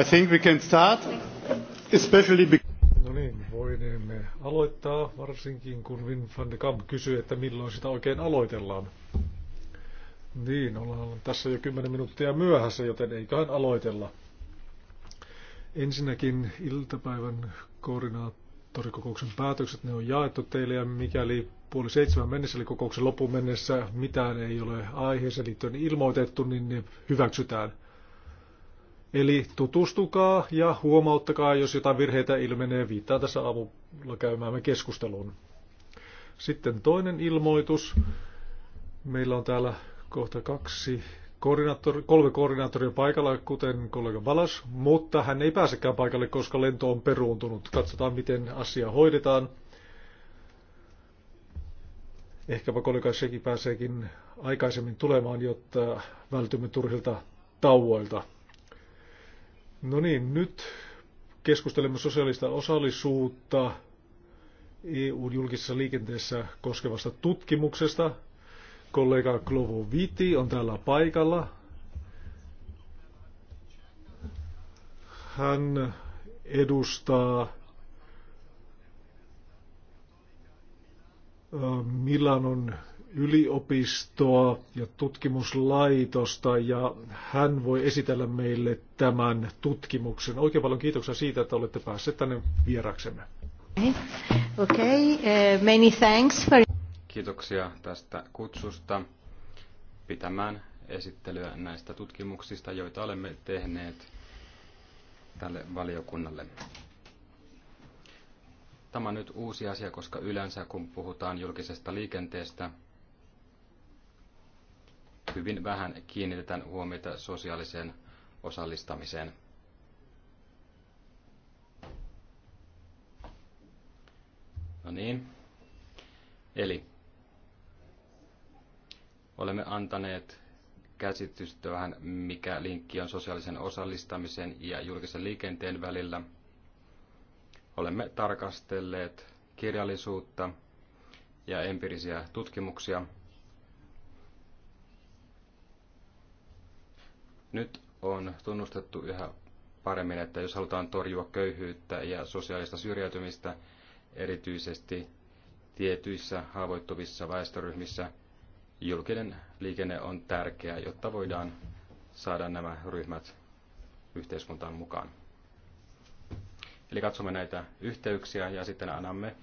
I think we can start, especially No niin, voimme aloittaa, varsinkin kun Wim van de Kamp kysyy, että milloin sitä oikein aloitellaan. Niin, ollaan tässä jo 10 minuuttia myöhässä, joten eiköhän aloitella. Ensinnäkin iltapäivän koordinaattorikokouksen päätökset, ne on jaettu teille ja mikäli puoli seitsemän mennessä, eli kokouksen loppuun mennessä mitään ei ole aiheeseen liittyen ilmoitettu, niin ne hyväksytään. Eli tutustukaa ja huomauttakaa, jos jotain virheitä ilmenee. Viittaa tässä avulla käymäämme keskusteluun. Sitten toinen ilmoitus. Meillä on täällä kohta kaksi koordinaattori, kolme koordinaattoria paikalla, kuten kollega Balas, mutta hän ei pääsekään paikalle, koska lento on peruuntunut. Katsotaan, miten asia hoidetaan. Ehkäpä kollega Sheki pääseekin aikaisemmin tulemaan, jotta vältymme turhilta tauoilta. No niin, nyt keskustelemme sosiaalista osallisuutta EUn julkisessa liikenteessä koskevasta tutkimuksesta. Kollega Klovo Viti on täällä paikalla. Hän edustaa äh, Milanon yliopistoa ja tutkimuslaitosta ja hän voi esitellä meille tämän tutkimuksen. Oikein paljon kiitoksia siitä, että olette päässeet tänne vieraksemme. Okay. Uh, eh, many thanks for... Kiitoksia tästä kutsusta pitämään esittelyä näistä tutkimuksista, joita olemme tehneet tälle valiokunnalle. Tämä on nyt uusi asia, koska yleensä kun puhutaan julkisesta liikenteestä – hyvin vähän kiinnitetään huomiota sosiaaliseen osallistamiseen. No niin. Eli olemme antaneet käsitystä vähän, mikä linkki on sosiaalisen osallistamisen ja julkisen liikenteen välillä. Olemme tarkastelleet kirjallisuutta ja empiirisiä tutkimuksia Nyt on tunnustettu yhä paremmin, että jos halutaan torjua köyhyyttä ja sosiaalista syrjäytymistä, erityisesti tietyissä haavoittuvissa väestöryhmissä, julkinen liikenne on tärkeä, jotta voidaan saada nämä ryhmät yhteiskuntaan mukaan. Eli katsomme näitä yhteyksiä ja sitten annamme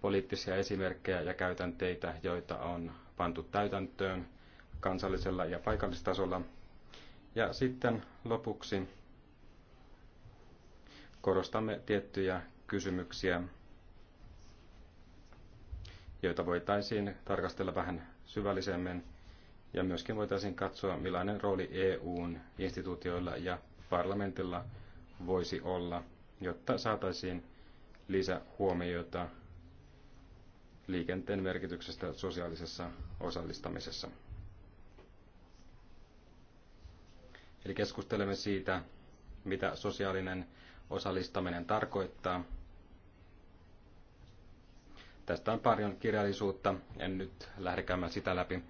poliittisia esimerkkejä ja käytänteitä, joita on pantu täytäntöön kansallisella ja paikallistasolla ja sitten lopuksi korostamme tiettyjä kysymyksiä, joita voitaisiin tarkastella vähän syvällisemmin ja myöskin voitaisiin katsoa, millainen rooli EUn instituutioilla ja parlamentilla voisi olla, jotta saataisiin lisähuomioita liikenteen merkityksestä sosiaalisessa osallistamisessa. Eli keskustelemme siitä, mitä sosiaalinen osallistaminen tarkoittaa. Tästä on paljon kirjallisuutta, en nyt lähde käymään sitä läpi.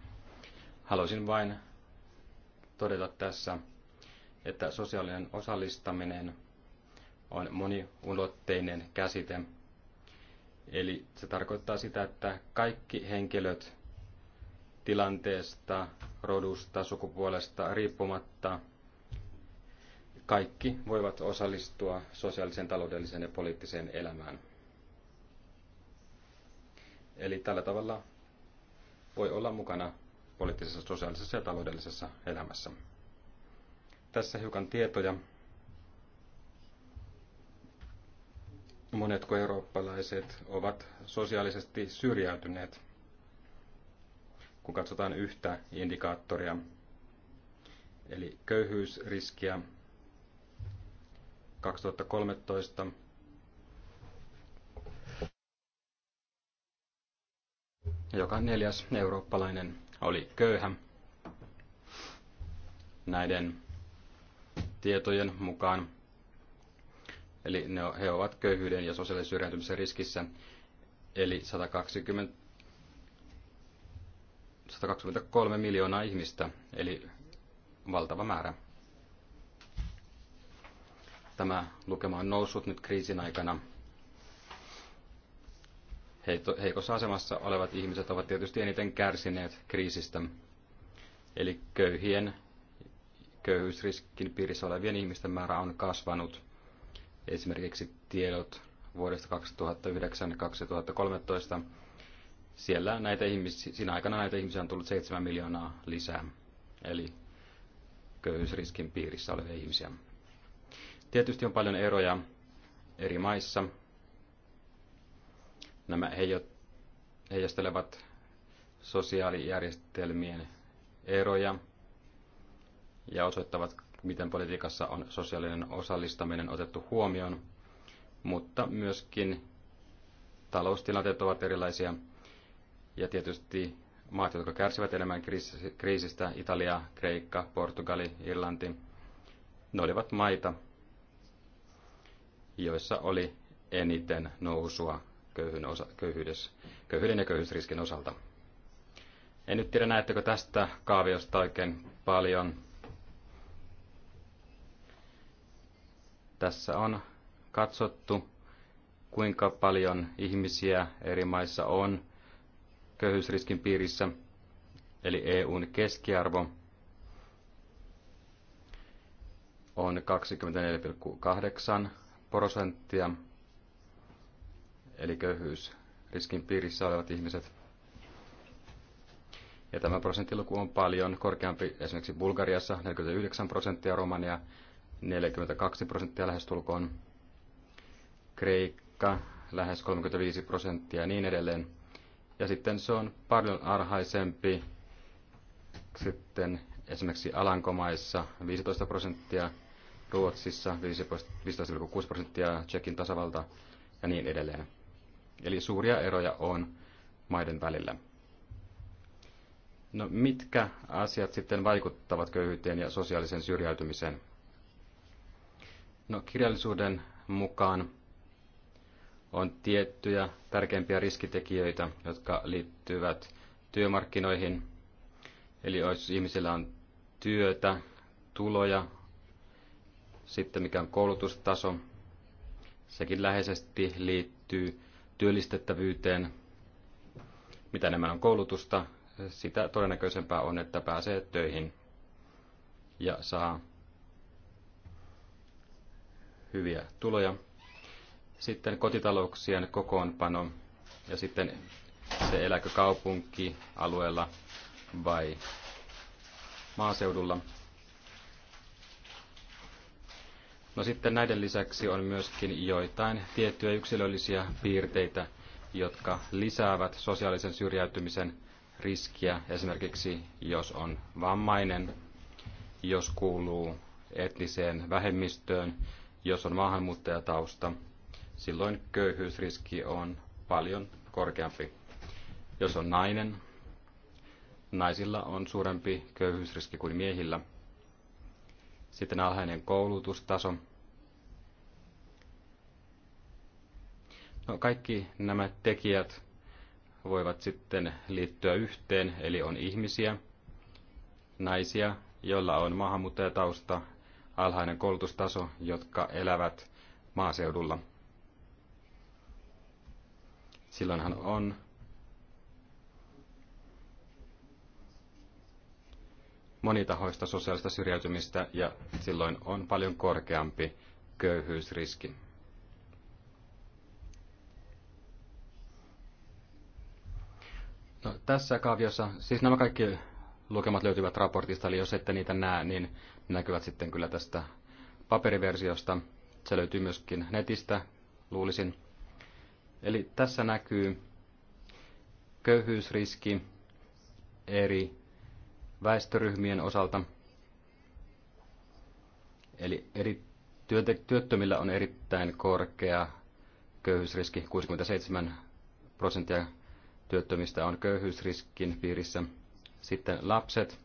Haluaisin vain todeta tässä, että sosiaalinen osallistaminen on moniulotteinen käsite. Eli se tarkoittaa sitä, että kaikki henkilöt tilanteesta, rodusta, sukupuolesta riippumatta kaikki voivat osallistua sosiaaliseen, taloudelliseen ja poliittiseen elämään. Eli tällä tavalla voi olla mukana poliittisessa, sosiaalisessa ja taloudellisessa elämässä. Tässä hiukan tietoja. Monetko eurooppalaiset ovat sosiaalisesti syrjäytyneet. Kun katsotaan yhtä indikaattoria, eli köyhyysriskiä 2013 joka neljäs eurooppalainen oli köyhä. Näiden tietojen mukaan, eli ne, he ovat köyhyyden ja sosiaalisen syrjäytymisen riskissä, eli 120, 123 miljoonaa ihmistä, eli valtava määrä Tämä lukema on noussut nyt kriisin aikana. Heikossa asemassa olevat ihmiset ovat tietysti eniten kärsineet kriisistä. Eli köyhien, köyhyysriskin piirissä olevien ihmisten määrä on kasvanut. Esimerkiksi tiedot vuodesta 2009-2013. Siellä näitä ihmisiä, siinä aikana näitä ihmisiä on tullut 7 miljoonaa lisää, eli köyhyysriskin piirissä olevia ihmisiä. Tietysti on paljon eroja eri maissa. Nämä heijastelevat sosiaalijärjestelmien eroja ja osoittavat, miten politiikassa on sosiaalinen osallistaminen otettu huomioon, mutta myöskin taloustilanteet ovat erilaisia. Ja tietysti maat, jotka kärsivät enemmän kriisistä, Italia, Kreikka, Portugali, Irlanti, ne olivat maita, joissa oli eniten nousua köyhyyden ja köyhyysriskin osalta. En nyt tiedä, näettekö tästä kaaviosta oikein paljon. Tässä on katsottu, kuinka paljon ihmisiä eri maissa on köyhyysriskin piirissä, eli EUn keskiarvo on prosenttia, eli köyhyysriskin piirissä olevat ihmiset. Ja tämä prosenttiluku on paljon korkeampi esimerkiksi Bulgariassa, 49 prosenttia, Romania 42 prosenttia lähestulkoon, Kreikka lähes 35 prosenttia ja niin edelleen. Ja sitten se on paljon arhaisempi sitten esimerkiksi Alankomaissa 15 prosenttia, Ruotsissa 15,6 prosenttia, Tsekin tasavalta ja niin edelleen. Eli suuria eroja on maiden välillä. No mitkä asiat sitten vaikuttavat köyhyyteen ja sosiaaliseen syrjäytymiseen? No kirjallisuuden mukaan on tiettyjä tärkeimpiä riskitekijöitä, jotka liittyvät työmarkkinoihin. Eli jos ihmisillä on työtä, tuloja, sitten mikä on koulutustaso, sekin läheisesti liittyy työllistettävyyteen. Mitä enemmän on koulutusta, sitä todennäköisempää on, että pääsee töihin ja saa hyviä tuloja. Sitten kotitalouksien kokoonpano ja sitten se eläkö kaupunkialueella vai maaseudulla. No sitten näiden lisäksi on myöskin joitain tiettyjä yksilöllisiä piirteitä, jotka lisäävät sosiaalisen syrjäytymisen riskiä, esimerkiksi jos on vammainen, jos kuuluu etniseen vähemmistöön, jos on maahanmuuttajatausta, silloin köyhyysriski on paljon korkeampi. Jos on nainen, naisilla on suurempi köyhyysriski kuin miehillä – sitten alhainen koulutustaso. No, kaikki nämä tekijät voivat sitten liittyä yhteen, eli on ihmisiä, naisia, joilla on maahanmuuttajatausta, alhainen koulutustaso, jotka elävät maaseudulla. Silloinhan on monitahoista sosiaalista syrjäytymistä ja silloin on paljon korkeampi köyhyysriski. No, tässä kaaviossa, siis nämä kaikki lukemat löytyvät raportista, eli jos ette niitä näe, niin näkyvät sitten kyllä tästä paperiversiosta. Se löytyy myöskin netistä, luulisin. Eli tässä näkyy köyhyysriski eri väestöryhmien osalta. Eli eri työttömillä on erittäin korkea köyhyysriski, 67 prosenttia työttömistä on köyhyysriskin piirissä. Sitten lapset,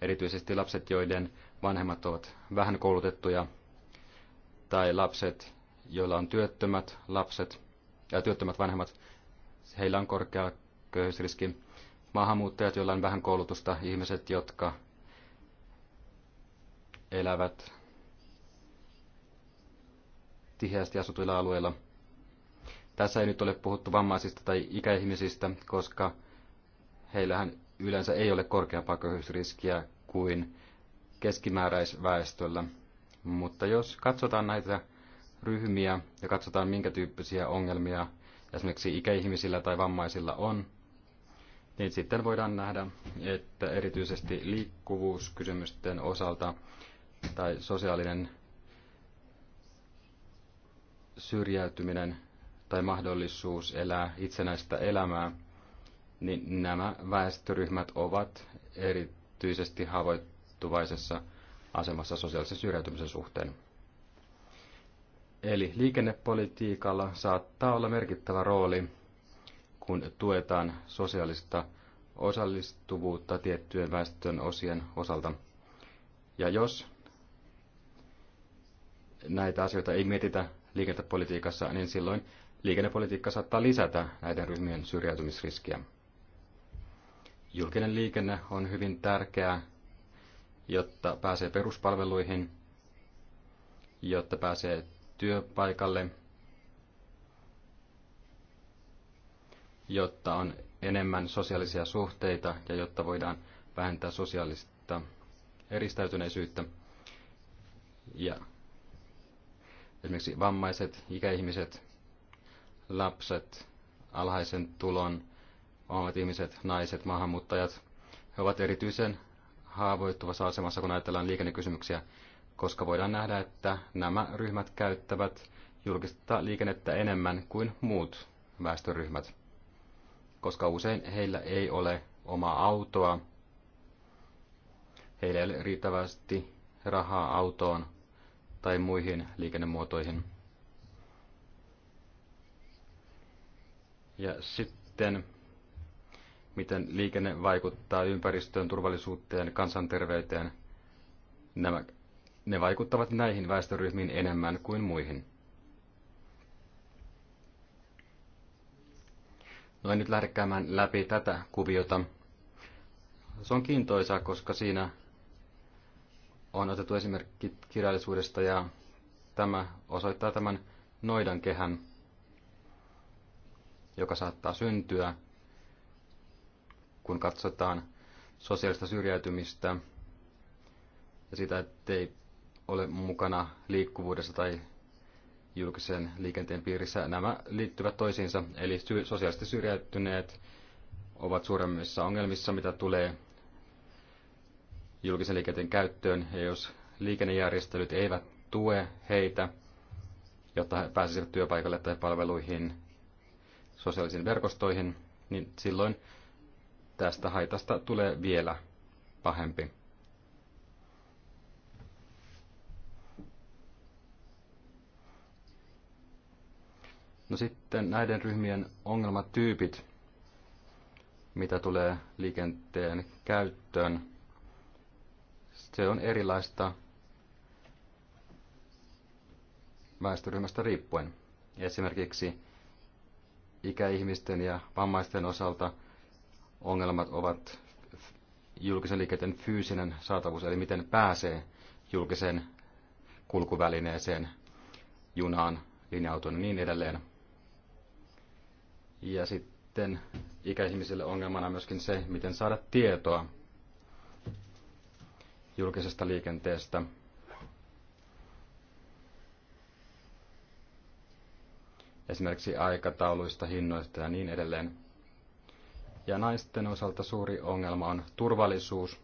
erityisesti lapset, joiden vanhemmat ovat vähän koulutettuja, tai lapset, joilla on työttömät lapset ja työttömät vanhemmat, heillä on korkea köyhyysriski maahanmuuttajat, joilla on vähän koulutusta, ihmiset, jotka elävät tiheästi asutuilla alueilla. Tässä ei nyt ole puhuttu vammaisista tai ikäihmisistä, koska heillähän yleensä ei ole korkeampaa köyhyysriskiä kuin keskimääräisväestöllä. Mutta jos katsotaan näitä ryhmiä ja katsotaan minkä tyyppisiä ongelmia esimerkiksi ikäihmisillä tai vammaisilla on, niin sitten voidaan nähdä, että erityisesti liikkuvuuskysymysten osalta tai sosiaalinen syrjäytyminen tai mahdollisuus elää itsenäistä elämää, niin nämä väestöryhmät ovat erityisesti haavoittuvaisessa asemassa sosiaalisen syrjäytymisen suhteen. Eli liikennepolitiikalla saattaa olla merkittävä rooli kun tuetaan sosiaalista osallistuvuutta tiettyjen väestön osien osalta. Ja jos näitä asioita ei mietitä liikennepolitiikassa, niin silloin liikennepolitiikka saattaa lisätä näiden ryhmien syrjäytymisriskiä. Julkinen liikenne on hyvin tärkeää, jotta pääsee peruspalveluihin, jotta pääsee työpaikalle jotta on enemmän sosiaalisia suhteita ja jotta voidaan vähentää sosiaalista eristäytyneisyyttä. Ja esimerkiksi vammaiset, ikäihmiset, lapset, alhaisen tulon omat ihmiset, naiset, maahanmuuttajat, he ovat erityisen haavoittuvassa asemassa, kun ajatellaan liikennekysymyksiä, koska voidaan nähdä, että nämä ryhmät käyttävät julkista liikennettä enemmän kuin muut väestöryhmät koska usein heillä ei ole omaa autoa, heillä ei ole riittävästi rahaa autoon tai muihin liikennemuotoihin. Ja sitten, miten liikenne vaikuttaa ympäristöön, turvallisuuteen, kansanterveyteen. Nämä, ne vaikuttavat näihin väestöryhmiin enemmän kuin muihin. No en nyt lähde käymään läpi tätä kuviota. Se on kiintoisaa, koska siinä on otettu esimerkki kirjallisuudesta ja tämä osoittaa tämän noidan kehän, joka saattaa syntyä, kun katsotaan sosiaalista syrjäytymistä ja sitä, ettei ole mukana liikkuvuudessa tai julkisen liikenteen piirissä. Nämä liittyvät toisiinsa, eli sosiaalisesti syrjäytyneet ovat suuremmissa ongelmissa, mitä tulee julkisen liikenteen käyttöön, ja jos liikennejärjestelyt eivät tue heitä, jotta he pääsisivät työpaikalle tai palveluihin, sosiaalisiin verkostoihin, niin silloin tästä haitasta tulee vielä pahempi. No sitten näiden ryhmien ongelmatyypit, mitä tulee liikenteen käyttöön, se on erilaista väestöryhmästä riippuen. Esimerkiksi ikäihmisten ja vammaisten osalta ongelmat ovat julkisen liikenteen fyysinen saatavuus, eli miten pääsee julkiseen kulkuvälineeseen, junaan, linja-autoon ja niin edelleen. Ja sitten ikäihmisille ongelmana myöskin se, miten saada tietoa julkisesta liikenteestä. Esimerkiksi aikatauluista, hinnoista ja niin edelleen. Ja naisten osalta suuri ongelma on turvallisuus.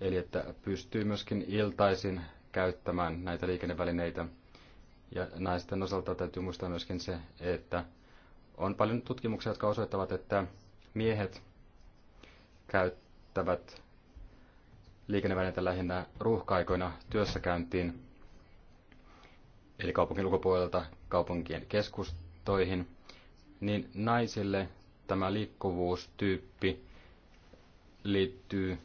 Eli että pystyy myöskin iltaisin käyttämään näitä liikennevälineitä – ja naisten osalta täytyy muistaa myöskin se, että on paljon tutkimuksia, jotka osoittavat, että miehet käyttävät liikennevälineitä lähinnä ruuhkaikoina työssäkäyntiin, eli kaupunkin ulkopuolelta kaupunkien keskustoihin, niin naisille tämä liikkuvuustyyppi liittyy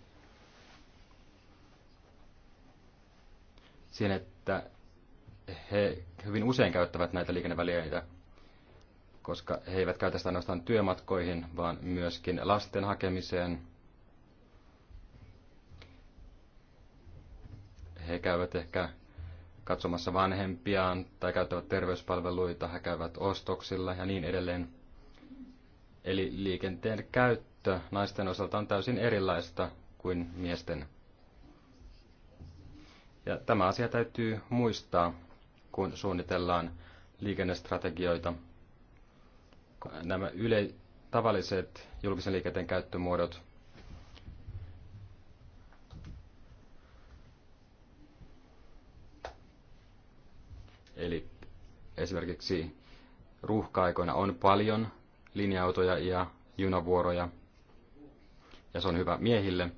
siihen, että he hyvin usein käyttävät näitä liikennevälineitä, koska he eivät käytä sitä ainoastaan työmatkoihin, vaan myöskin lasten hakemiseen. He käyvät ehkä katsomassa vanhempiaan tai käyttävät terveyspalveluita, he käyvät ostoksilla ja niin edelleen. Eli liikenteen käyttö naisten osalta on täysin erilaista kuin miesten. Ja tämä asia täytyy muistaa, kun suunnitellaan liikennestrategioita. Nämä yle, tavalliset julkisen liikenteen käyttömuodot Eli esimerkiksi ruuhka-aikoina on paljon linja-autoja ja junavuoroja, ja se on hyvä miehille,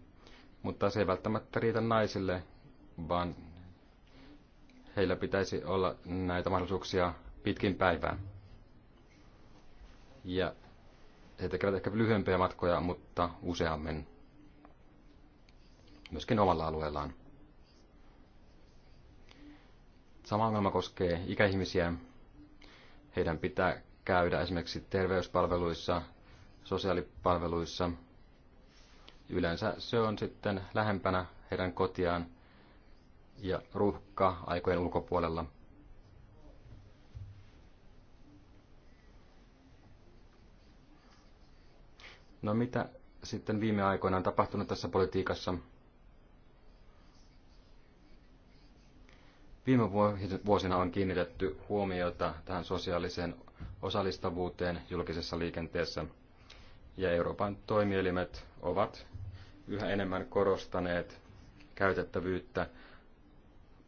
mutta se ei välttämättä riitä naisille, vaan heillä pitäisi olla näitä mahdollisuuksia pitkin päivää. Ja he tekevät ehkä lyhyempiä matkoja, mutta useammin myöskin omalla alueellaan. Sama ongelma koskee ikäihmisiä. Heidän pitää käydä esimerkiksi terveyspalveluissa, sosiaalipalveluissa. Yleensä se on sitten lähempänä heidän kotiaan – ja ruuhka aikojen ulkopuolella. No mitä sitten viime aikoina on tapahtunut tässä politiikassa? Viime vuosina on kiinnitetty huomiota tähän sosiaaliseen osallistavuuteen julkisessa liikenteessä, ja Euroopan toimielimet ovat yhä enemmän korostaneet käytettävyyttä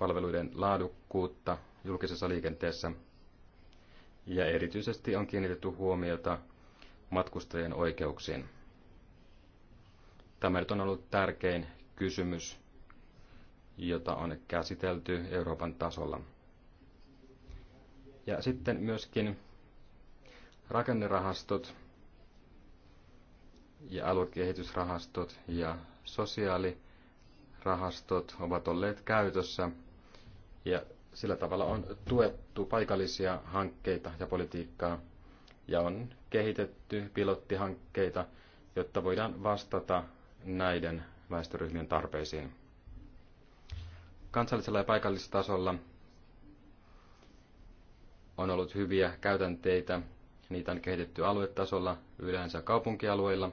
palveluiden laadukkuutta julkisessa liikenteessä. Ja erityisesti on kiinnitetty huomiota matkustajien oikeuksiin. Tämä nyt on ollut tärkein kysymys, jota on käsitelty Euroopan tasolla. Ja sitten myöskin rakennerahastot ja aluekehitysrahastot ja sosiaalirahastot ovat olleet käytössä – ja sillä tavalla on tuettu paikallisia hankkeita ja politiikkaa ja on kehitetty pilottihankkeita, jotta voidaan vastata näiden väestöryhmien tarpeisiin. Kansallisella ja paikallistasolla on ollut hyviä käytänteitä. Niitä on kehitetty aluetasolla, yleensä kaupunkialueilla.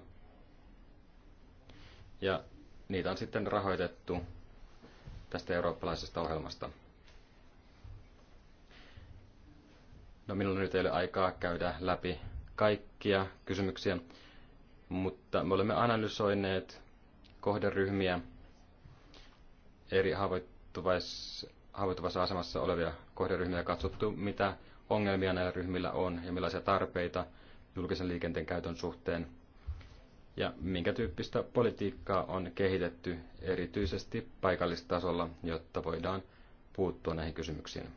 Ja niitä on sitten rahoitettu tästä eurooppalaisesta ohjelmasta. No minulla nyt ei ole aikaa käydä läpi kaikkia kysymyksiä, mutta me olemme analysoineet kohderyhmiä, eri haavoittuvais, haavoittuvassa asemassa olevia kohderyhmiä ja katsottu, mitä ongelmia näillä ryhmillä on ja millaisia tarpeita julkisen liikenteen käytön suhteen ja minkä tyyppistä politiikkaa on kehitetty erityisesti paikallistasolla, jotta voidaan puuttua näihin kysymyksiin.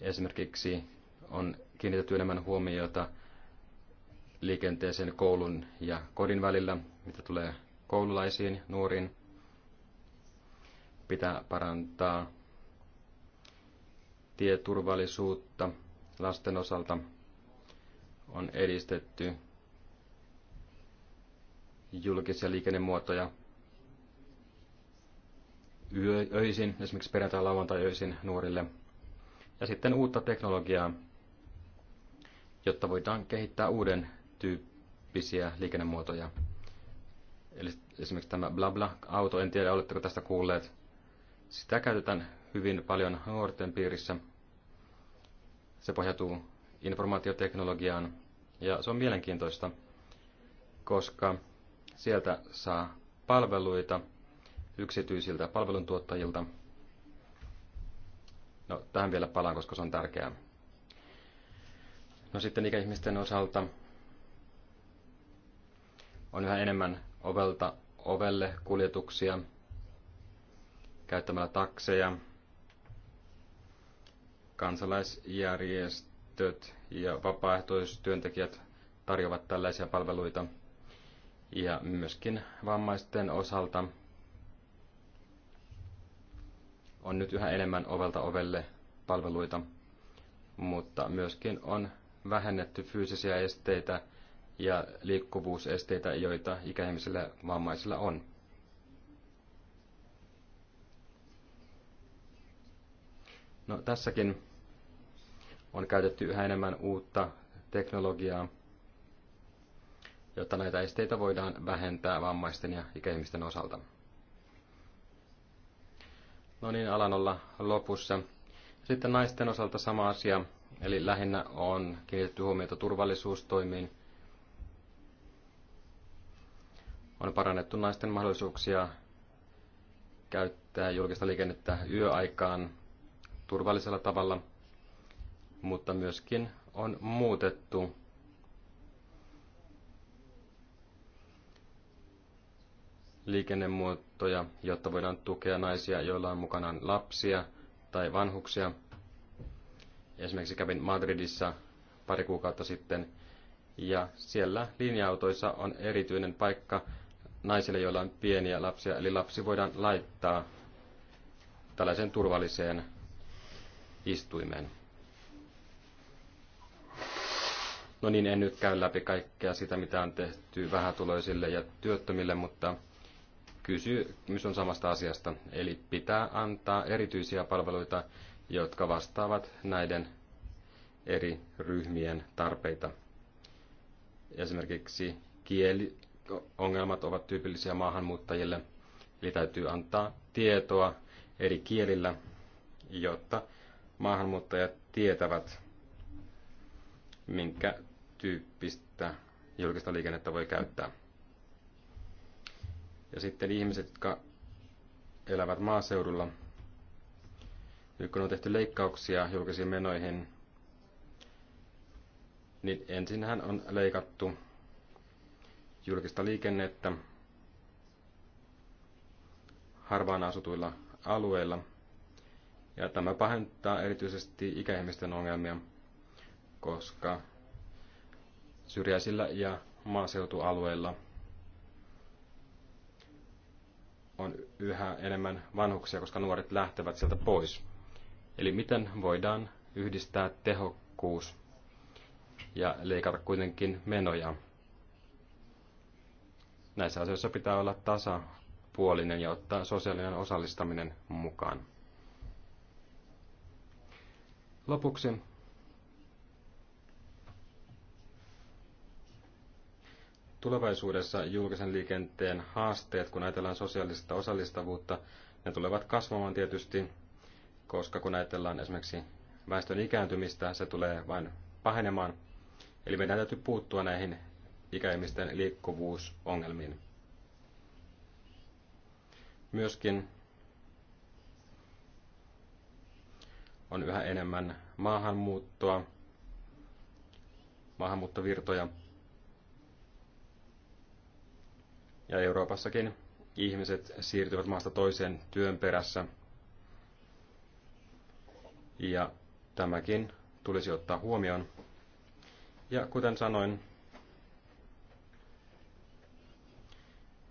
Esimerkiksi on kiinnitetty enemmän huomiota liikenteeseen koulun ja kodin välillä, mitä tulee koululaisiin, nuoriin. Pitää parantaa tieturvallisuutta lasten osalta. On edistetty julkisia liikennemuotoja. öisin, esimerkiksi perjantai-lauantai-öisin nuorille – ja sitten uutta teknologiaa, jotta voidaan kehittää uuden tyyppisiä liikennemuotoja. Eli esimerkiksi tämä BlaBla-auto, en tiedä oletteko tästä kuulleet. Sitä käytetään hyvin paljon nuorten piirissä. Se pohjautuu informaatioteknologiaan ja se on mielenkiintoista, koska sieltä saa palveluita yksityisiltä palveluntuottajilta – No, tähän vielä palaan, koska se on tärkeää. No sitten ikäihmisten osalta on yhä enemmän ovelta ovelle kuljetuksia käyttämällä takseja. Kansalaisjärjestöt ja vapaaehtoistyöntekijät tarjoavat tällaisia palveluita. Ja myöskin vammaisten osalta on nyt yhä enemmän ovelta ovelle palveluita, mutta myöskin on vähennetty fyysisiä esteitä ja liikkuvuusesteitä, joita ikäihmisillä vammaisilla on. No, tässäkin on käytetty yhä enemmän uutta teknologiaa, jotta näitä esteitä voidaan vähentää vammaisten ja ikäihmisten osalta. No niin, alan olla lopussa. Sitten naisten osalta sama asia, eli lähinnä on kiinnitetty huomiota turvallisuustoimiin. On parannettu naisten mahdollisuuksia käyttää julkista liikennettä yöaikaan turvallisella tavalla, mutta myöskin on muutettu liikennemuotoja, jotta voidaan tukea naisia, joilla on mukanaan lapsia tai vanhuksia. Esimerkiksi kävin Madridissa pari kuukautta sitten, ja siellä linja-autoissa on erityinen paikka naisille, joilla on pieniä lapsia, eli lapsi voidaan laittaa tällaiseen turvalliseen istuimeen. No niin, en nyt käy läpi kaikkea sitä, mitä on tehty vähätuloisille ja työttömille, mutta kysymys on samasta asiasta, eli pitää antaa erityisiä palveluita, jotka vastaavat näiden eri ryhmien tarpeita. Esimerkiksi kieliongelmat ovat tyypillisiä maahanmuuttajille, eli täytyy antaa tietoa eri kielillä, jotta maahanmuuttajat tietävät, minkä tyyppistä julkista liikennettä voi käyttää. Ja sitten ihmiset, jotka elävät maaseudulla, nyt kun on tehty leikkauksia julkisiin menoihin, niin ensinhän on leikattu julkista liikennettä harvaan asutuilla alueilla. Ja tämä pahentaa erityisesti ikäihmisten ongelmia, koska syrjäisillä ja maaseutualueilla on yhä enemmän vanhuksia, koska nuoret lähtevät sieltä pois. Eli miten voidaan yhdistää tehokkuus ja leikata kuitenkin menoja? Näissä asioissa pitää olla tasapuolinen ja ottaa sosiaalinen osallistaminen mukaan. Lopuksi Tulevaisuudessa julkisen liikenteen haasteet, kun ajatellaan sosiaalista osallistavuutta, ne tulevat kasvamaan tietysti, koska kun ajatellaan esimerkiksi väestön ikääntymistä, se tulee vain pahenemaan. Eli meidän täytyy puuttua näihin ikäihmisten liikkuvuusongelmiin. Myöskin on yhä enemmän maahanmuuttoa, maahanmuuttovirtoja, Ja Euroopassakin ihmiset siirtyvät maasta toiseen työn perässä. Ja tämäkin tulisi ottaa huomioon. Ja kuten sanoin,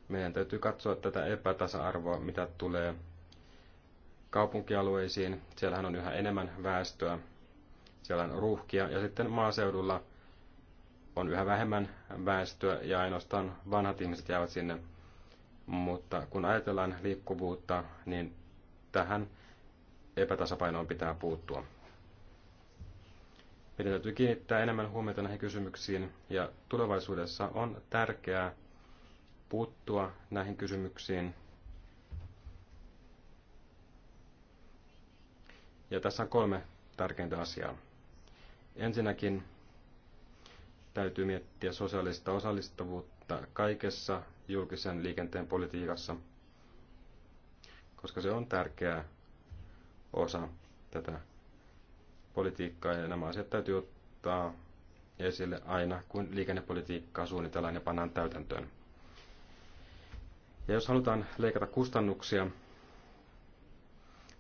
meidän täytyy katsoa tätä epätasa-arvoa, mitä tulee kaupunkialueisiin. Siellähän on yhä enemmän väestöä, siellä on ruuhkia ja sitten maaseudulla on yhä vähemmän väestöä ja ainoastaan vanhat ihmiset jäävät sinne. Mutta kun ajatellaan liikkuvuutta, niin tähän epätasapainoon pitää puuttua. Meidän täytyy kiinnittää enemmän huomiota näihin kysymyksiin ja tulevaisuudessa on tärkeää puuttua näihin kysymyksiin. Ja tässä on kolme tärkeintä asiaa. Ensinnäkin Täytyy miettiä sosiaalista osallistavuutta kaikessa julkisen liikenteen politiikassa, koska se on tärkeä osa tätä politiikkaa ja nämä asiat täytyy ottaa esille aina, kun liikennepolitiikkaa suunnitellaan ja pannaan täytäntöön. Ja jos halutaan leikata kustannuksia,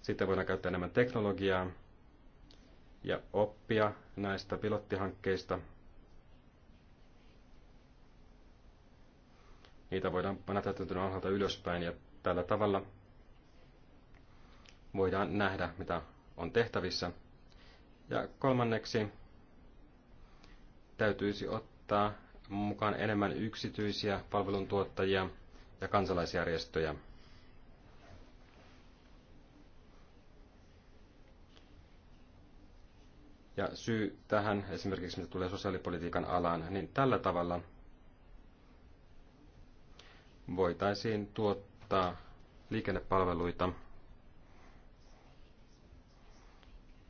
sitten voidaan käyttää enemmän teknologiaa ja oppia näistä pilottihankkeista, Niitä voidaan panna täytäntöön alhaalta ylöspäin ja tällä tavalla voidaan nähdä, mitä on tehtävissä. Ja kolmanneksi täytyisi ottaa mukaan enemmän yksityisiä palveluntuottajia ja kansalaisjärjestöjä. Ja syy tähän esimerkiksi, mitä tulee sosiaalipolitiikan alaan, niin tällä tavalla – voitaisiin tuottaa liikennepalveluita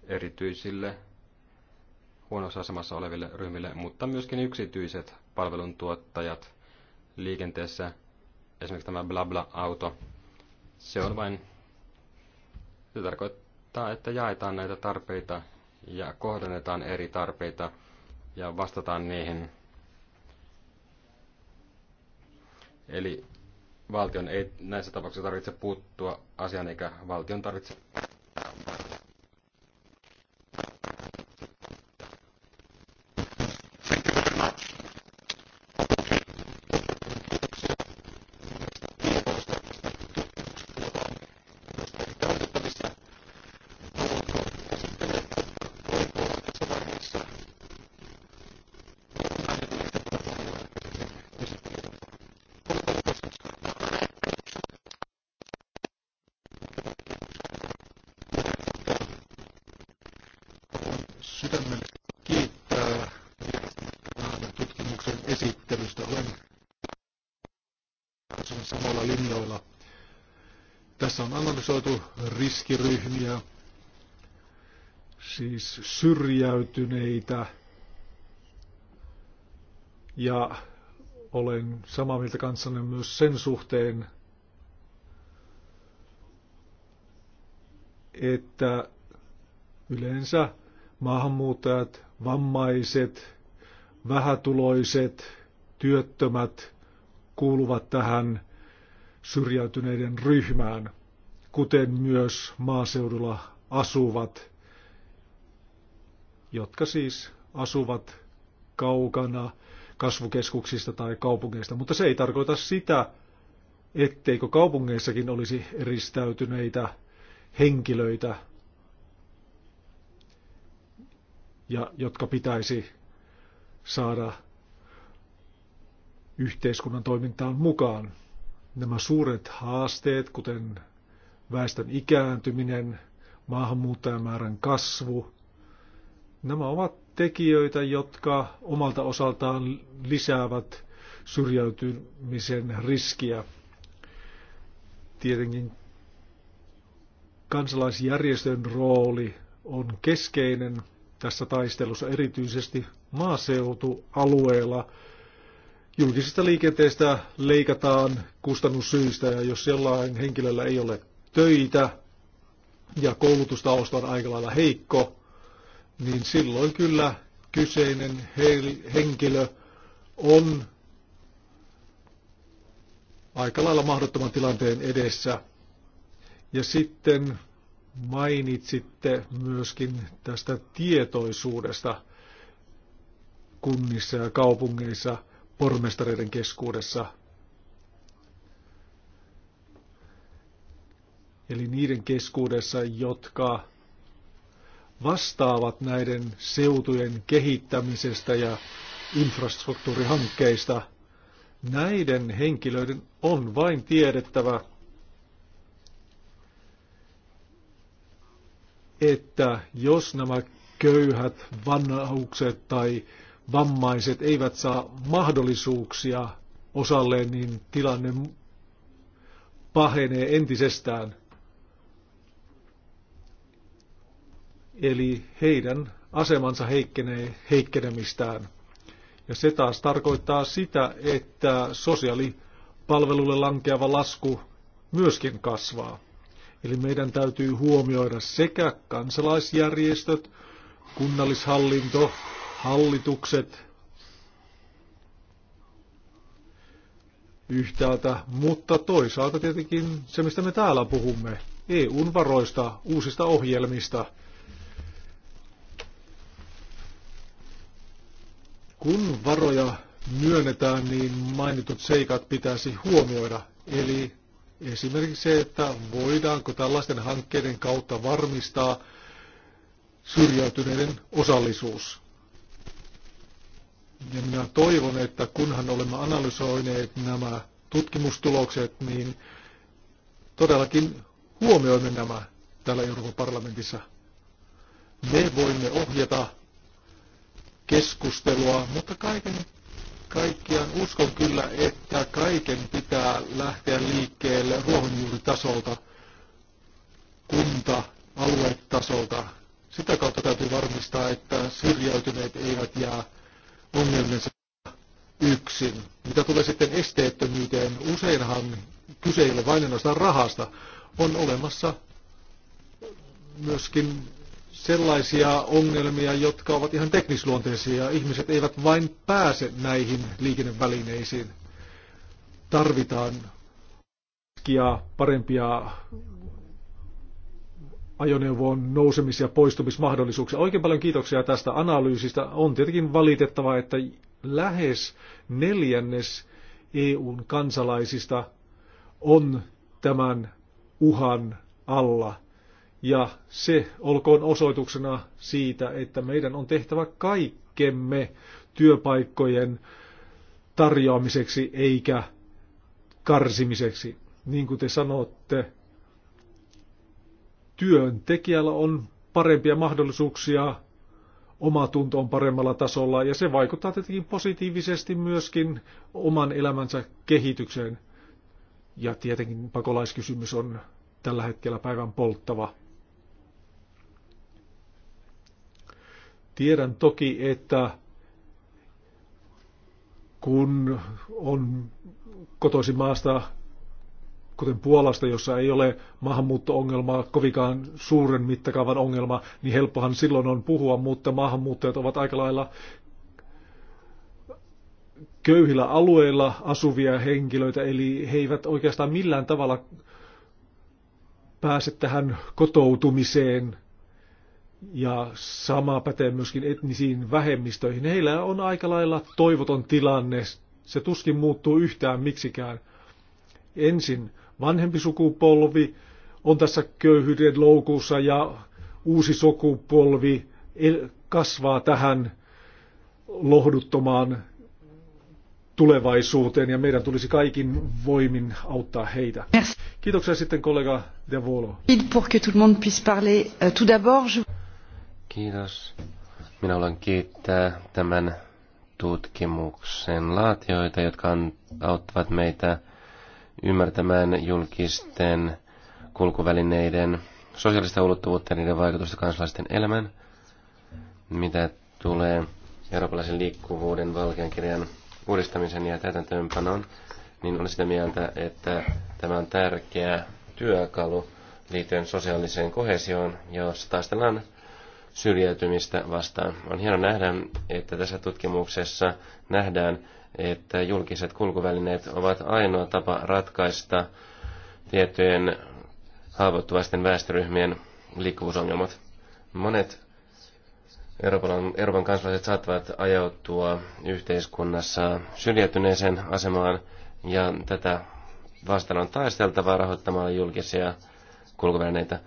erityisille huonossa asemassa oleville ryhmille, mutta myöskin yksityiset palveluntuottajat liikenteessä, esimerkiksi tämä BlaBla-auto, se on vain, se tarkoittaa, että jaetaan näitä tarpeita ja kohdennetaan eri tarpeita ja vastataan niihin Eli valtion ei näissä tapauksissa tarvitse puuttua asiaan, eikä valtion tarvitse riskiryhmiä, siis syrjäytyneitä. Ja olen samaa mieltä kanssanne myös sen suhteen, että yleensä maahanmuuttajat, vammaiset, vähätuloiset, työttömät kuuluvat tähän syrjäytyneiden ryhmään – kuten myös maaseudulla asuvat, jotka siis asuvat kaukana kasvukeskuksista tai kaupungeista. Mutta se ei tarkoita sitä, etteikö kaupungeissakin olisi eristäytyneitä henkilöitä, ja jotka pitäisi saada yhteiskunnan toimintaan mukaan. Nämä suuret haasteet, kuten väestön ikääntyminen, maahanmuuttajamäärän kasvu. Nämä ovat tekijöitä, jotka omalta osaltaan lisäävät syrjäytymisen riskiä. Tietenkin kansalaisjärjestön rooli on keskeinen tässä taistelussa erityisesti maaseutualueella. Julkisesta liikenteestä leikataan kustannussyistä ja jos sellainen henkilöllä ei ole töitä ja koulutustausta on aika lailla heikko, niin silloin kyllä kyseinen henkilö on aika lailla mahdottoman tilanteen edessä. Ja sitten mainitsitte myöskin tästä tietoisuudesta kunnissa ja kaupungeissa, pormestareiden keskuudessa – eli niiden keskuudessa, jotka vastaavat näiden seutujen kehittämisestä ja infrastruktuurihankkeista. Näiden henkilöiden on vain tiedettävä, että jos nämä köyhät, vanhaukset tai vammaiset eivät saa mahdollisuuksia osalleen, niin tilanne pahenee entisestään. eli heidän asemansa heikkenee heikkenemistään. Ja se taas tarkoittaa sitä, että sosiaalipalvelulle lankeava lasku myöskin kasvaa. Eli meidän täytyy huomioida sekä kansalaisjärjestöt, kunnallishallinto, hallitukset yhtäältä, mutta toisaalta tietenkin se, mistä me täällä puhumme, EUn varoista, uusista ohjelmista – Kun varoja myönnetään, niin mainitut seikat pitäisi huomioida. Eli esimerkiksi se, että voidaanko tällaisten hankkeiden kautta varmistaa syrjäytyneiden osallisuus. Ja minä toivon, että kunhan olemme analysoineet nämä tutkimustulokset, niin todellakin huomioimme nämä täällä Euroopan parlamentissa. Me voimme ohjata keskustelua, mutta kaiken kaikkiaan uskon kyllä, että kaiken pitää lähteä liikkeelle ruohonjuuritasolta, kunta, aluetasolta. Sitä kautta täytyy varmistaa, että syrjäytyneet eivät jää ongelmiensa yksin. Mitä tulee sitten esteettömyyteen, useinhan kyse ei ole vain rahasta. On olemassa myöskin sellaisia ongelmia, jotka ovat ihan teknisluonteisia. Ihmiset eivät vain pääse näihin liikennevälineisiin. Tarvitaan parempia ajoneuvon nousemis- ja poistumismahdollisuuksia. Oikein paljon kiitoksia tästä analyysistä. On tietenkin valitettavaa, että lähes neljännes EUn kansalaisista on tämän uhan alla – ja se olkoon osoituksena siitä, että meidän on tehtävä kaikkemme työpaikkojen tarjoamiseksi eikä karsimiseksi. Niin kuin te sanotte, työntekijällä on parempia mahdollisuuksia, oma tunto on paremmalla tasolla ja se vaikuttaa tietenkin positiivisesti myöskin oman elämänsä kehitykseen. Ja tietenkin pakolaiskysymys on tällä hetkellä päivän polttava Tiedän toki, että kun on kotoisin maasta, kuten Puolasta, jossa ei ole maahanmuutto-ongelmaa kovikaan suuren mittakaavan ongelma, niin helppohan silloin on puhua, mutta maahanmuuttajat ovat aika lailla köyhillä alueilla asuvia henkilöitä, eli he eivät oikeastaan millään tavalla pääse tähän kotoutumiseen ja sama pätee myöskin etnisiin vähemmistöihin. Heillä on aika lailla toivoton tilanne. Se tuskin muuttuu yhtään miksikään. Ensin vanhempi sukupolvi on tässä köyhyyden loukussa ja uusi sukupolvi kasvaa tähän lohduttomaan tulevaisuuteen ja meidän tulisi kaikin voimin auttaa heitä. Merci. Kiitoksia sitten kollega De Volo. Pour que tout le monde puisse parler, euh, tout Kiitos. Minä haluan kiittää tämän tutkimuksen laatioita, jotka auttavat meitä ymmärtämään julkisten kulkuvälineiden sosiaalista ulottuvuutta ja niiden vaikutusta kansalaisten elämään, mitä tulee eurooppalaisen liikkuvuuden valkean kirjan uudistamisen ja täytäntöönpanoon, niin olen sitä mieltä, että tämä on tärkeä työkalu liittyen sosiaaliseen kohesioon, jossa taistellaan syrjäytymistä vastaan. On hienoa nähdä, että tässä tutkimuksessa nähdään, että julkiset kulkuvälineet ovat ainoa tapa ratkaista tiettyjen haavoittuvaisten väestöryhmien liikkuvuusongelmat. Monet Euroopan, Euroopan kansalaiset saattavat ajautua yhteiskunnassa syrjäytyneeseen asemaan, ja tätä vastaan on taisteltavaa rahoittamalla julkisia kulkuvälineitä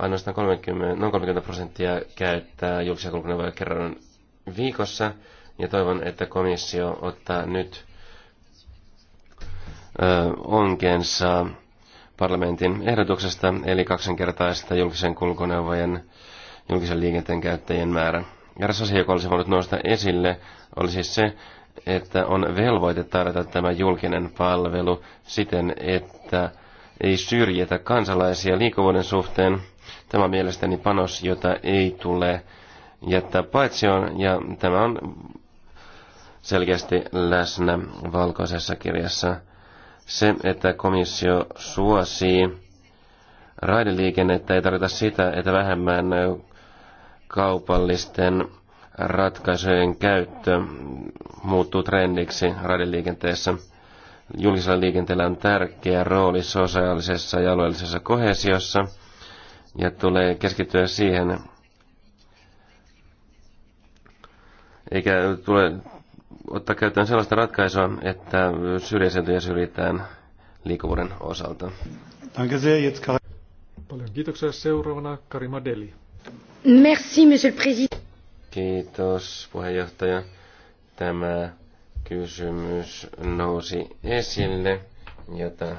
ainoastaan 30, noin 30 prosenttia käyttää julkisia kulkuneuvoja kerran viikossa, ja toivon, että komissio ottaa nyt ö, onkensa parlamentin ehdotuksesta, eli kaksinkertaista julkisen kulkuneuvojen julkisen liikenteen käyttäjien määrä. Eräs asia, joka olisi voinut nousta esille, oli siis se, että on velvoite tarjota tämä julkinen palvelu siten, että ei syrjetä kansalaisia liikkuvuuden suhteen, Tämä on mielestäni panos, jota ei tule jättää paitsioon, ja tämä on selkeästi läsnä valkoisessa kirjassa. Se, että komissio suosii raideliikennettä, ei tarvita sitä, että vähemmän kaupallisten ratkaisujen käyttö muuttuu trendiksi raideliikenteessä. Julkisella liikenteellä on tärkeä rooli sosiaalisessa ja alueellisessa kohesiossa – ja tulee keskittyä siihen, eikä tule ottaa käyttöön sellaista ratkaisua, että syrjäseutuja syrjitään liikkuvuuden osalta. Paljon kiitoksia. Seuraavana Kari Madeli. Merci, monsieur le président. Kiitos, puheenjohtaja. Tämä kysymys nousi esille, jota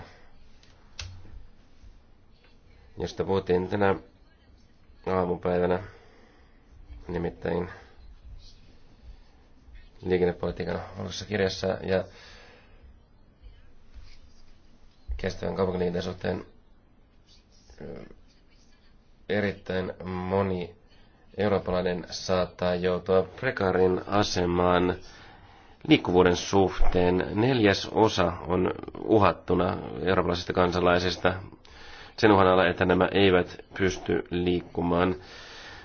josta puhuttiin tänä aamupäivänä, nimittäin liikennepolitiikan valkoisessa kirjassa ja kestävän kaupunkiliikenteen suhteen erittäin moni eurooppalainen saattaa joutua prekarin asemaan liikkuvuuden suhteen. Neljäs osa on uhattuna eurooppalaisista kansalaisista sen uhan alla, että nämä eivät pysty liikkumaan.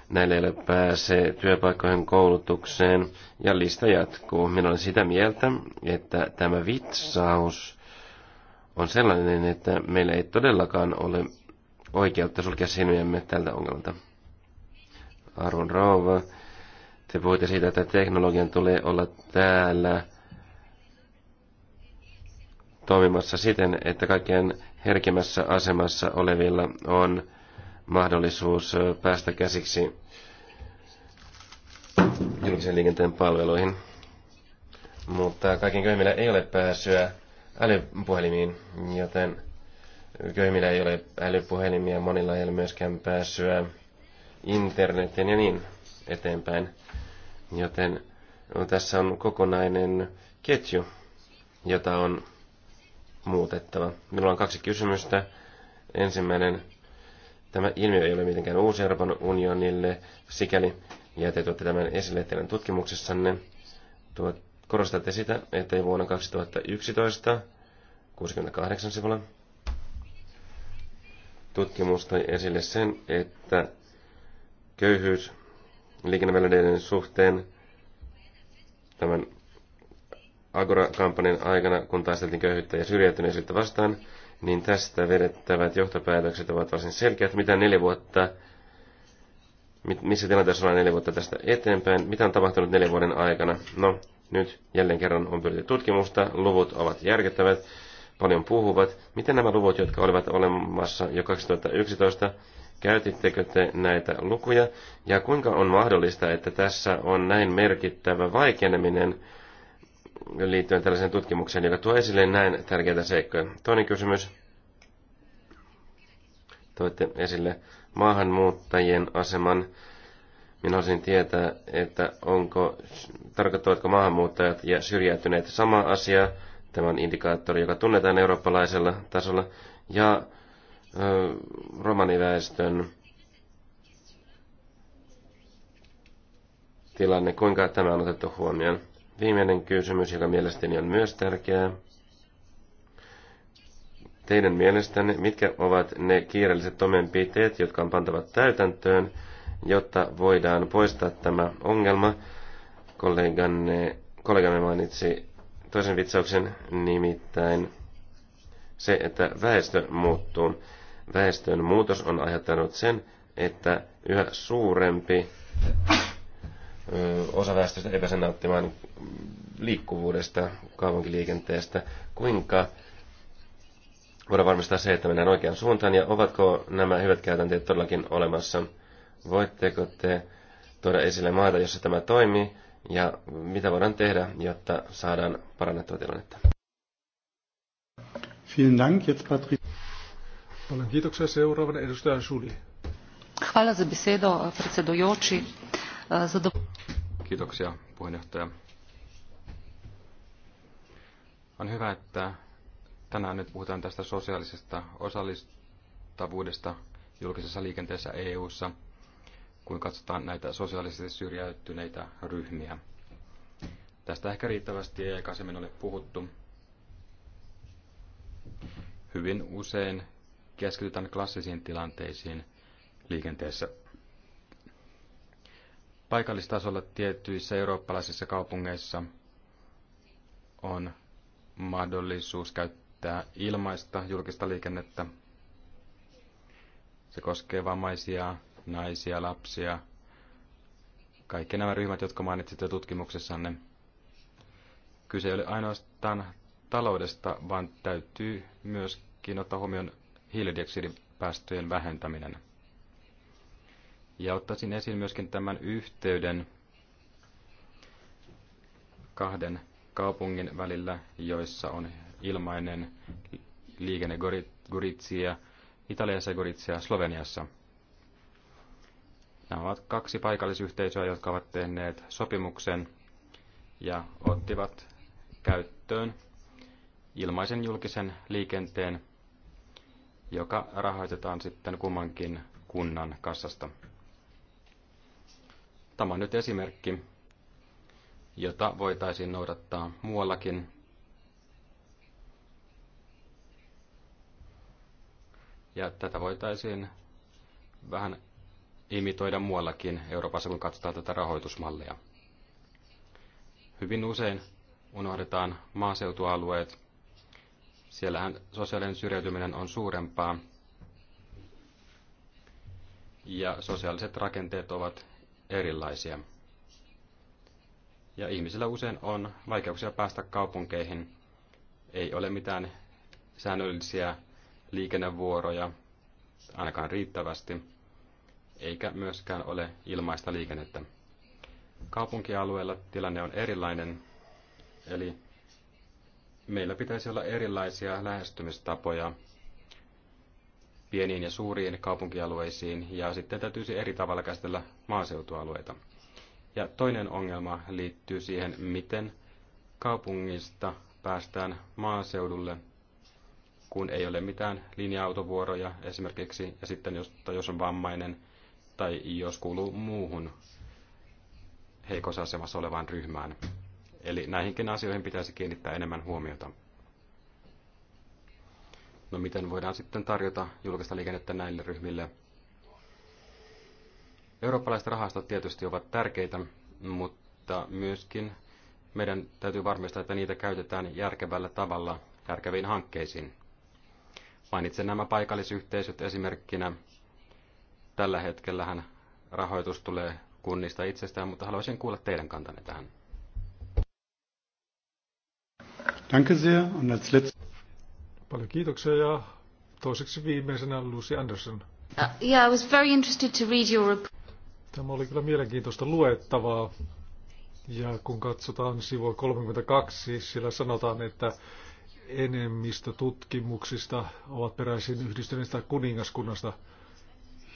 Näille ei ole pääse työpaikkoihin koulutukseen ja lista jatkuu. Minä olen sitä mieltä, että tämä vitsaus on sellainen, että meillä ei todellakaan ole oikeutta sulkea silmiämme tältä ongelmalta. Arun rouva, te puhuitte siitä, että teknologian tulee olla täällä toimimassa siten, että kaikkien herkemmässä asemassa olevilla on mahdollisuus päästä käsiksi julkisen liikenteen palveluihin. Mutta kaiken köyhimmillä ei ole pääsyä älypuhelimiin, joten köyhimmillä ei ole älypuhelimia, monilla ei ole myöskään pääsyä internetin ja niin eteenpäin. Joten no, tässä on kokonainen ketju, jota on muutettava. Minulla on kaksi kysymystä. Ensimmäinen, tämä ilmiö ei ole mitenkään uusi Euroopan unionille, sikäli, ja te tuotte tämän esille teidän tutkimuksessanne, tuo, korostatte sitä, että vuonna 2011, 68 sivulla, tutkimus toi esille sen, että köyhyys liikennevälineiden suhteen tämän Agora-kampanjan aikana, kun taisteltiin köyhyyttä ja syrjäytyneisyyttä vastaan, niin tästä vedettävät johtopäätökset ovat varsin selkeät. Mitä neljä vuotta, missä tilanteessa ollaan neljä vuotta tästä eteenpäin, mitä on tapahtunut neljän vuoden aikana? No, nyt jälleen kerran on pyritty tutkimusta, luvut ovat järkyttävät, paljon puhuvat. Miten nämä luvut, jotka olivat olemassa jo 2011, käytittekö te näitä lukuja? Ja kuinka on mahdollista, että tässä on näin merkittävä vaikeneminen liittyen tällaiseen tutkimukseen, joka tuo esille näin tärkeitä seikkoja. Toinen kysymys. Toitte esille maahanmuuttajien aseman. Minä haluaisin tietää, että onko, tarkoittavatko maahanmuuttajat ja syrjäytyneet sama asia. Tämä on indikaattori, joka tunnetaan eurooppalaisella tasolla. Ja ö, romaniväestön tilanne, kuinka tämä on otettu huomioon. Viimeinen kysymys, joka mielestäni on myös tärkeää. Teidän mielestänne, mitkä ovat ne kiireelliset toimenpiteet, jotka on pantava täytäntöön, jotta voidaan poistaa tämä ongelma? Kolleganne, kollegamme mainitsi toisen vitsauksen nimittäin se, että väestö muuttuu. Väestön muutos on aiheuttanut sen, että yhä suurempi osa väestöstä ei pääse nauttimaan liikkuvuudesta, kaupunkiliikenteestä. Kuinka voidaan varmistaa se, että mennään oikeaan suuntaan ja ovatko nämä hyvät käytänteet todellakin olemassa? Voitteko te tuoda esille maata, jossa tämä toimii ja mitä voidaan tehdä, jotta saadaan parannettua tilannetta? Vielen Dank, jetzt Patrick. Paljon kiitoksia. Seuraavana edustaja Suli. Hvala za besedo, predsedujoči. Kiitoksia, puheenjohtaja. On hyvä, että tänään nyt puhutaan tästä sosiaalisesta osallistavuudesta julkisessa liikenteessä EU:ssa, kun katsotaan näitä sosiaalisesti syrjäyttyneitä ryhmiä. Tästä ehkä riittävästi ei aikaisemmin ole puhuttu. Hyvin usein keskitytään klassisiin tilanteisiin liikenteessä paikallistasolla tietyissä eurooppalaisissa kaupungeissa on mahdollisuus käyttää ilmaista julkista liikennettä. Se koskee vammaisia, naisia, lapsia, kaikki nämä ryhmät, jotka mainitsitte tutkimuksessanne. Kyse ei ole ainoastaan taloudesta, vaan täytyy myöskin ottaa huomioon hiilidioksidipäästöjen vähentäminen. Ja ottaisin esiin myöskin tämän yhteyden kahden kaupungin välillä, joissa on ilmainen liikenne Goritsia, Italiassa ja Goritsia Sloveniassa. Nämä ovat kaksi paikallisyhteisöä, jotka ovat tehneet sopimuksen ja ottivat käyttöön ilmaisen julkisen liikenteen, joka rahoitetaan sitten kummankin kunnan kassasta. Tämä on nyt esimerkki, jota voitaisiin noudattaa muuallakin. Ja tätä voitaisiin vähän imitoida muuallakin Euroopassa, kun katsotaan tätä rahoitusmallia. Hyvin usein unohdetaan maaseutualueet. Siellähän sosiaalinen syrjäytyminen on suurempaa ja sosiaaliset rakenteet ovat erilaisia. Ja ihmisillä usein on vaikeuksia päästä kaupunkeihin. Ei ole mitään säännöllisiä liikennevuoroja, ainakaan riittävästi, eikä myöskään ole ilmaista liikennettä. Kaupunkialueella tilanne on erilainen, eli meillä pitäisi olla erilaisia lähestymistapoja pieniin ja suuriin kaupunkialueisiin ja sitten täytyisi eri tavalla käsitellä maaseutualueita. Ja toinen ongelma liittyy siihen, miten kaupungista päästään maaseudulle, kun ei ole mitään linja-autovuoroja esimerkiksi, ja sitten jos, tai jos on vammainen tai jos kuuluu muuhun heikossa asemassa olevaan ryhmään. Eli näihinkin asioihin pitäisi kiinnittää enemmän huomiota. No miten voidaan sitten tarjota julkista liikennettä näille ryhmille? Eurooppalaiset rahastot tietysti ovat tärkeitä, mutta myöskin meidän täytyy varmistaa, että niitä käytetään järkevällä tavalla järkeviin hankkeisiin. Mainitsen nämä paikallisyhteisöt esimerkkinä. Tällä hetkellähän rahoitus tulee kunnista itsestään, mutta haluaisin kuulla teidän kantanne tähän. Danke sehr. Und als Paljon kiitoksia ja toiseksi viimeisenä Lucy Anderson. Uh, yeah, I was very interested to read your Tämä oli kyllä mielenkiintoista luettavaa. Ja kun katsotaan sivua 32, siellä sanotaan, että enemmistö tutkimuksista ovat peräisin yhdistyneestä kuningaskunnasta.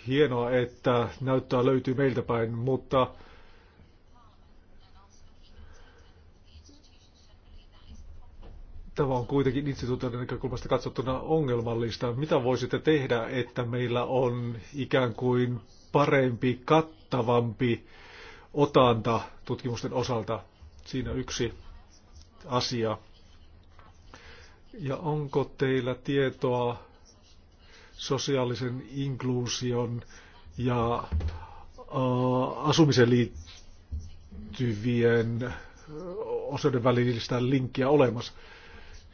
Hienoa, että näyttää löytyy meiltä päin, mutta Tämä on kuitenkin instituutioiden näkökulmasta katsottuna ongelmallista. Mitä voisitte tehdä, että meillä on ikään kuin parempi, kattavampi otanta tutkimusten osalta? Siinä yksi asia. Ja onko teillä tietoa sosiaalisen inkluusion ja äh, asumiseen liittyvien äh, osioiden välillistä linkkiä olemassa?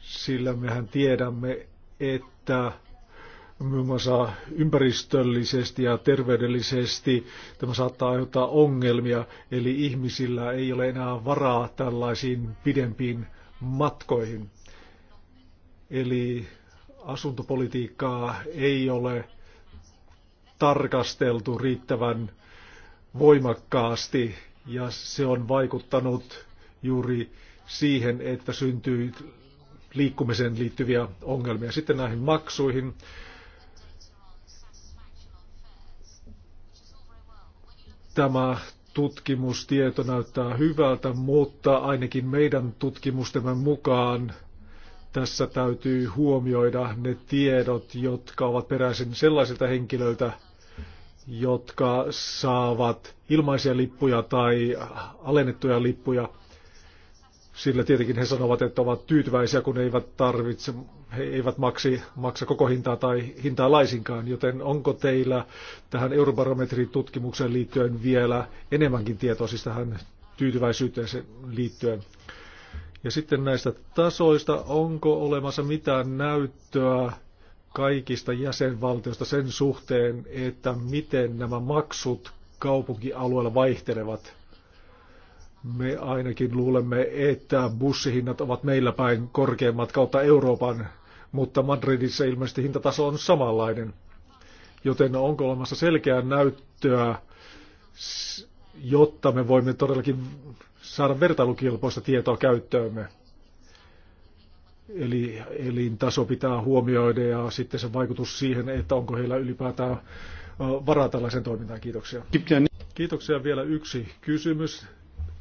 sillä mehän tiedämme, että muun muassa ympäristöllisesti ja terveydellisesti tämä saattaa aiheuttaa ongelmia, eli ihmisillä ei ole enää varaa tällaisiin pidempiin matkoihin. Eli asuntopolitiikkaa ei ole tarkasteltu riittävän voimakkaasti ja se on vaikuttanut juuri siihen, että syntyy liikkumiseen liittyviä ongelmia. Sitten näihin maksuihin. Tämä tutkimustieto näyttää hyvältä, mutta ainakin meidän tutkimustemme mukaan tässä täytyy huomioida ne tiedot, jotka ovat peräisin sellaisilta henkilöiltä, jotka saavat ilmaisia lippuja tai alennettuja lippuja – sillä tietenkin he sanovat, että ovat tyytyväisiä, kun he eivät tarvitse, he eivät maksi, maksa koko hintaa tai hintaa laisinkaan. Joten onko teillä tähän eurobarometrin tutkimukseen liittyen vielä enemmänkin tietoa, siis tähän tyytyväisyyteen liittyen? Ja sitten näistä tasoista, onko olemassa mitään näyttöä kaikista jäsenvaltioista sen suhteen, että miten nämä maksut kaupunkialueella vaihtelevat? Me ainakin luulemme, että bussihinnat ovat meillä päin korkeimmat kautta Euroopan, mutta Madridissa ilmeisesti hintataso on samanlainen. Joten onko olemassa selkeää näyttöä, jotta me voimme todellakin saada vertailukilpoista tietoa käyttöömme? Eli elintaso pitää huomioida ja sitten se vaikutus siihen, että onko heillä ylipäätään varaa tällaisen toimintaan. Kiitoksia. Kiitoksia. Vielä yksi kysymys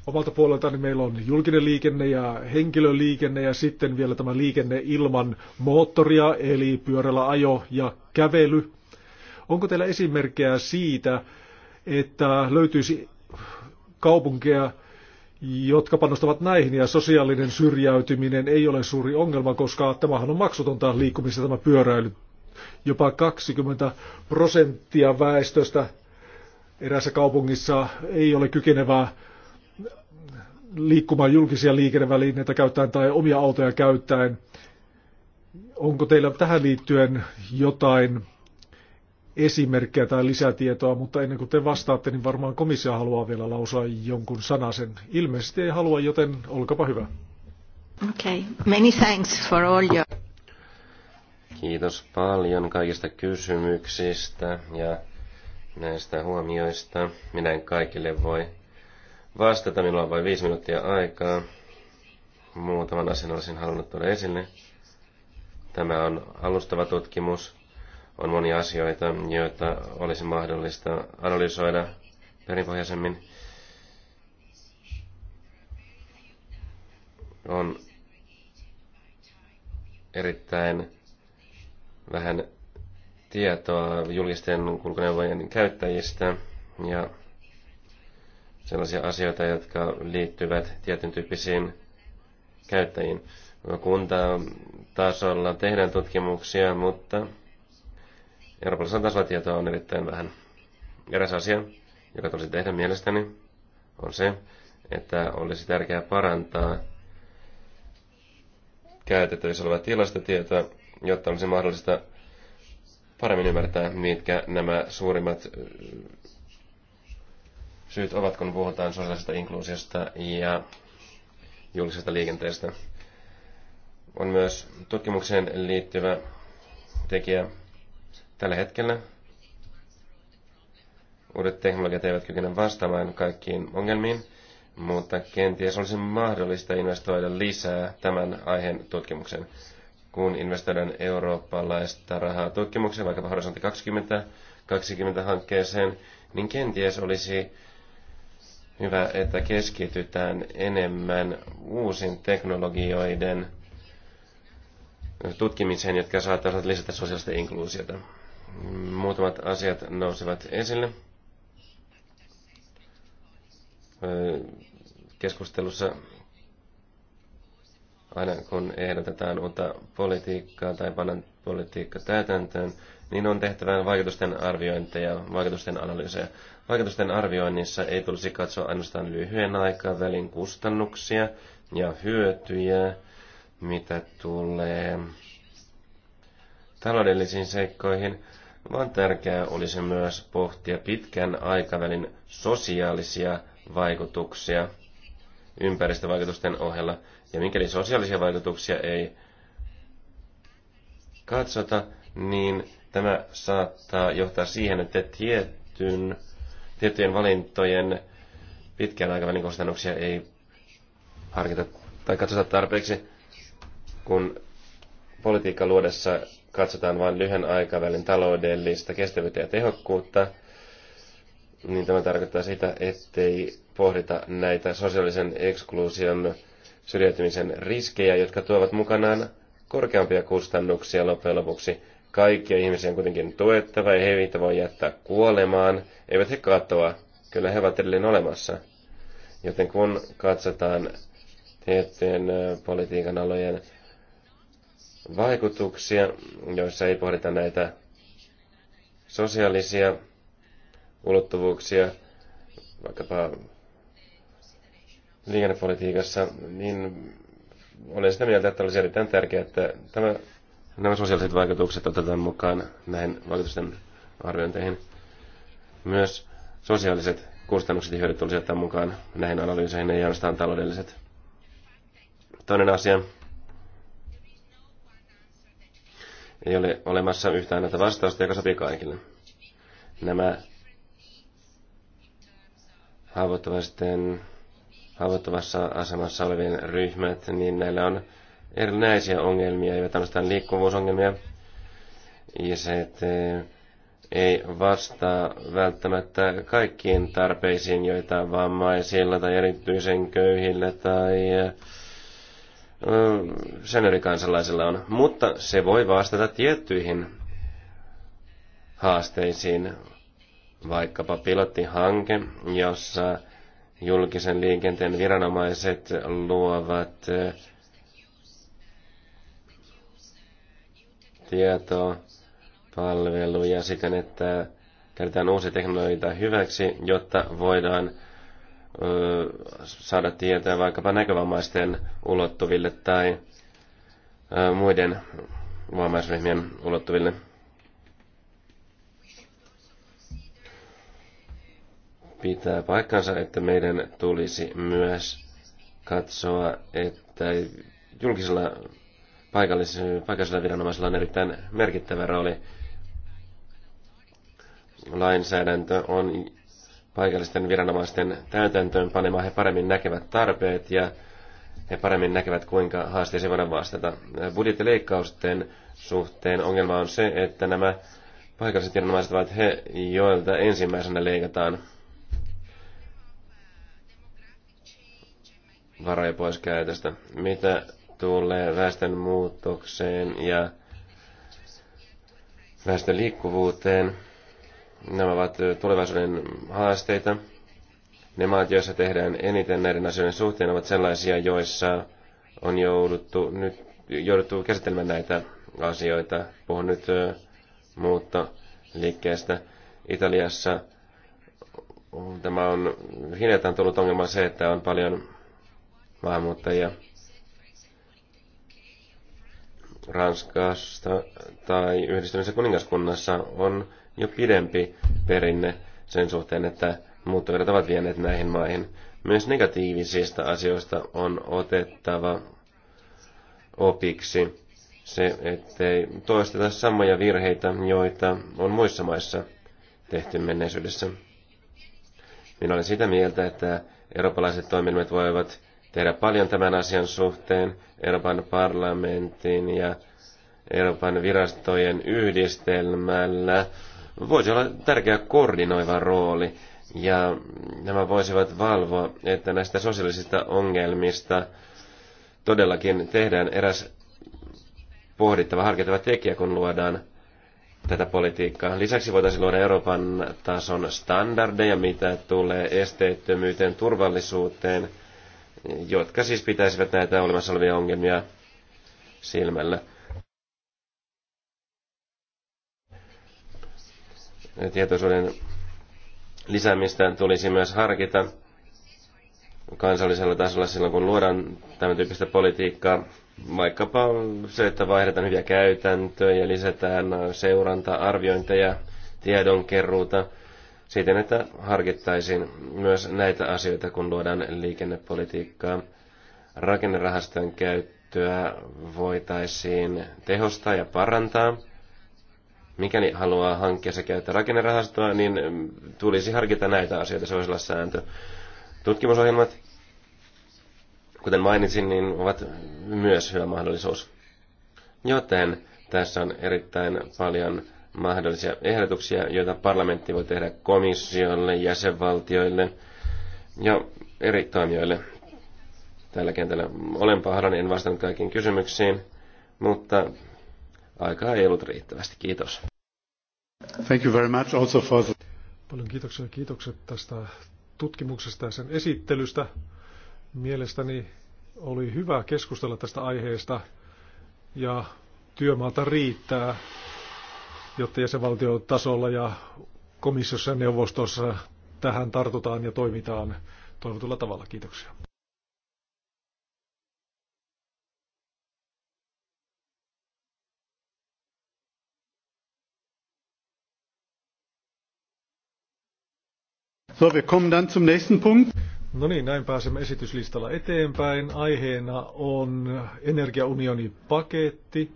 omalta puolelta niin meillä on julkinen liikenne ja henkilöliikenne ja sitten vielä tämä liikenne ilman moottoria, eli pyörällä ajo ja kävely. Onko teillä esimerkkejä siitä, että löytyisi kaupunkeja, jotka panostavat näihin ja sosiaalinen syrjäytyminen ei ole suuri ongelma, koska tämähän on maksutonta liikkumista tämä pyöräily. Jopa 20 prosenttia väestöstä eräässä kaupungissa ei ole kykenevää liikkumaan julkisia liikennevälineitä käyttäen tai omia autoja käyttäen. Onko teillä tähän liittyen jotain esimerkkejä tai lisätietoa, mutta ennen kuin te vastaatte, niin varmaan komissio haluaa vielä lausua jonkun sanasen. Ilmeisesti ei halua, joten olkapa hyvä. Okay. Many thanks for all your... Kiitos paljon kaikista kysymyksistä ja näistä huomioista. Minä en kaikille voi vastata. Minulla on vain viisi minuuttia aikaa. Muutaman asian olisin halunnut tuoda esille. Tämä on alustava tutkimus. On monia asioita, joita olisi mahdollista analysoida perinpohjaisemmin. On erittäin vähän tietoa julkisten kulkuneuvojen käyttäjistä ja sellaisia asioita, jotka liittyvät tietyn tyyppisiin käyttäjiin. Kuntatasolla tehdään tutkimuksia, mutta eurooppalaisella tasolla tietoa on erittäin vähän. Eräs asia, joka tulisi tehdä mielestäni, on se, että olisi tärkeää parantaa käytettävissä olevaa tilastotietoa, jotta olisi mahdollista paremmin ymmärtää, mitkä nämä suurimmat syyt ovat, kun puhutaan sosiaalisesta inkluusiosta ja julkisesta liikenteestä. On myös tutkimukseen liittyvä tekijä. Tällä hetkellä uudet teknologiat eivät kykene vastaamaan kaikkiin ongelmiin, mutta kenties olisi mahdollista investoida lisää tämän aiheen tutkimukseen. Kun investoidaan eurooppalaista rahaa tutkimukseen, vaikkapa Horisontti 2020 20 hankkeeseen, niin kenties olisi hyvä, että keskitytään enemmän uusin teknologioiden tutkimiseen, jotka saattavat lisätä sosiaalista inkluusiota. Muutamat asiat nousivat esille. Keskustelussa aina kun ehdotetaan uutta politiikkaa tai pannaan politiikka täytäntöön, niin on tehtävä vaikutusten arviointeja, vaikutusten analyysejä. Vaikutusten arvioinnissa ei tulisi katsoa ainoastaan lyhyen aikavälin kustannuksia ja hyötyjä, mitä tulee taloudellisiin seikkoihin, vaan tärkeää olisi myös pohtia pitkän aikavälin sosiaalisia vaikutuksia ympäristövaikutusten ohella. Ja mikäli sosiaalisia vaikutuksia ei katsota, niin tämä saattaa johtaa siihen, että tietyn tiettyjen valintojen pitkän aikavälin kustannuksia ei harkita tai katsota tarpeeksi, kun politiikka luodessa katsotaan vain lyhyen aikavälin taloudellista kestävyyttä ja tehokkuutta, niin tämä tarkoittaa sitä, ettei pohdita näitä sosiaalisen ekskluusion syrjäytymisen riskejä, jotka tuovat mukanaan korkeampia kustannuksia loppujen lopuksi Kaikkia ihmisiä on kuitenkin tuettava, ei heitä voi jättää kuolemaan, eivät he katoa, kyllä he ovat edelleen olemassa. Joten kun katsotaan tiettyjen politiikan alojen vaikutuksia, joissa ei pohdita näitä sosiaalisia ulottuvuuksia, vaikkapa liikennepolitiikassa, niin olen sitä mieltä, että olisi erittäin tärkeää, että tämä Nämä sosiaaliset vaikutukset otetaan mukaan näihin vaikutusten arviointeihin. Myös sosiaaliset kustannukset ja hyödyt tulisi ottaa mukaan näihin analyyseihin, ei ainoastaan taloudelliset. Toinen asia. Ei ole olemassa yhtään näitä vastausta, joka sopii kaikille. Nämä haavoittuvassa asemassa olevien ryhmät, niin näillä on erinäisiä ongelmia, ja tämmöistä liikkuvuusongelmia. ja että ei vastaa välttämättä kaikkiin tarpeisiin, joita vammaisilla tai erityisen köyhillä tai kansalaisilla on. Mutta se voi vastata tiettyihin haasteisiin, vaikkapa pilottihanke, jossa julkisen liikenteen viranomaiset luovat tietoa, palveluja siten, että käytetään uusia teknologioita hyväksi, jotta voidaan saada tietoa vaikkapa näkövammaisten ulottuville tai muiden vammaisryhmien ulottuville. Pitää paikkansa, että meidän tulisi myös katsoa, että julkisella paikallis, paikallisella viranomaisella on erittäin merkittävä rooli. Lainsäädäntö on paikallisten viranomaisten täytäntöön panema. He paremmin näkevät tarpeet ja he paremmin näkevät, kuinka haasteisiin voidaan vastata. Budjettileikkausten suhteen ongelma on se, että nämä paikalliset viranomaiset ovat he, joilta ensimmäisenä leikataan varoja pois käytöstä. Mitä tulee väestön muutokseen ja väestön liikkuvuuteen. Nämä ovat tulevaisuuden haasteita. Ne maat, joissa tehdään eniten näiden asioiden suhteen, ovat sellaisia, joissa on jouduttu, nyt, jouduttu käsittelemään näitä asioita. Puhun nyt muutta liikkeestä. Italiassa tämä on hiljattain tullut ongelma se, että on paljon maahanmuuttajia. Ranskassa tai yhdistyneessä kuningaskunnassa on jo pidempi perinne sen suhteen, että muuttovirrat ovat vieneet näihin maihin. Myös negatiivisista asioista on otettava opiksi se, ettei toisteta samoja virheitä, joita on muissa maissa tehty menneisyydessä. Minä olen sitä mieltä, että eurooppalaiset toiminnot voivat tehdä paljon tämän asian suhteen. Euroopan parlamentin ja Euroopan virastojen yhdistelmällä voisi olla tärkeä koordinoiva rooli. Ja nämä voisivat valvoa, että näistä sosiaalisista ongelmista todellakin tehdään eräs pohdittava, harkittava tekijä, kun luodaan tätä politiikkaa. Lisäksi voitaisiin luoda Euroopan tason standardeja, mitä tulee esteettömyyteen, turvallisuuteen – jotka siis pitäisivät näitä olemassa olevia ongelmia silmällä. Tietoisuuden lisäämistä tulisi myös harkita kansallisella tasolla silloin, kun luodaan tämän tyyppistä politiikkaa. Vaikkapa se, että vaihdetaan hyviä käytäntöjä ja lisätään seuranta, arviointeja, tiedonkeruuta – siten, että harkittaisiin myös näitä asioita, kun luodaan liikennepolitiikkaa. Rakennerahastojen käyttöä voitaisiin tehostaa ja parantaa. Mikäli haluaa hankkeessa käyttää rakennerahastoa, niin tulisi harkita näitä asioita, se voisi olla sääntö. Tutkimusohjelmat, kuten mainitsin, niin ovat myös hyvä mahdollisuus. Joten tässä on erittäin paljon mahdollisia ehdotuksia, joita parlamentti voi tehdä komissiolle, jäsenvaltioille ja eri toimijoille tällä kentällä. Olen pahoillani, en vastannut kaikkiin kysymyksiin, mutta aikaa ei ollut riittävästi. Kiitos. Thank you very much also for the... Paljon kiitoksia kiitokset tästä tutkimuksesta ja sen esittelystä. Mielestäni oli hyvä keskustella tästä aiheesta ja työmaata riittää jotta jäsenvaltiotasolla ja komissiossa ja neuvostossa tähän tartutaan ja toimitaan toivotulla tavalla. Kiitoksia. So, wir kommen dann zum nächsten Punkt. No niin, näin pääsemme esityslistalla eteenpäin. Aiheena on energiaunioni paketti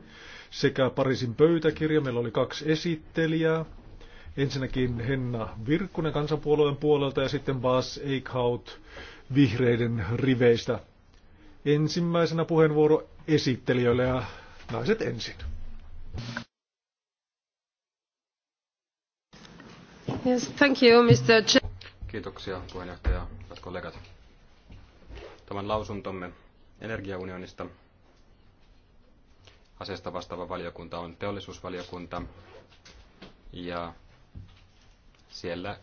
sekä Pariisin pöytäkirja. Meillä oli kaksi esittelijää. Ensinnäkin Henna Virkkunen kansanpuolueen puolelta ja sitten Bas Eichhout vihreiden riveistä. Ensimmäisenä puheenvuoro esittelijöille ja naiset ensin. Yes, thank you, Mr. Ch Kiitoksia puheenjohtaja ja kollegat. Tämän lausuntomme energiaunionista asiasta vastaava valiokunta on teollisuusvaliokunta ja siellä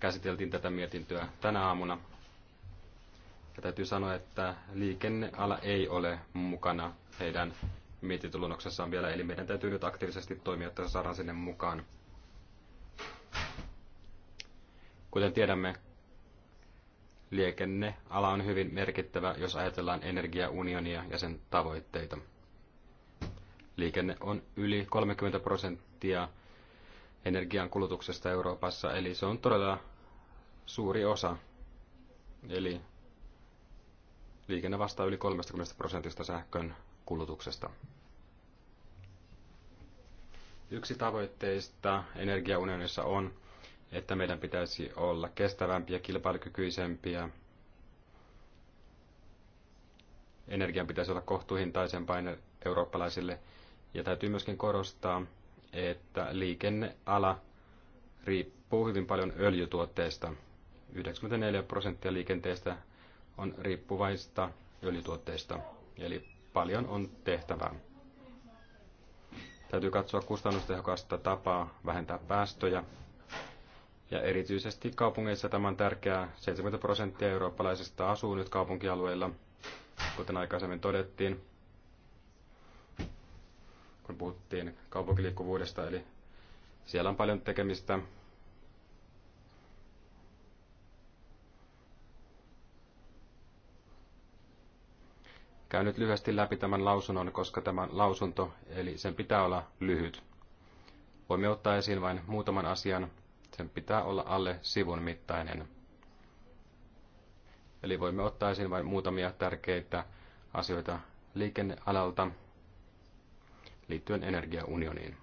käsiteltiin tätä mietintöä tänä aamuna. Ja täytyy sanoa, että liikenneala ei ole mukana heidän mietintöluonnoksessaan vielä, eli meidän täytyy nyt aktiivisesti toimia, että saadaan sinne mukaan. Kuten tiedämme, liikenneala on hyvin merkittävä, jos ajatellaan energiaunionia ja sen tavoitteita liikenne on yli 30 prosenttia energian kulutuksesta Euroopassa, eli se on todella suuri osa. Eli liikenne vastaa yli 30 prosentista sähkön kulutuksesta. Yksi tavoitteista energiaunionissa on, että meidän pitäisi olla kestävämpiä, kilpailukykyisempiä. Energian pitäisi olla kohtuuhintaisempaa eurooppalaisille ja täytyy myöskin korostaa, että liikenneala riippuu hyvin paljon öljytuotteista. 94 prosenttia liikenteestä on riippuvaista öljytuotteista, eli paljon on tehtävää. Täytyy katsoa kustannustehokasta tapaa vähentää päästöjä. Ja erityisesti kaupungeissa tämä on tärkeää. 70 prosenttia eurooppalaisista asuu nyt kaupunkialueilla, kuten aikaisemmin todettiin kun puhuttiin kaupunkiliikkuvuudesta, eli siellä on paljon tekemistä. Käyn nyt lyhyesti läpi tämän lausunnon, koska tämä lausunto, eli sen pitää olla lyhyt. Voimme ottaa esiin vain muutaman asian. Sen pitää olla alle sivun mittainen. Eli voimme ottaa esiin vain muutamia tärkeitä asioita liikennealalta, liittyen energiaunioniin.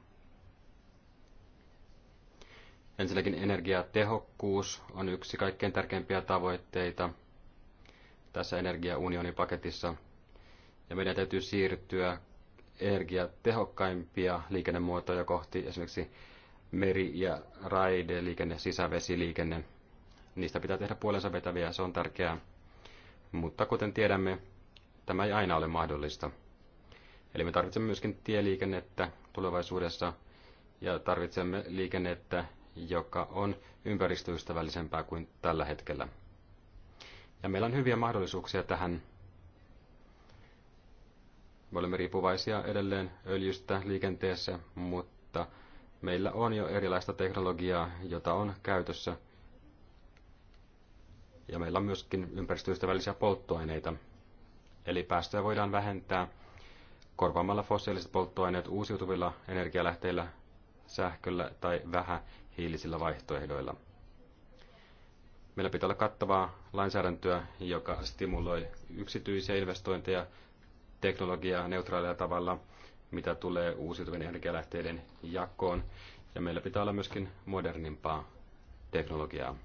Ensinnäkin energiatehokkuus on yksi kaikkein tärkeimpiä tavoitteita tässä energiaunionin paketissa. Ja meidän täytyy siirtyä energiatehokkaimpia liikennemuotoja kohti esimerkiksi meri- ja raideliikenne, sisävesiliikenne. Niistä pitää tehdä puolensa vetäviä, se on tärkeää. Mutta kuten tiedämme, tämä ei aina ole mahdollista. Eli me tarvitsemme myöskin tieliikennettä tulevaisuudessa ja tarvitsemme liikennettä, joka on ympäristöystävällisempää kuin tällä hetkellä. Ja meillä on hyviä mahdollisuuksia tähän. Me olemme riippuvaisia edelleen öljystä liikenteessä, mutta meillä on jo erilaista teknologiaa, jota on käytössä. Ja meillä on myöskin ympäristöystävällisiä polttoaineita. Eli päästöjä voidaan vähentää korvaamalla fossiiliset polttoaineet uusiutuvilla energialähteillä, sähköllä tai vähähiilisillä vaihtoehdoilla. Meillä pitää olla kattavaa lainsäädäntöä, joka stimuloi yksityisiä investointeja teknologiaa neutraalilla tavalla, mitä tulee uusiutuvien energialähteiden jakoon. Ja meillä pitää olla myöskin modernimpaa teknologiaa.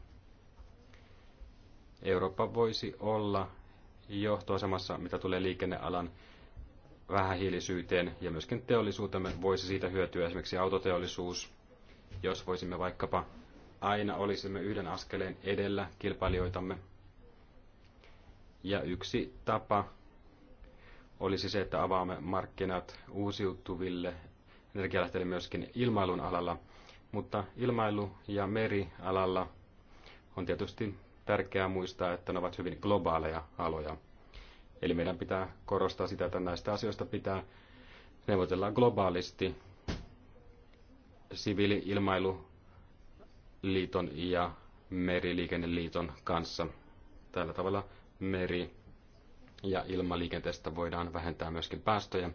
Eurooppa voisi olla johtoasemassa, mitä tulee liikennealan vähähiilisyyteen ja myöskin teollisuutemme voisi siitä hyötyä, esimerkiksi autoteollisuus, jos voisimme vaikkapa aina olisimme yhden askeleen edellä kilpailijoitamme. Ja yksi tapa olisi se, että avaamme markkinat uusiutuville energialähteille myöskin ilmailun alalla, mutta ilmailu- ja merialalla on tietysti tärkeää muistaa, että ne ovat hyvin globaaleja aloja. Eli meidän pitää korostaa sitä, että näistä asioista pitää neuvotella globaalisti siviili-ilmailuliiton ja meriliikenneliiton kanssa. Tällä tavalla meri- ja ilmaliikenteestä voidaan vähentää myöskin päästöjä.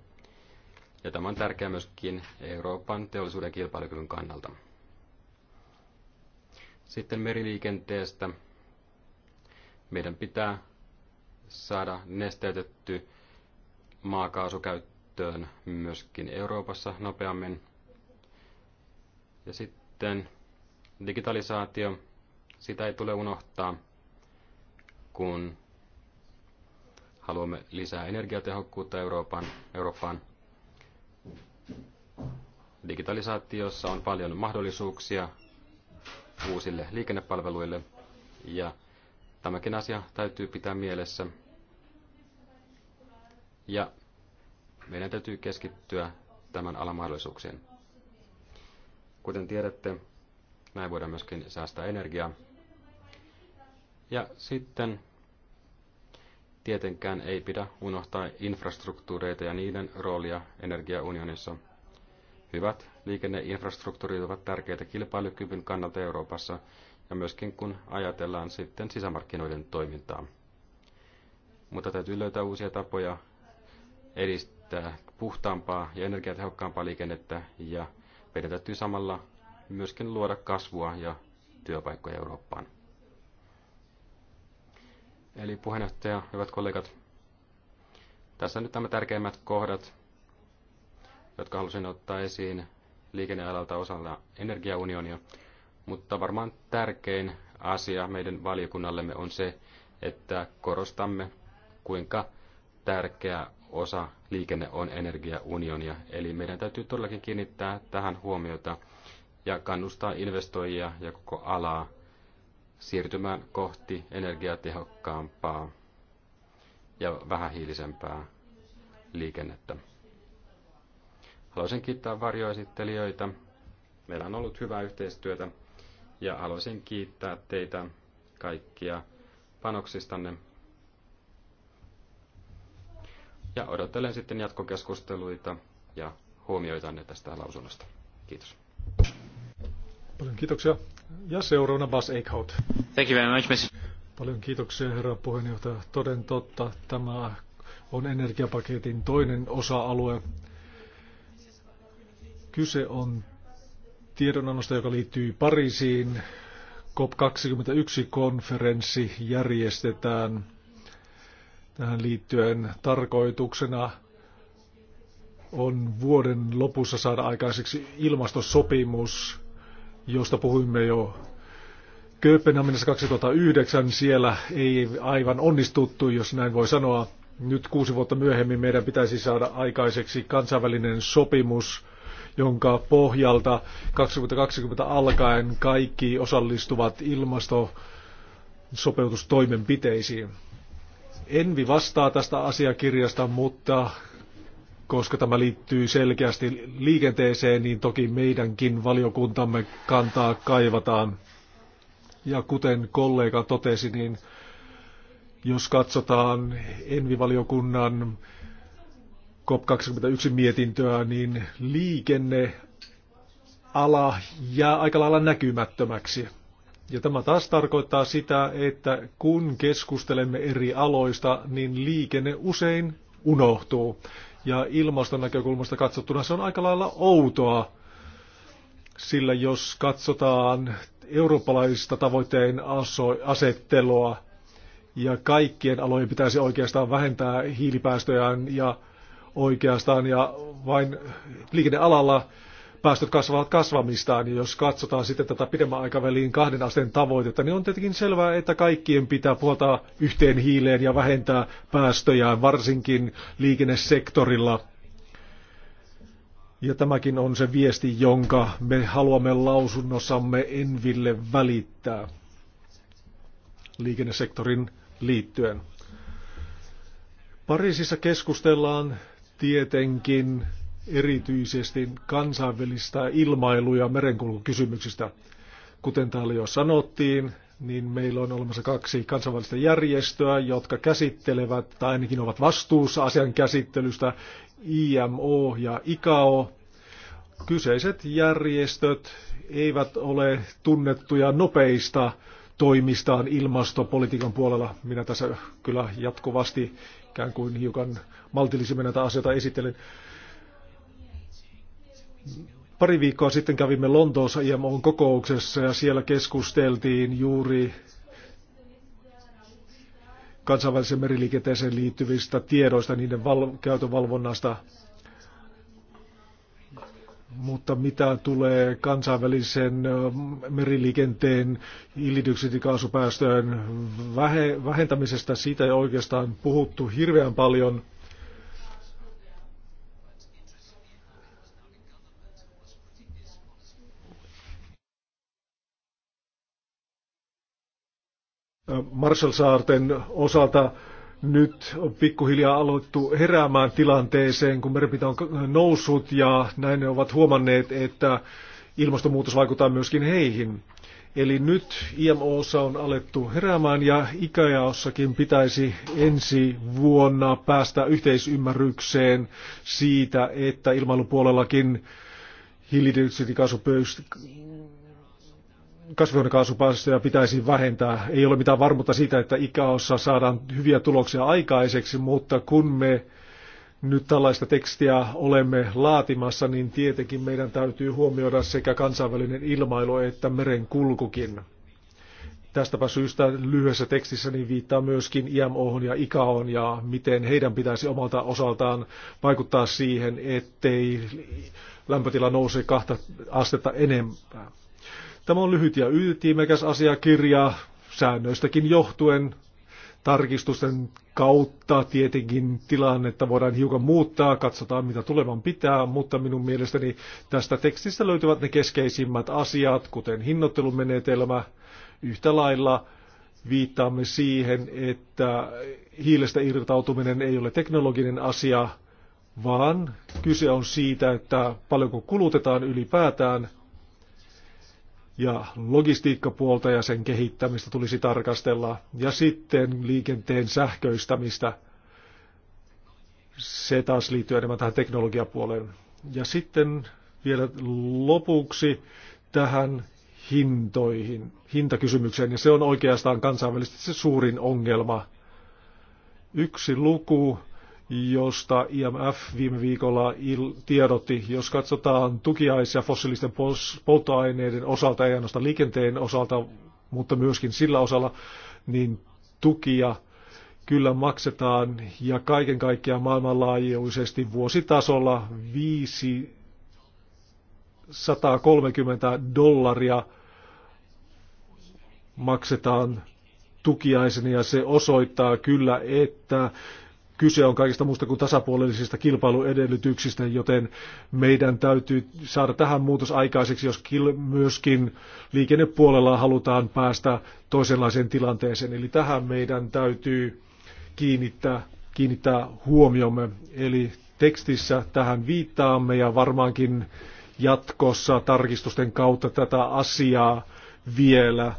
Ja tämä on tärkeää myöskin Euroopan teollisuuden kilpailukyvyn kannalta. Sitten meriliikenteestä. Meidän pitää saada nesteytetty maakaasu käyttöön myöskin Euroopassa nopeammin. Ja sitten digitalisaatio, sitä ei tule unohtaa, kun haluamme lisää energiatehokkuutta Euroopan, Eurooppaan. Digitalisaatiossa on paljon mahdollisuuksia uusille liikennepalveluille ja Tämäkin asia täytyy pitää mielessä. Ja meidän täytyy keskittyä tämän alamahdollisuuksien. Kuten tiedätte, näin voidaan myöskin säästää energiaa. Ja sitten tietenkään ei pidä unohtaa infrastruktuureita ja niiden roolia energiaunionissa. Hyvät liikenneinfrastruktuurit ovat tärkeitä kilpailukyvyn kannalta Euroopassa ja myöskin kun ajatellaan sitten sisämarkkinoiden toimintaa. Mutta täytyy löytää uusia tapoja edistää puhtaampaa ja energiatehokkaampaa liikennettä ja meidän täytyy samalla myöskin luoda kasvua ja työpaikkoja Eurooppaan. Eli puheenjohtaja, hyvät kollegat, tässä nyt nämä tärkeimmät kohdat, jotka halusin ottaa esiin liikennealalta osalla energiaunionia. Mutta varmaan tärkein asia meidän valiokunnallemme on se, että korostamme, kuinka tärkeä osa liikenne on energiaunionia. Eli meidän täytyy todellakin kiinnittää tähän huomiota ja kannustaa investoijia ja koko alaa siirtymään kohti energiatehokkaampaa ja vähähiilisempää liikennettä. Haluaisin kiittää varjoesittelijöitä. Meillä on ollut hyvää yhteistyötä ja haluaisin kiittää teitä kaikkia panoksistanne. Ja odottelen sitten jatkokeskusteluita ja huomioitanne tästä lausunnosta. Kiitos. Paljon kiitoksia. Ja seuraavana Bas Eichhout. Thank you very much, Mr. Paljon kiitoksia, herra puheenjohtaja. Toden totta, tämä on energiapaketin toinen osa-alue. Kyse on tiedonannosta, joka liittyy Pariisiin. COP21-konferenssi järjestetään tähän liittyen tarkoituksena on vuoden lopussa saada aikaiseksi ilmastosopimus, josta puhuimme jo Kööpenhaminassa 2009. Siellä ei aivan onnistuttu, jos näin voi sanoa. Nyt kuusi vuotta myöhemmin meidän pitäisi saada aikaiseksi kansainvälinen sopimus – jonka pohjalta 2020 alkaen kaikki osallistuvat ilmastosopeutustoimenpiteisiin. Envi vastaa tästä asiakirjasta, mutta koska tämä liittyy selkeästi liikenteeseen, niin toki meidänkin valiokuntamme kantaa kaivataan. Ja kuten kollega totesi, niin jos katsotaan valiokunnan COP21 mietintöä, niin liikenneala jää aika lailla näkymättömäksi. Ja tämä taas tarkoittaa sitä, että kun keskustelemme eri aloista, niin liikenne usein unohtuu. Ja ilmaston näkökulmasta katsottuna se on aika lailla outoa, sillä jos katsotaan eurooppalaisista tavoitteen asettelua, ja kaikkien alojen pitäisi oikeastaan vähentää hiilipäästöjään ja oikeastaan ja vain liikennealalla päästöt kasvavat kasvamistaan. Ja jos katsotaan sitten tätä pidemmän aikavälin kahden asteen tavoitetta, niin on tietenkin selvää, että kaikkien pitää puoltaa yhteen hiileen ja vähentää päästöjään, varsinkin liikennesektorilla. Ja tämäkin on se viesti, jonka me haluamme lausunnossamme Enville välittää liikennesektorin liittyen. Pariisissa keskustellaan tietenkin erityisesti kansainvälistä ilmailu- ja merenkulkukysymyksistä. Kuten täällä jo sanottiin, niin meillä on olemassa kaksi kansainvälistä järjestöä, jotka käsittelevät tai ainakin ovat vastuussa asian käsittelystä, IMO ja ICAO. Kyseiset järjestöt eivät ole tunnettuja nopeista toimistaan ilmastopolitiikan puolella. Minä tässä kyllä jatkuvasti ikään kuin hiukan maltillisemmin näitä asioita esittelen. Pari viikkoa sitten kävimme Lontoossa IMOn kokouksessa ja siellä keskusteltiin juuri kansainvälisen meriliikenteeseen liittyvistä tiedoista, niiden val- käytön valvonnasta mutta mitä tulee kansainvälisen meriliikenteen hiilidioksidikaasupäästöjen vähentämisestä, siitä ei oikeastaan puhuttu hirveän paljon. Marshall-saarten osalta nyt on pikkuhiljaa aloittu heräämään tilanteeseen, kun merenpinta on noussut ja näin ne ovat huomanneet, että ilmastonmuutos vaikuttaa myöskin heihin. Eli nyt IMOssa on alettu heräämään ja ikäjaossakin pitäisi ensi vuonna päästä yhteisymmärrykseen siitä, että ilmailupuolellakin hiilidioksidikaasupöystä kasvihuonekaasupäästöjä pitäisi vähentää. Ei ole mitään varmuutta siitä, että ikäossa saadaan hyviä tuloksia aikaiseksi, mutta kun me nyt tällaista tekstiä olemme laatimassa, niin tietenkin meidän täytyy huomioida sekä kansainvälinen ilmailu että merenkulkukin. Tästäpä syystä lyhyessä tekstissä niin viittaa myöskin IMO ja ICAOon ja miten heidän pitäisi omalta osaltaan vaikuttaa siihen, ettei lämpötila nouse kahta astetta enempää. Tämä on lyhyt ja ytimekäs asiakirja säännöistäkin johtuen. Tarkistusten kautta tietenkin tilannetta voidaan hiukan muuttaa, katsotaan mitä tulevan pitää, mutta minun mielestäni tästä tekstistä löytyvät ne keskeisimmät asiat, kuten hinnoittelumenetelmä. Yhtä lailla viittaamme siihen, että hiilestä irtautuminen ei ole teknologinen asia, vaan kyse on siitä, että paljonko kulutetaan ylipäätään – ja logistiikkapuolta ja sen kehittämistä tulisi tarkastella. Ja sitten liikenteen sähköistämistä. Se taas liittyy enemmän tähän teknologiapuoleen. Ja sitten vielä lopuksi tähän hintoihin, hintakysymykseen, ja se on oikeastaan kansainvälisesti se suurin ongelma. Yksi luku josta IMF viime viikolla il- tiedotti. Jos katsotaan tukiaisia fossiilisten polttoaineiden osalta, ei ainoastaan liikenteen osalta, mutta myöskin sillä osalla, niin tukia kyllä maksetaan ja kaiken kaikkiaan maailmanlaajuisesti vuositasolla 530 dollaria maksetaan tukiaisen ja se osoittaa kyllä, että kyse on kaikista muusta kuin tasapuolellisista kilpailuedellytyksistä, joten meidän täytyy saada tähän muutos aikaiseksi, jos myöskin liikennepuolella halutaan päästä toisenlaiseen tilanteeseen. Eli tähän meidän täytyy kiinnittää, kiinnittää huomiomme. Eli tekstissä tähän viittaamme ja varmaankin jatkossa tarkistusten kautta tätä asiaa vielä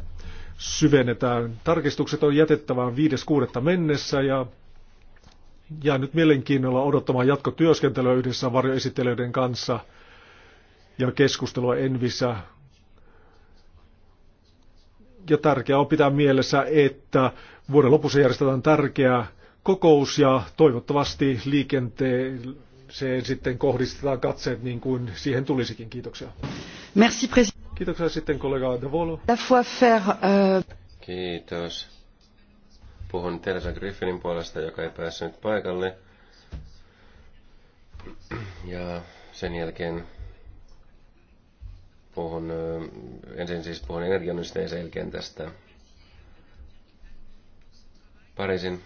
syvennetään. Tarkistukset on jätettävä 5.6. mennessä ja ja nyt mielenkiinnolla odottamaan jatkotyöskentelyä yhdessä varjoesittelyiden kanssa ja keskustelua Envissä. Ja tärkeää on pitää mielessä, että vuoden lopussa järjestetään tärkeä kokous ja toivottavasti liikenteeseen sitten kohdistetaan katseet niin kuin siihen tulisikin. Kiitoksia. Merci, Kiitoksia sitten kollega Devolo. Euh, Kiitos. Puhun Teresa Griffinin puolesta, joka ei päässyt paikalle. Ja sen jälkeen puhun, ensin siis puhun energianystä ja sen jälkeen tästä Pariisin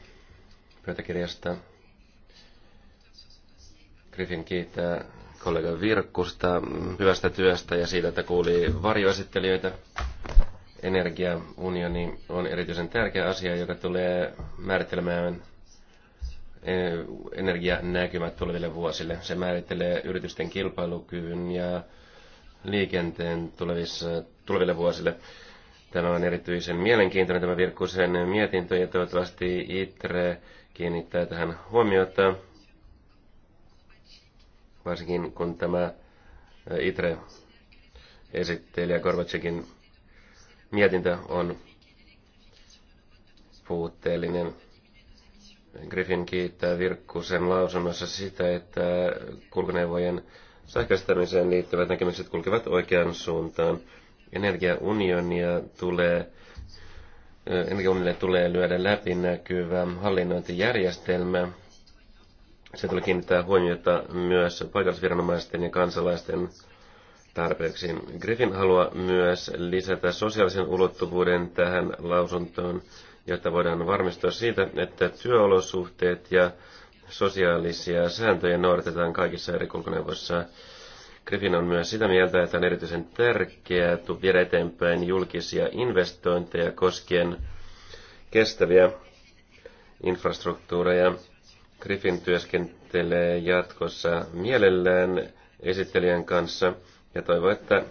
pöytäkirjasta. Griffin kiittää kollega Virkkusta mm, hyvästä työstä ja siitä, että kuuli varjoesittelijöitä energiaunioni on erityisen tärkeä asia, joka tulee määrittelemään e, energianäkymät tuleville vuosille. Se määrittelee yritysten kilpailukyvyn ja liikenteen tulevissa, tuleville vuosille. Tämä on erityisen mielenkiintoinen tämä Virkkuisen mietintö ja toivottavasti ITRE kiinnittää tähän huomiota, varsinkin kun tämä e, ITRE esittelijä Gorbachekin mietintö on puutteellinen. Griffin kiittää Virkkusen lausunnossa sitä, että kulkuneuvojen sähköistämiseen liittyvät näkemykset kulkevat oikeaan suuntaan. Energiaunionia tulee Energiaunionille tulee lyödä läpinäkyvä hallinnointijärjestelmä. Se tulee kiinnittää huomiota myös paikallisviranomaisten ja kansalaisten tarpeeksi. Griffin haluaa myös lisätä sosiaalisen ulottuvuuden tähän lausuntoon, jotta voidaan varmistua siitä, että työolosuhteet ja sosiaalisia sääntöjä noudatetaan kaikissa eri kulkuneuvoissa. Griffin on myös sitä mieltä, että on erityisen tärkeää viedä eteenpäin julkisia investointeja koskien kestäviä infrastruktuureja. Griffin työskentelee jatkossa mielellään esittelijän kanssa – ja toivon, että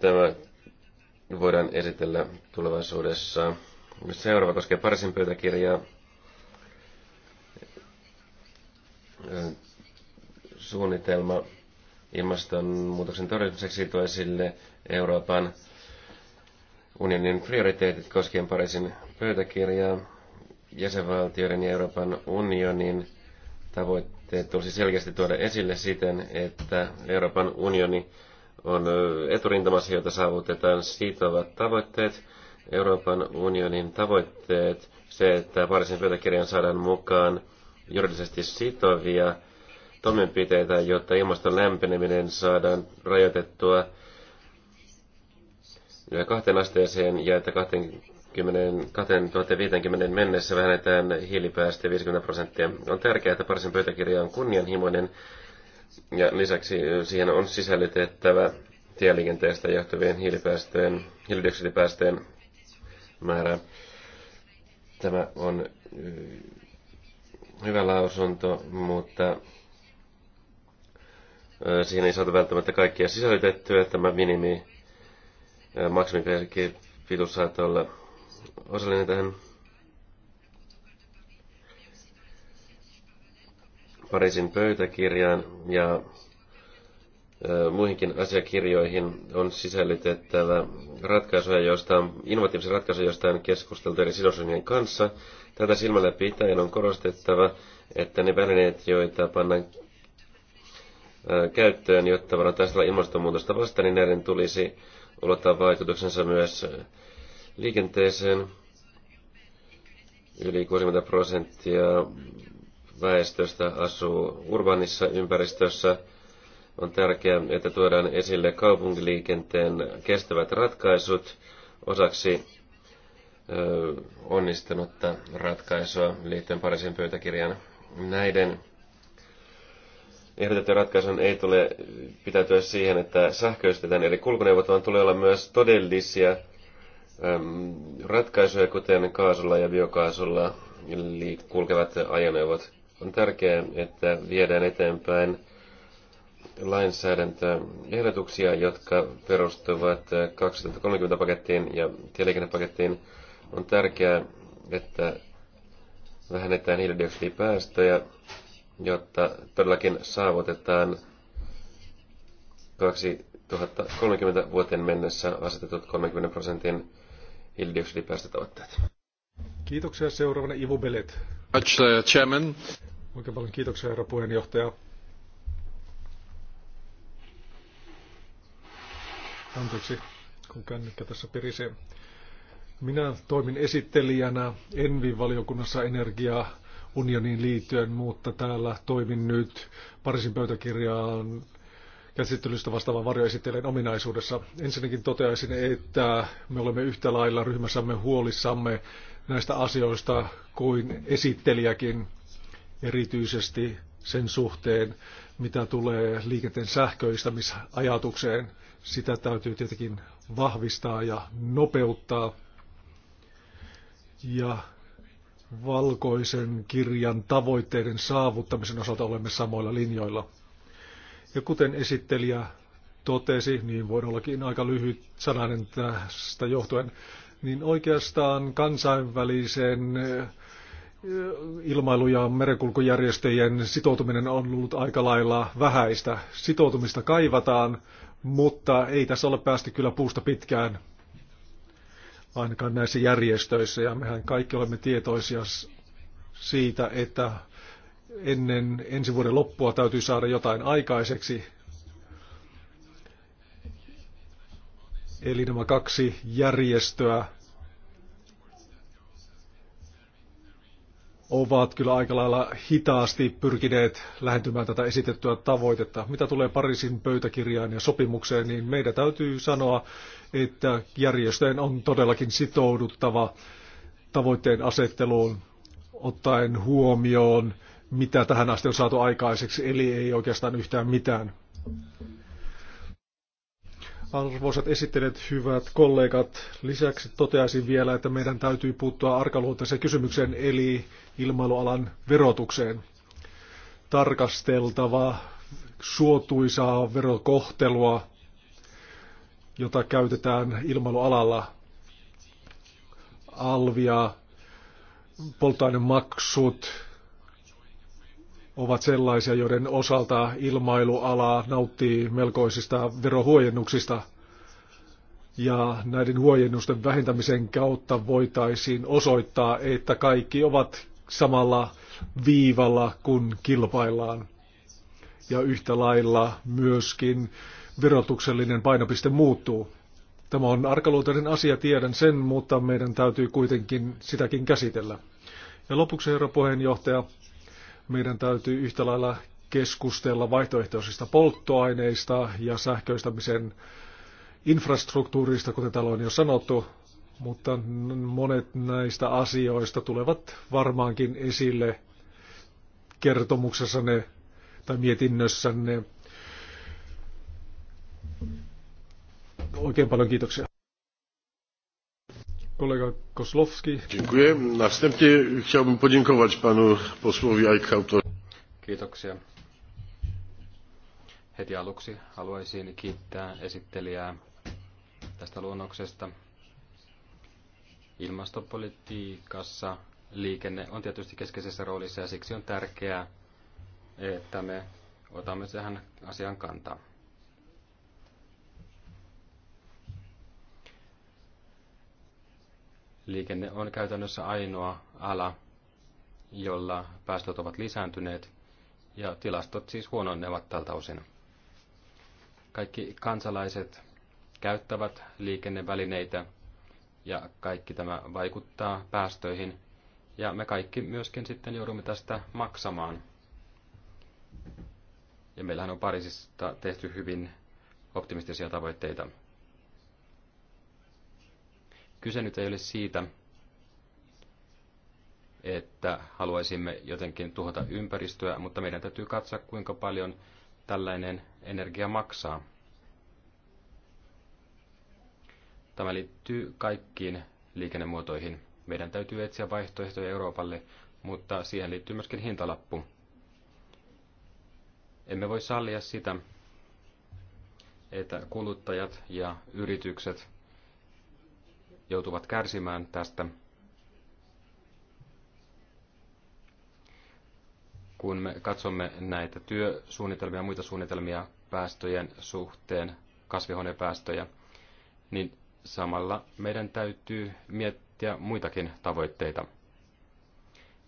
tämä voidaan esitellä tulevaisuudessa. Seuraava koskee Parsin pöytäkirjaa. Suunnitelma ilmastonmuutoksen torjumiseksi tuo esille Euroopan unionin prioriteetit koskien Pariisin pöytäkirjaa, jäsenvaltioiden ja Euroopan unionin tavoitteet te tulisi selkeästi tuoda esille siten, että Euroopan unioni on eturintamassa, jota saavutetaan sitovat tavoitteet. Euroopan unionin tavoitteet, se, että Pariisin pöytäkirjan saadaan mukaan juridisesti sitovia toimenpiteitä, jotta ilmaston lämpeneminen saadaan rajoitettua kahteen asteeseen ja että kahteen 2050 mennessä vähennetään hiilipäästöjä 50 prosenttia. On tärkeää, että Parsin pöytäkirja on kunnianhimoinen ja lisäksi siihen on sisällytettävä tieliikenteestä johtuvien hiilipäästöjen, hiilidioksidipäästöjen määrä. Tämä on hyvä lausunto, mutta siihen ei saatu välttämättä kaikkia sisällytettyä. Tämä minimi maksimipituus saattaa olla osallinen tähän Pariisin pöytäkirjaan ja muihinkin asiakirjoihin on sisällytettävä ratkaisuja, joista on, innovatiivisia ratkaisuja, joista on keskusteltu eri sidosryhmien kanssa. Tätä silmällä pitäen on korostettava, että ne välineet, joita pannaan käyttöön, jotta voidaan taistella ilmastonmuutosta vastaan, niin näiden tulisi ulottaa vaikutuksensa myös liikenteeseen. Yli 60 prosenttia väestöstä asuu urbanissa ympäristössä. On tärkeää, että tuodaan esille kaupunkiliikenteen kestävät ratkaisut osaksi onnistunutta ratkaisua liittyen Pariisin pöytäkirjan. Näiden ehdotetun ratkaisun ei tule pitäytyä siihen, että sähköistetään eri kulkuneuvot, vaan tulee olla myös todellisia ratkaisuja, kuten kaasulla ja biokaasulla kulkevat ajoneuvot. On tärkeää, että viedään eteenpäin lainsäädäntöehdotuksia, jotka perustuvat 2030-pakettiin ja tieliikennepakettiin. On tärkeää, että vähennetään hiilidioksidipäästöjä, jotta todellakin saavutetaan 2030 vuoteen mennessä asetetut 30 prosentin hiilidioksidipäästötavoitteet. Kiitoksia. Seuraavana Ivo Belet. Uh, chairman. Oikein paljon kiitoksia, herra puheenjohtaja. Anteeksi, kun kännykkä tässä pirisee. Minä toimin esittelijänä Envi-valiokunnassa energiaa unioniin liittyen, mutta täällä toimin nyt Pariisin pöytäkirjaan käsittelystä vastaavan varjoesittelijän ominaisuudessa. Ensinnäkin toteaisin, että me olemme yhtä lailla ryhmässämme huolissamme näistä asioista kuin esittelijäkin, erityisesti sen suhteen, mitä tulee liikenteen sähköistämisajatukseen. Sitä täytyy tietenkin vahvistaa ja nopeuttaa. Ja valkoisen kirjan tavoitteiden saavuttamisen osalta olemme samoilla linjoilla. Ja kuten esittelijä totesi, niin voin ollakin aika lyhyt sananen tästä johtuen, niin oikeastaan kansainvälisen eh, ilmailu- ja merenkulkujärjestöjen sitoutuminen on ollut aika lailla vähäistä. Sitoutumista kaivataan, mutta ei tässä ole päästy kyllä puusta pitkään, ainakaan näissä järjestöissä. Ja mehän kaikki olemme tietoisia siitä, että ennen ensi vuoden loppua täytyy saada jotain aikaiseksi. Eli nämä kaksi järjestöä ovat kyllä aika lailla hitaasti pyrkineet lähentymään tätä esitettyä tavoitetta. Mitä tulee Pariisin pöytäkirjaan ja sopimukseen, niin meidän täytyy sanoa, että järjestöjen on todellakin sitouduttava tavoitteen asetteluun ottaen huomioon mitä tähän asti on saatu aikaiseksi, eli ei oikeastaan yhtään mitään. Arvoisat esittelijät, hyvät kollegat, lisäksi toteaisin vielä, että meidän täytyy puuttua arkaluonteiseen kysymykseen, eli ilmailualan verotukseen. Tarkasteltava suotuisaa verokohtelua, jota käytetään ilmailualalla. Alvia, polttoainemaksut, ovat sellaisia, joiden osalta ilmailuala nauttii melkoisista verohuojennuksista. Ja näiden huojennusten vähentämisen kautta voitaisiin osoittaa, että kaikki ovat samalla viivalla, kun kilpaillaan. Ja yhtä lailla myöskin verotuksellinen painopiste muuttuu. Tämä on arkaluontoinen asia, tiedän sen, mutta meidän täytyy kuitenkin sitäkin käsitellä. Ja lopuksi, herra puheenjohtaja, meidän täytyy yhtä lailla keskustella vaihtoehtoisista polttoaineista ja sähköistämisen infrastruktuurista, kuten täällä on jo sanottu, mutta monet näistä asioista tulevat varmaankin esille kertomuksessanne tai mietinnössänne. Oikein paljon kiitoksia. Dziękuję. Następnie chciałbym podziękować panu posłowi Eichhautowi. Kiitoksia. Heti aluksi haluaisin kiittää esittelijää tästä luonnoksesta. Ilmastopolitiikassa liikenne on tietysti keskeisessä roolissa ja siksi on tärkeää, että me otamme tähän asian kantaa. Liikenne on käytännössä ainoa ala, jolla päästöt ovat lisääntyneet, ja tilastot siis huononnevat tältä osin. Kaikki kansalaiset käyttävät liikennevälineitä, ja kaikki tämä vaikuttaa päästöihin, ja me kaikki myöskin sitten joudumme tästä maksamaan. Ja meillähän on Pariisista tehty hyvin optimistisia tavoitteita. Kyse nyt ei ole siitä, että haluaisimme jotenkin tuhota ympäristöä, mutta meidän täytyy katsoa, kuinka paljon tällainen energia maksaa. Tämä liittyy kaikkiin liikennemuotoihin. Meidän täytyy etsiä vaihtoehtoja Euroopalle, mutta siihen liittyy myöskin hintalappu. Emme voi sallia sitä, että kuluttajat ja yritykset joutuvat kärsimään tästä. Kun me katsomme näitä työsuunnitelmia ja muita suunnitelmia päästöjen suhteen, kasvihuonepäästöjä, niin samalla meidän täytyy miettiä muitakin tavoitteita.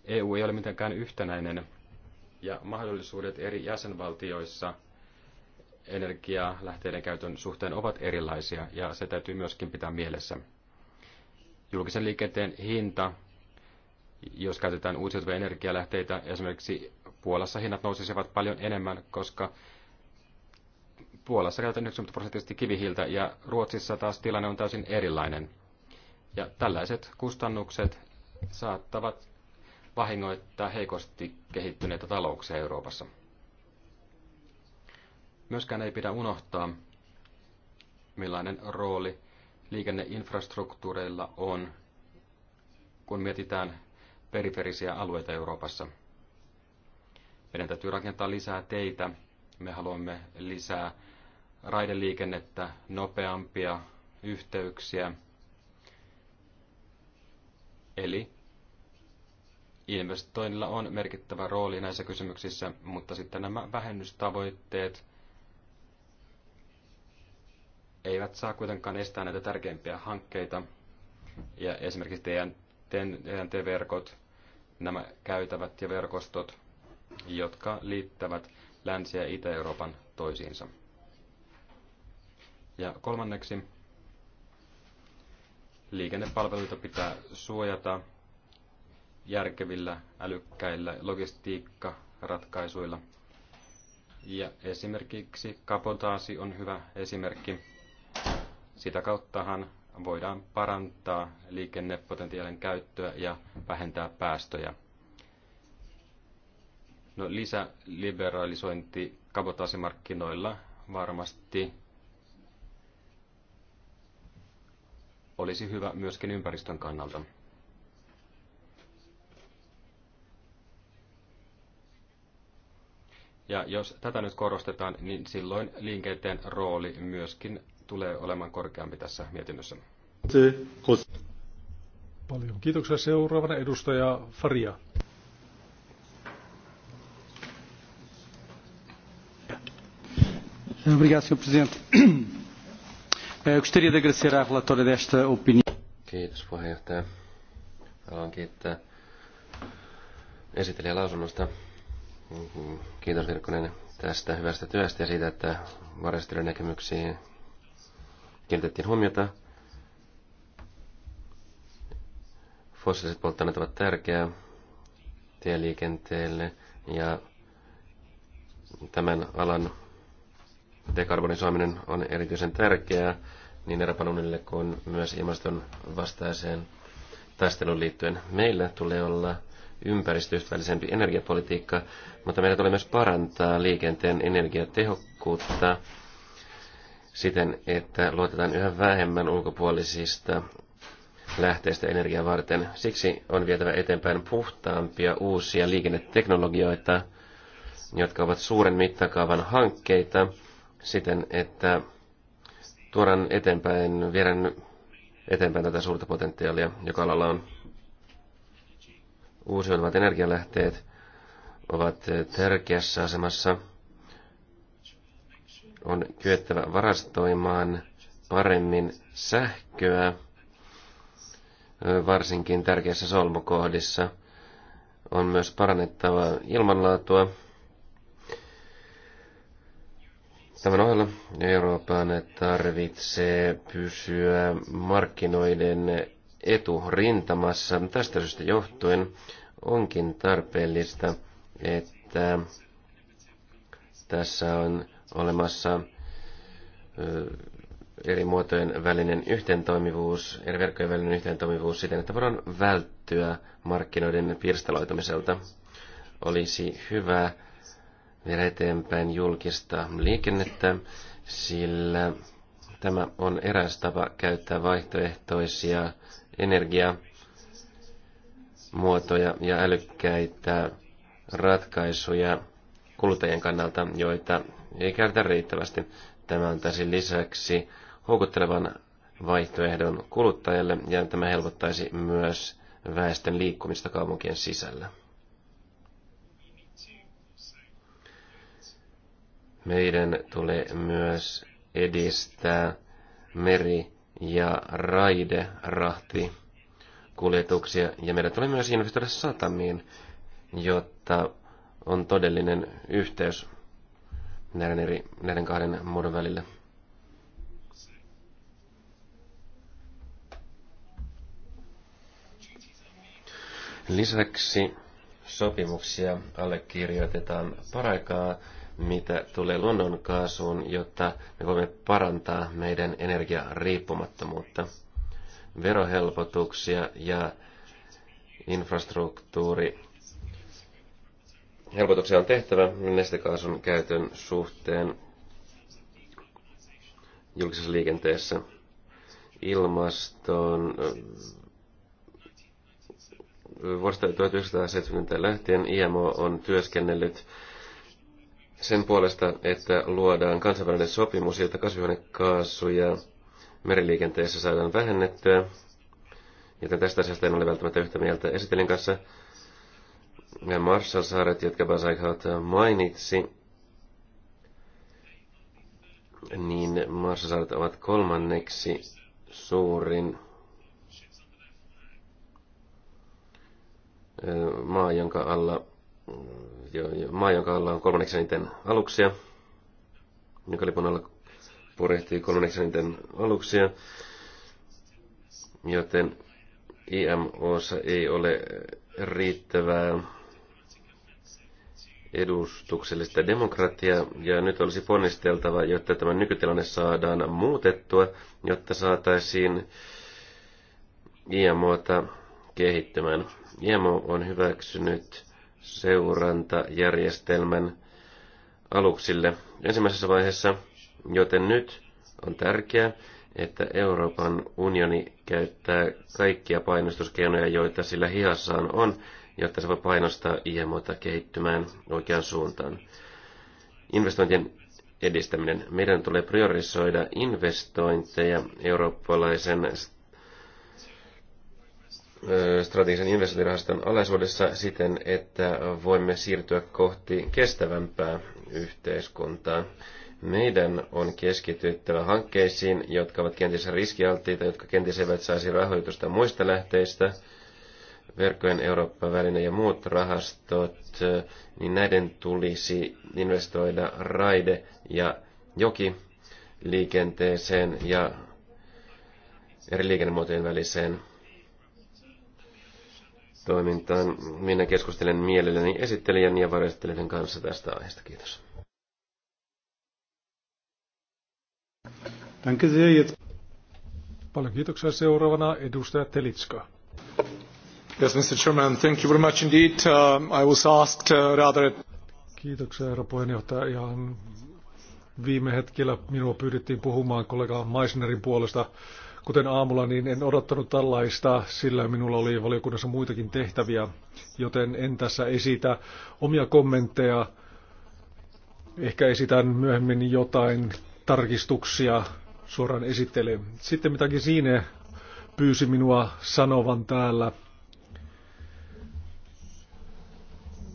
EU ei ole mitenkään yhtenäinen ja mahdollisuudet eri jäsenvaltioissa energialähteiden käytön suhteen ovat erilaisia ja se täytyy myöskin pitää mielessä julkisen liikenteen hinta, jos käytetään uusiutuvia energialähteitä, esimerkiksi Puolassa hinnat nousisivat paljon enemmän, koska Puolassa käytetään 90 prosenttisesti kivihiiltä ja Ruotsissa taas tilanne on täysin erilainen. Ja tällaiset kustannukset saattavat vahingoittaa heikosti kehittyneitä talouksia Euroopassa. Myöskään ei pidä unohtaa, millainen rooli liikenneinfrastruktuureilla on, kun mietitään periferisiä alueita Euroopassa. Meidän täytyy rakentaa lisää teitä. Me haluamme lisää raideliikennettä, nopeampia yhteyksiä. Eli investoinnilla on merkittävä rooli näissä kysymyksissä, mutta sitten nämä vähennystavoitteet – eivät saa kuitenkaan estää näitä tärkeimpiä hankkeita. Ja esimerkiksi TNT-verkot, nämä käytävät ja verkostot, jotka liittävät Länsi- ja Itä-Euroopan toisiinsa. Ja kolmanneksi, liikennepalveluita pitää suojata järkevillä, älykkäillä logistiikkaratkaisuilla. Ja esimerkiksi kapotaasi on hyvä esimerkki. Sitä kauttahan voidaan parantaa liikennepotentiaalin käyttöä ja vähentää päästöjä. No, lisäliberalisointi kabotaasimarkkinoilla varmasti olisi hyvä myöskin ympäristön kannalta. Ja jos tätä nyt korostetaan, niin silloin liikenteen rooli myöskin tulee olemaan korkeampi tässä mietinnössä. Paljon kiitoksia. Seuraavana edustaja Faria. Obrigado, Presidente. Eh, gostaria de agradecer à relatora desta opinião. Kiitos puheenjohtaja. Haluan kiittää esittelijä lausunnosta. Mhm. Kiitos Virkkonen tästä hyvästä työstä ja siitä, että varastelun näkemyksiin kiinnitettiin huomiota. Fossiiliset polttoaineet ovat tärkeää tieliikenteelle ja tämän alan dekarbonisoiminen on erityisen tärkeää niin eräpalunille kuin myös ilmaston vastaiseen taisteluun liittyen. Meillä tulee olla ympäristöystävällisempi energiapolitiikka, mutta meidän tulee myös parantaa liikenteen energiatehokkuutta siten, että luotetaan yhä vähemmän ulkopuolisista lähteistä energiaa varten. Siksi on vietävä eteenpäin puhtaampia uusia liikenneteknologioita, jotka ovat suuren mittakaavan hankkeita siten, että tuodaan eteenpäin, viedään eteenpäin tätä suurta potentiaalia, joka alalla on. Uusiutuvat energialähteet ovat tärkeässä asemassa – on kyettävä varastoimaan paremmin sähköä, varsinkin tärkeissä solmukohdissa. On myös parannettava ilmanlaatua. Tämän ohella Euroopan tarvitsee pysyä markkinoiden eturintamassa. Tästä syystä johtuen onkin tarpeellista, että tässä on olemassa eri muotojen välinen yhteentoimivuus, eri verkkojen välinen yhteentoimivuus siten, että voidaan välttyä markkinoiden pirstaloitumiselta. Olisi hyvä vielä eteenpäin julkista liikennettä, sillä tämä on eräs tapa käyttää vaihtoehtoisia energiamuotoja ja älykkäitä ratkaisuja kuluttajien kannalta, joita ei käytä riittävästi. Tämä antaisi lisäksi houkuttelevan vaihtoehdon kuluttajalle ja tämä helpottaisi myös väestön liikkumista kaupunkien sisällä. Meidän tulee myös edistää meri- ja raiderahti kuljetuksia ja meidän tulee myös investoida satamiin, jotta on todellinen yhteys näiden, eri, näiden kahden muodon välillä. Lisäksi sopimuksia allekirjoitetaan paraikaa, mitä tulee luonnonkaasuun, jotta me voimme parantaa meidän energiariippumattomuutta. Verohelpotuksia ja infrastruktuuri helpotuksia on tehtävä nestekaasun käytön suhteen julkisessa liikenteessä ilmastoon äh, vuodesta 1970 lähtien IMO on työskennellyt sen puolesta, että luodaan kansainvälinen sopimus, jotta kasvihuonekaasuja meriliikenteessä saadaan vähennettyä. Joten tästä asiasta en ole välttämättä yhtä mieltä esitelin kanssa. Marshall-saaret, jotka Basaghat mainitsi, niin Marshall-saaret ovat kolmanneksi suurin maa, jonka alla, jo, jo, maa, jonka alla on kolmanneksi eniten aluksia, joka lipun alla purehtii kolmanneksi eniten aluksia, joten IMOssa ei ole riittävää edustuksellista demokratiaa, ja nyt olisi ponnisteltava, jotta tämä nykytilanne saadaan muutettua, jotta saataisiin IMOta kehittymään. IMO on hyväksynyt seurantajärjestelmän aluksille ensimmäisessä vaiheessa, joten nyt on tärkeää, että Euroopan unioni käyttää kaikkia painostuskeinoja, joita sillä hihassaan on, jotta se voi painostaa IMOta kehittymään oikeaan suuntaan. Investointien edistäminen. Meidän tulee priorisoida investointeja eurooppalaisen strategisen investointirahaston alaisuudessa siten, että voimme siirtyä kohti kestävämpää yhteiskuntaa. Meidän on keskityttävä hankkeisiin, jotka ovat kenties riskialttiita, jotka kenties eivät saisi rahoitusta muista lähteistä – verkkojen Eurooppa-väline ja muut rahastot, niin näiden tulisi investoida raide- ja jokiliikenteeseen ja eri liikennemuotojen väliseen toimintaan. Minä keskustelen mielelläni esittelijän ja varjoesittelijän kanssa tästä aiheesta. Kiitos. Paljon kiitoksia. Seuraavana edustaja Telitska. Yes, Mr. Chairman, thank you very much indeed. Um, I was asked uh, rather... Kiitoksia, herra puheenjohtaja. Ihan viime hetkellä minua pyydettiin puhumaan kollega Meissnerin puolesta. Kuten aamulla, niin en odottanut tällaista, sillä minulla oli valiokunnassa muitakin tehtäviä, joten en tässä esitä omia kommentteja. Ehkä esitän myöhemmin jotain tarkistuksia suoraan esittelen. Sitten mitäkin siinä pyysi minua sanovan täällä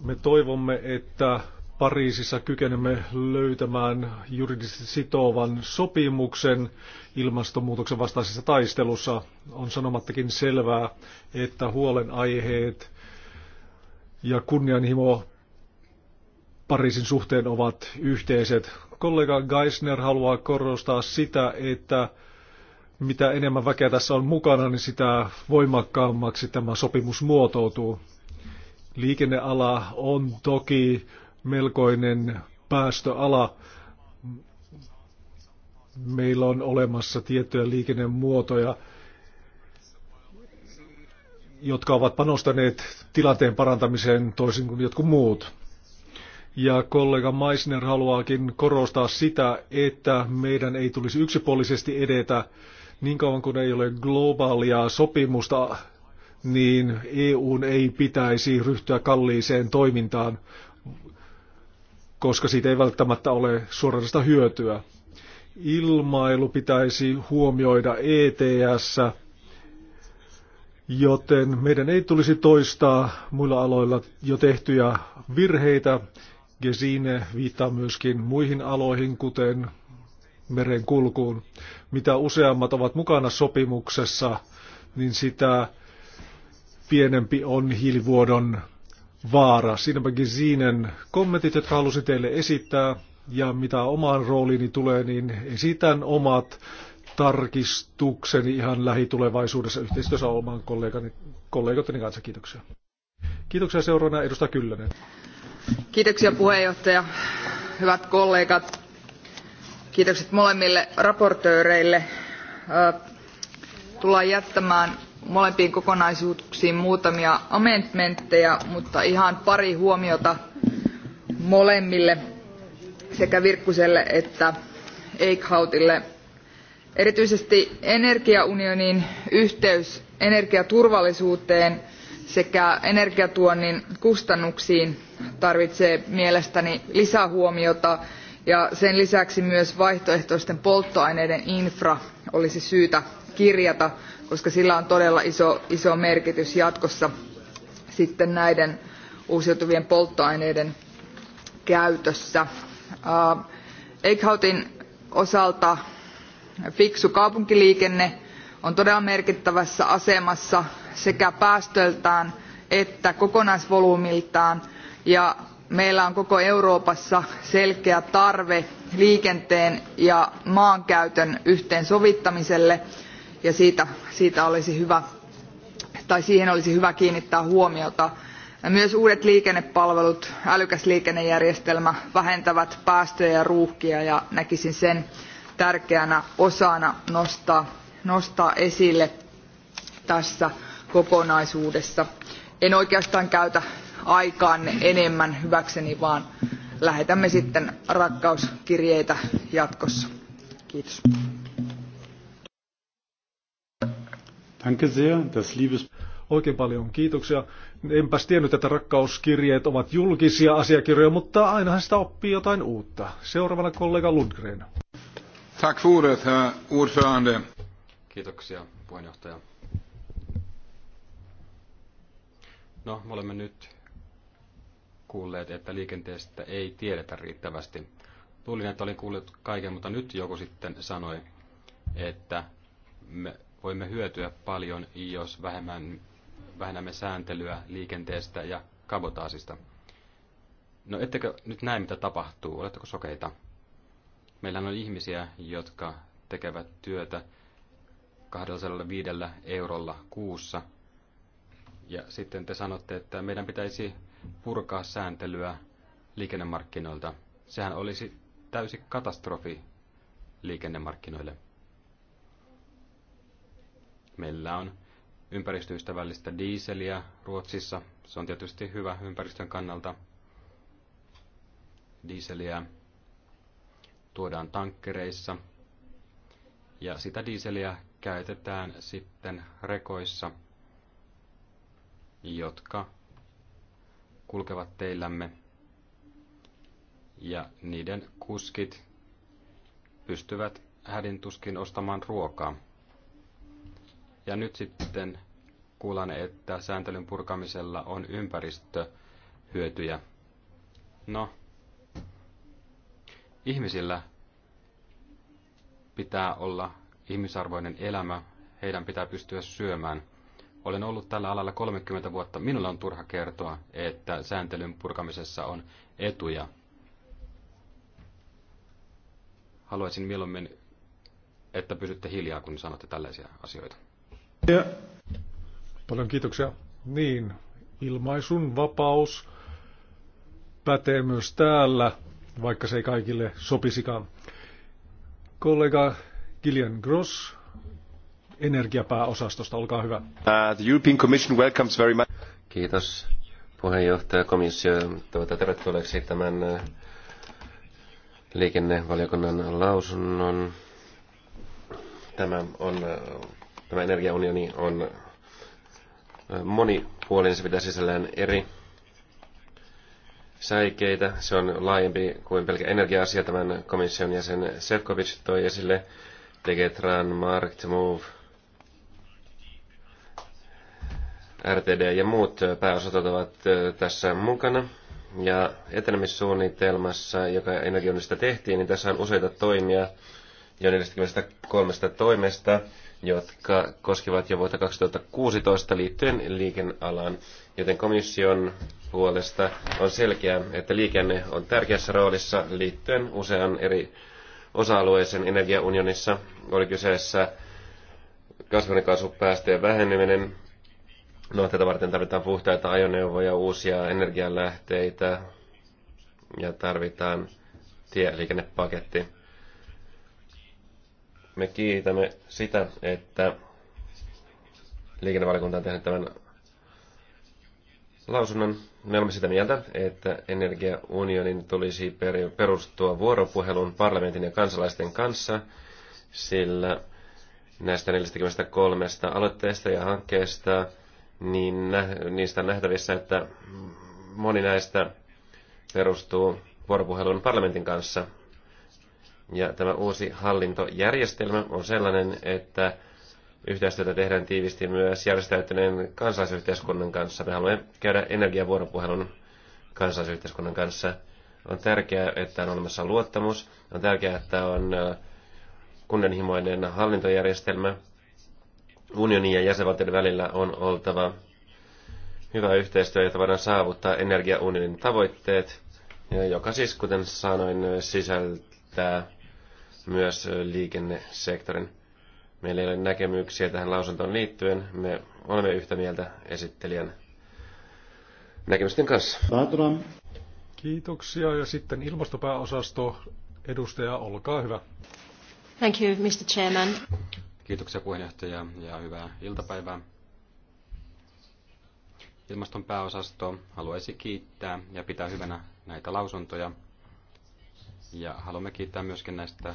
Me toivomme, että Pariisissa kykenemme löytämään juridisesti sitovan sopimuksen ilmastonmuutoksen vastaisessa taistelussa. On sanomattakin selvää, että huolenaiheet ja kunnianhimo Pariisin suhteen ovat yhteiset. Kollega Geisner haluaa korostaa sitä, että mitä enemmän väkeä tässä on mukana, niin sitä voimakkaammaksi tämä sopimus muotoutuu. Liikenneala on toki melkoinen päästöala. Meillä on olemassa tiettyjä liikennemuotoja, jotka ovat panostaneet tilanteen parantamiseen toisin kuin jotkut muut. Ja kollega Meissner haluaakin korostaa sitä, että meidän ei tulisi yksipuolisesti edetä niin kauan kuin ei ole globaalia sopimusta niin EUn ei pitäisi ryhtyä kalliiseen toimintaan, koska siitä ei välttämättä ole suorasta hyötyä. Ilmailu pitäisi huomioida ETS, joten meidän ei tulisi toistaa muilla aloilla jo tehtyjä virheitä. Gesine viittaa myöskin muihin aloihin, kuten merenkulkuun. Mitä useammat ovat mukana sopimuksessa, niin sitä pienempi on hiilivuodon vaara. Siinäpäkin Siinen kommentit, jotka halusin teille esittää. Ja mitä omaan rooliini tulee, niin esitän omat tarkistukseni ihan lähitulevaisuudessa yhteistyössä oman kollegani, kollegoitteni kanssa. Kiitoksia. Kiitoksia seuraavana edustaja Kyllönen. Kiitoksia puheenjohtaja, hyvät kollegat. Kiitokset molemmille raportööreille. Tullaan jättämään molempiin kokonaisuuksiin muutamia amendmentteja, mutta ihan pari huomiota molemmille sekä Virkkuselle että eickhoutille. Erityisesti energiaunionin yhteys energiaturvallisuuteen sekä energiatuonnin kustannuksiin tarvitsee mielestäni lisähuomiota ja sen lisäksi myös vaihtoehtoisten polttoaineiden infra olisi syytä kirjata koska sillä on todella iso, iso merkitys jatkossa sitten näiden uusiutuvien polttoaineiden käytössä. Äh, Eichhautin osalta fiksu kaupunkiliikenne on todella merkittävässä asemassa sekä päästöiltään että kokonaisvolyymiltaan ja meillä on koko Euroopassa selkeä tarve liikenteen ja maankäytön yhteensovittamiselle – ja siitä, olisi hyvä, tai siihen olisi hyvä kiinnittää huomiota. Myös uudet liikennepalvelut, älykäs liikennejärjestelmä vähentävät päästöjä ja ruuhkia ja näkisin sen tärkeänä osana nostaa, nostaa esille tässä kokonaisuudessa. En oikeastaan käytä aikaanne enemmän hyväkseni, vaan lähetämme sitten rakkauskirjeitä jatkossa. Kiitos. Danke sehr, das liebes... Oikein paljon kiitoksia. Enpäs tiennyt, että rakkauskirjeet ovat julkisia asiakirjoja, mutta ainahan sitä oppii jotain uutta. Seuraavana kollega Lundgren. Tack för ordet, ordförande. Kiitoksia, puheenjohtaja. No, me olemme nyt kuulleet, että liikenteestä ei tiedetä riittävästi. Luulin, että olin kuullut kaiken, mutta nyt joku sitten sanoi, että me voimme hyötyä paljon, jos vähemmän, vähennämme sääntelyä liikenteestä ja kabotaasista. No ettekö nyt näe, mitä tapahtuu? Oletteko sokeita? Meillä on ihmisiä, jotka tekevät työtä 205 eurolla kuussa. Ja sitten te sanotte, että meidän pitäisi purkaa sääntelyä liikennemarkkinoilta. Sehän olisi täysi katastrofi liikennemarkkinoille. Meillä on ympäristöystävällistä diiseliä Ruotsissa. Se on tietysti hyvä ympäristön kannalta. Diiseliä tuodaan tankkereissa ja sitä diiseliä käytetään sitten rekoissa, jotka kulkevat teillämme ja niiden kuskit pystyvät hädintuskin ostamaan ruokaa. Ja nyt sitten kuulan, että sääntelyn purkamisella on ympäristöhyötyjä. No, ihmisillä pitää olla ihmisarvoinen elämä, heidän pitää pystyä syömään. Olen ollut tällä alalla 30 vuotta. Minulla on turha kertoa, että sääntelyn purkamisessa on etuja. Haluaisin mieluummin, että pysytte hiljaa, kun sanotte tällaisia asioita. Ja. Paljon kiitoksia. Niin, ilmaisun vapaus pätee myös täällä, vaikka se ei kaikille sopisikaan. Kollega Gillian Gross energiapääosastosta, olkaa hyvä. Uh, the European Commission welcomes very much. Kiitos puheenjohtaja komissio. Tuota, tervetulleeksi tämän uh, liikennevaliokunnan lausunnon. Tämä on uh, Tämä energiaunioni on monipuolinen, se pitää sisällään eri säikeitä. Se on laajempi kuin pelkä energia-asia. Tämän komission jäsen Sefcovic toi esille Degetran, Markt, Move, RTD ja muut pääosat ovat tässä mukana. Ja etenemissuunnitelmassa, joka energiaunista tehtiin, niin tässä on useita toimia jo 43 toimesta jotka koskivat jo vuotta 2016 liittyen liikennealaan, joten komission puolesta on selkeää, että liikenne on tärkeässä roolissa liittyen usean eri osa alueisen energiaunionissa. Oli kyseessä kasvihuonekaasupäästöjen väheneminen. No, tätä varten tarvitaan puhtaita ajoneuvoja, uusia energialähteitä ja tarvitaan tieliikennepaketti. Me kiitämme sitä, että liikennevaliokunta on tehnyt tämän lausunnon. Me olemme sitä mieltä, että energiaunionin tulisi perustua vuoropuhelun parlamentin ja kansalaisten kanssa, sillä näistä 43 aloitteesta ja hankkeesta, niin niistä on nähtävissä, että moni näistä perustuu vuoropuhelun parlamentin kanssa. Ja tämä uusi hallintojärjestelmä on sellainen, että yhteistyötä tehdään tiivisti myös järjestäytyneen kansalaisyhteiskunnan kanssa. Me haluamme käydä energiavuoropuhelun kansalaisyhteiskunnan kanssa. On tärkeää, että on olemassa luottamus. On tärkeää, että on kunnianhimoinen hallintojärjestelmä. Unionin ja jäsenvaltioiden välillä on oltava hyvä yhteistyö, jota voidaan saavuttaa energiaunionin tavoitteet, joka siis, kuten sanoin, sisältää myös liikennesektorin. Meillä ei ole näkemyksiä tähän lausuntoon liittyen. Me olemme yhtä mieltä esittelijän näkemysten kanssa. Kiitoksia ja sitten ilmastopääosasto edustaja, olkaa hyvä. Thank you, Mr. Chairman. Kiitoksia puheenjohtaja ja hyvää iltapäivää. Ilmaston pääosasto haluaisi kiittää ja pitää hyvänä näitä lausuntoja. Ja haluamme kiittää myöskin näistä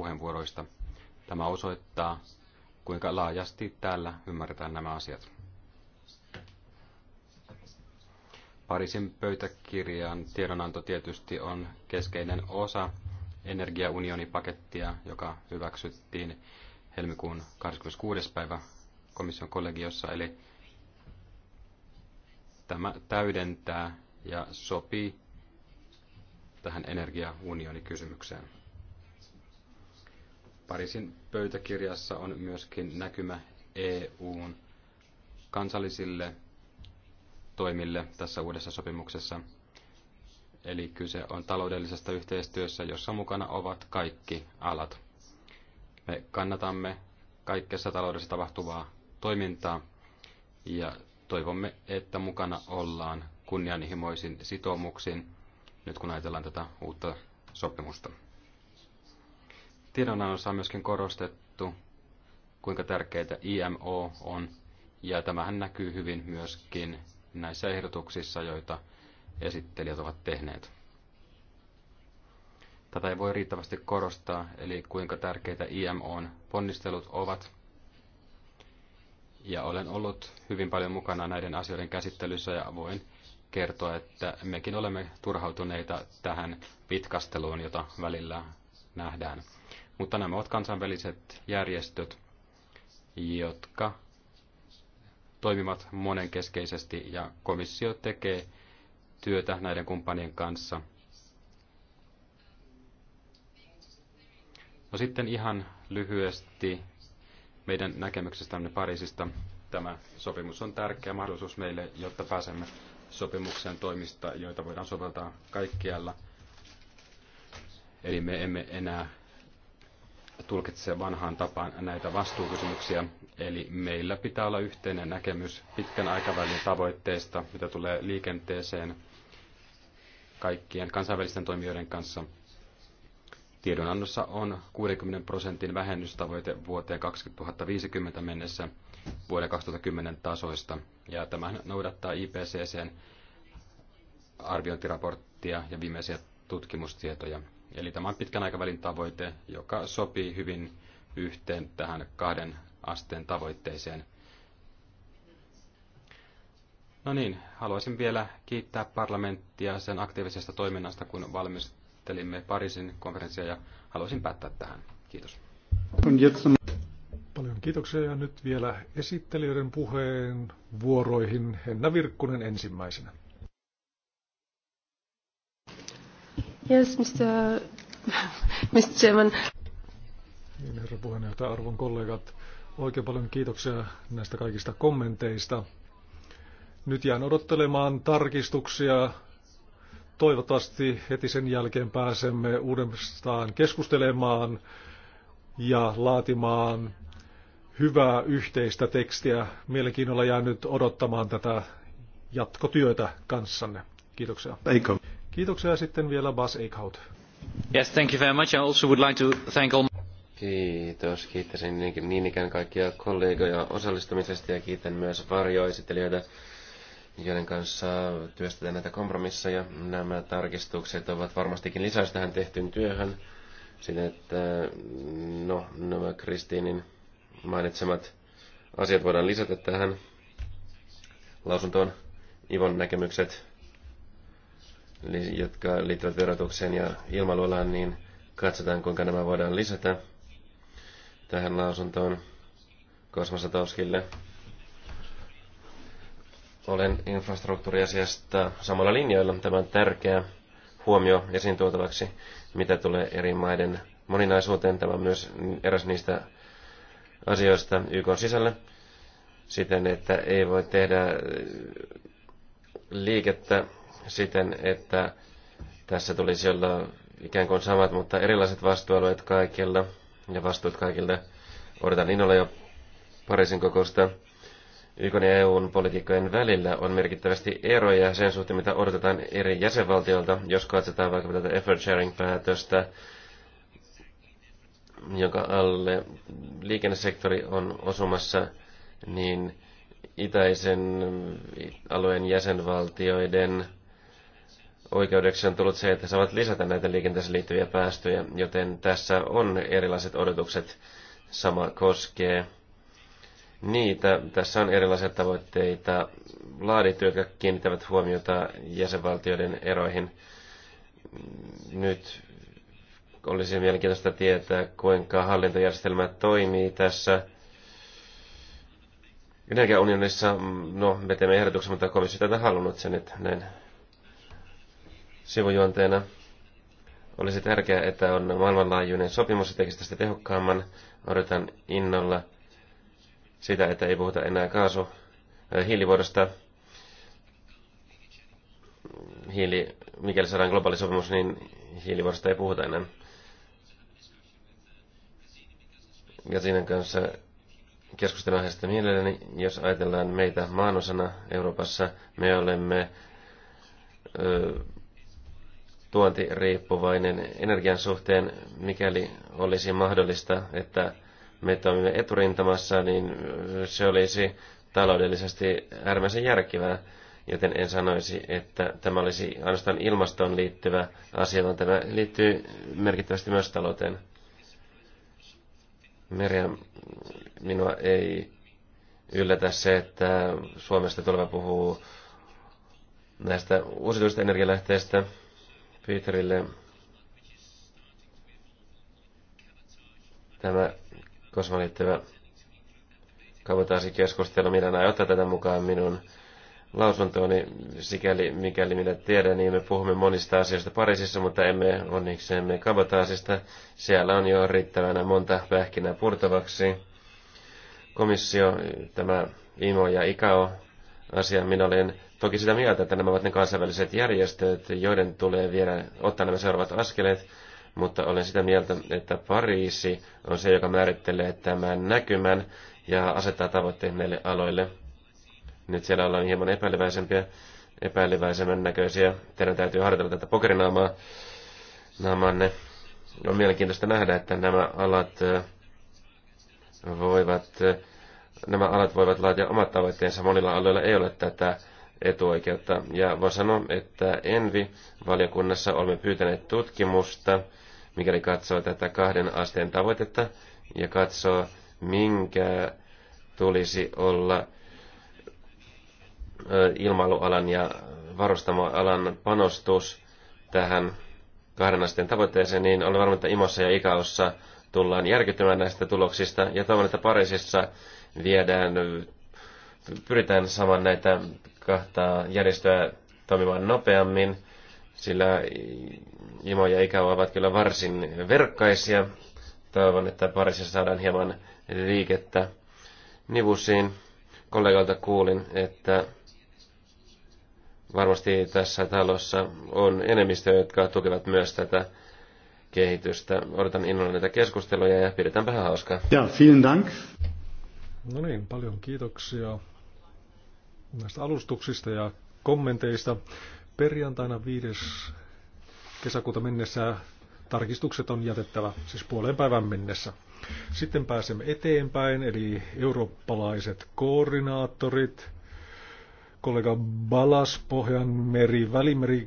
puheenvuoroista. Tämä osoittaa, kuinka laajasti täällä ymmärretään nämä asiat. Pariisin pöytäkirjan tiedonanto tietysti on keskeinen osa energiaunionipakettia, joka hyväksyttiin helmikuun 26. päivä komission kollegiossa, eli tämä täydentää ja sopii tähän energiaunionikysymykseen. Pariisin pöytäkirjassa on myöskin näkymä EUn kansallisille toimille tässä uudessa sopimuksessa. Eli kyse on taloudellisesta yhteistyössä, jossa mukana ovat kaikki alat. Me kannatamme kaikessa taloudessa tapahtuvaa toimintaa ja toivomme, että mukana ollaan kunnianhimoisin sitoumuksin, nyt kun ajatellaan tätä uutta sopimusta. Tiedonannossa on myöskin korostettu, kuinka tärkeitä IMO on, ja tämähän näkyy hyvin myöskin näissä ehdotuksissa, joita esittelijät ovat tehneet. Tätä ei voi riittävästi korostaa, eli kuinka tärkeitä IMOn ponnistelut ovat. Ja olen ollut hyvin paljon mukana näiden asioiden käsittelyssä ja voin kertoa, että mekin olemme turhautuneita tähän vitkasteluun, jota välillä nähdään. Mutta nämä ovat kansainväliset järjestöt, jotka toimivat monenkeskeisesti ja komissio tekee työtä näiden kumppanien kanssa. No sitten ihan lyhyesti meidän näkemyksestämme Pariisista. Tämä sopimus on tärkeä mahdollisuus meille, jotta pääsemme sopimukseen toimista, joita voidaan soveltaa kaikkialla. Eli me emme enää tulkitsee vanhaan tapaan näitä vastuukysymyksiä. Eli meillä pitää olla yhteinen näkemys pitkän aikavälin tavoitteista, mitä tulee liikenteeseen kaikkien kansainvälisten toimijoiden kanssa. Tiedonannossa on 60 prosentin vähennystavoite vuoteen 2050 mennessä vuoden 2010 tasoista. Ja tämähän noudattaa IPCCn arviointiraporttia ja viimeisiä tutkimustietoja. Eli tämä on pitkän aikavälin tavoite, joka sopii hyvin yhteen tähän kahden asteen tavoitteeseen. No niin, haluaisin vielä kiittää parlamenttia sen aktiivisesta toiminnasta, kun valmistelimme Pariisin konferenssia ja haluaisin päättää tähän. Kiitos. Paljon kiitoksia ja nyt vielä esittelijöiden puheen vuoroihin. Henna Virkkunen ensimmäisenä. Yes, Mr. Mr. Chairman. Niin, herra puheenjohtaja, arvon kollegat, oikein paljon kiitoksia näistä kaikista kommenteista. Nyt jään odottelemaan tarkistuksia. Toivottavasti heti sen jälkeen pääsemme uudestaan keskustelemaan ja laatimaan hyvää yhteistä tekstiä. Mielenkiinnolla jään nyt odottamaan tätä jatkotyötä kanssanne. Kiitoksia. Eikö? Kiitoksia sitten vielä Bas Eichhout. Yes, thank you very much. I also would like to thank all... Kiitos. Kiittäisin niin, niin ikään kaikkia kollegoja osallistumisesta ja kiitän myös varjoesittelijöitä, joiden kanssa työstetään näitä kompromisseja. Nämä tarkistukset ovat varmastikin lisäys tähän tehtyyn työhön. Siten, että no, nämä Kristiinin mainitsemat asiat voidaan lisätä tähän lausuntoon. Ivon näkemykset jotka liittyvät verotukseen ja ilmailualaan, niin katsotaan, kuinka nämä voidaan lisätä tähän lausuntoon Kosmosatauskille. Olen infrastruktuuriasiasta samalla linjoilla. Tämä on tärkeä huomio esiin tuotavaksi, mitä tulee eri maiden moninaisuuteen. Tämä on myös eräs niistä asioista YK sisällä siten, että ei voi tehdä liikettä siten, että tässä tulisi olla ikään kuin samat, mutta erilaiset vastuualueet kaikilla ja vastuut kaikille. Odotan innolla jo Pariisin kokousta. YK ja EUn politiikkojen välillä on merkittävästi eroja sen suhteen, mitä odotetaan eri jäsenvaltioilta, jos katsotaan vaikka tätä effort sharing-päätöstä, jonka alle liikennesektori on osumassa, niin itäisen alueen jäsenvaltioiden oikeudeksi on tullut se, että saavat lisätä näitä liikenteeseen liittyviä päästöjä, joten tässä on erilaiset odotukset. Sama koskee niitä. Tässä on erilaisia tavoitteita laadittu, jotka kiinnittävät huomiota jäsenvaltioiden eroihin. Nyt olisi mielenkiintoista tietää, kuinka hallintojärjestelmä toimii tässä. Energiaunionissa, no me teemme ehdotuksen, mutta komissio tätä halunnut sen, että näin sivujuonteena olisi tärkeää, että on maailmanlaajuinen sopimus ja tekisi tästä tehokkaamman. Odotan innolla sitä, että ei puhuta enää kaasu hiilivuodosta. Hiili, mikäli saadaan globaali sopimus, niin hiilivuodosta ei puhuta enää. Ja siinä kanssa keskustelun aiheesta mielelläni, jos ajatellaan meitä maanosana Euroopassa, me olemme ö, tuontiriippuvainen energian suhteen, mikäli olisi mahdollista, että me toimimme eturintamassa, niin se olisi taloudellisesti äärimmäisen järkevää, joten en sanoisi, että tämä olisi ainoastaan ilmastoon liittyvä asia, vaan tämä liittyy merkittävästi myös talouteen. Merja, minua ei yllätä se, että Suomesta tuleva puhuu näistä uusituista energialähteistä, Peterille. Tämä kosmaan liittyvä kabotaasikeskustelu, minä en ottaa tätä mukaan minun lausuntooni, sikäli mikäli minä tiedän, niin me puhumme monista asioista Pariisissa, mutta emme onneksi emme kabotaasista. Siellä on jo riittävänä monta pähkinää purtavaksi. Komissio, tämä IMO ja IKAO asiaan. Minä olen toki sitä mieltä, että nämä ovat ne kansainväliset järjestöt, joiden tulee vielä ottaa nämä seuraavat askeleet, mutta olen sitä mieltä, että Pariisi on se, joka määrittelee tämän näkymän ja asettaa tavoitteet näille aloille. Nyt siellä ollaan hieman epäileväisempiä, epäileväisemmän näköisiä. Teidän täytyy harjoitella tätä pokerinaamaa naamanne. On mielenkiintoista nähdä, että nämä alat voivat nämä alat voivat laatia omat tavoitteensa. Monilla alueilla ei ole tätä etuoikeutta. Ja voi sanoa, että Envi-valiokunnassa olemme pyytäneet tutkimusta, mikäli katsoo tätä kahden asteen tavoitetta ja katsoo, minkä tulisi olla ilmailualan ja varustamoalan panostus tähän kahden asteen tavoitteeseen, niin olen varma, että Imossa ja Ikaossa tullaan järkyttämään näistä tuloksista. Ja toivon, että Pariisissa viedään, pyritään saamaan näitä kahta järjestöä toimimaan nopeammin, sillä Imo ja Ikä ovat kyllä varsin verkkaisia. Toivon, että parissa saadaan hieman liikettä nivusiin. Kollegalta kuulin, että varmasti tässä talossa on enemmistö, jotka tukevat myös tätä kehitystä. Odotan innolla näitä keskusteluja ja pidetään vähän hauskaa. Ja, vielen dank No niin, paljon kiitoksia näistä alustuksista ja kommenteista. Perjantaina 5. kesäkuuta mennessä tarkistukset on jätettävä, siis puoleen päivän mennessä. Sitten pääsemme eteenpäin, eli eurooppalaiset koordinaattorit, kollega Balas Pohjanmeri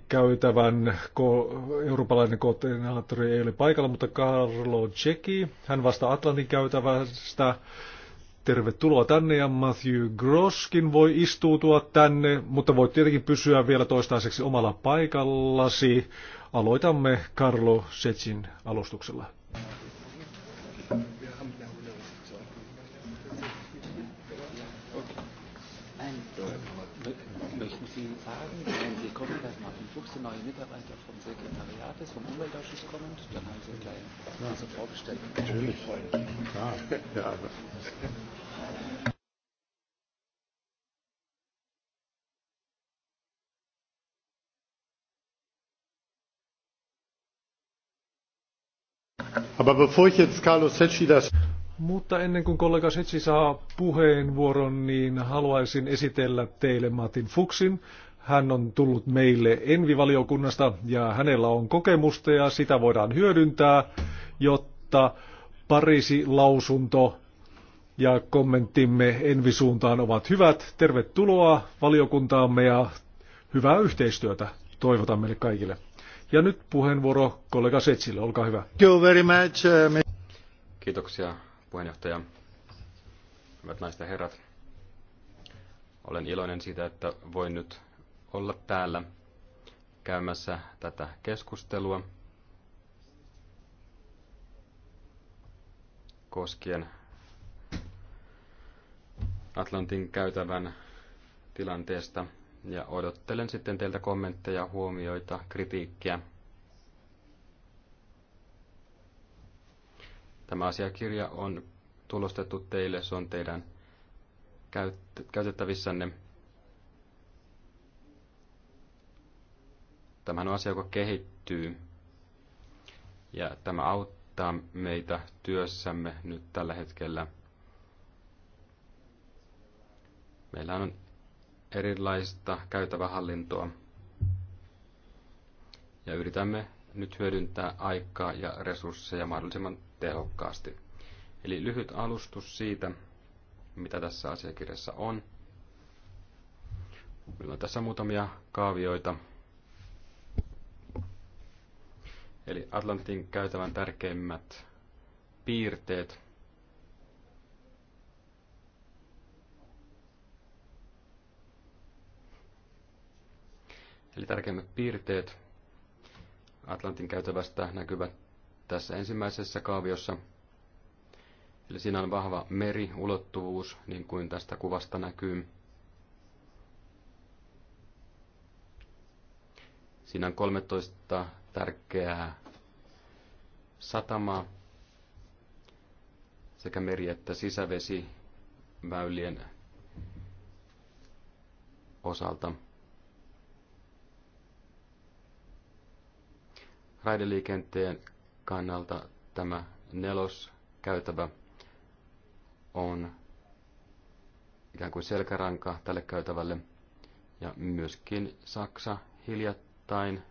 käytävän ko- eurooppalainen koordinaattori ei ole paikalla, mutta Carlo Cecchi, hän vastaa Atlantin käytävästä Tervetuloa tänne ja Matthew Groskin voi istuutua tänne, mutta voit tietenkin pysyä vielä toistaiseksi omalla paikallasi. Aloitamme Carlo Setsin alustuksella. erste neue Mitarbeiter vom Sekretariat ist, vom Umweltausschuss kommend. Dann haben Sie gleich ja. so vorgestellt. Natürlich. Ja, ja. Aber bevor ich jetzt Carlo Secchi das mutta ennen kuin kollega Setsi saa puheenvuoron, niin haluaisin esitellä teille Martin Fuchsin. Hän on tullut meille Envivaliokunnasta ja hänellä on kokemusta ja sitä voidaan hyödyntää, jotta Pariisi lausunto ja kommenttimme Envisuuntaan ovat hyvät. Tervetuloa valiokuntaamme ja hyvää yhteistyötä toivotan meille kaikille. Ja nyt puheenvuoro kollega Setsille, olkaa hyvä. Uh, Kiitoksia puheenjohtaja. Hyvät naiset ja herrat, olen iloinen siitä, että voin nyt olla täällä käymässä tätä keskustelua koskien Atlantin käytävän tilanteesta ja odottelen sitten teiltä kommentteja, huomioita, kritiikkiä. Tämä asiakirja on tulostettu teille, se on teidän käytettävissänne. Tämähän on asia, joka kehittyy ja tämä auttaa meitä työssämme nyt tällä hetkellä. Meillä on erilaista käytävähallintoa ja yritämme nyt hyödyntää aikaa ja resursseja mahdollisimman tehokkaasti. Eli lyhyt alustus siitä, mitä tässä asiakirjassa on. Meillä on tässä muutamia kaavioita Eli Atlantin käytävän tärkeimmät piirteet. Eli tärkeimmät piirteet Atlantin käytävästä näkyvät tässä ensimmäisessä kaaviossa. Eli siinä on vahva meriulottuvuus, niin kuin tästä kuvasta näkyy. Siinä on 13 tärkeää satamaa sekä meri- että sisävesiväylien osalta. Raideliikenteen kannalta tämä neloskäytävä on ikään kuin selkäranka tälle käytävälle. Ja myöskin Saksa hiljattain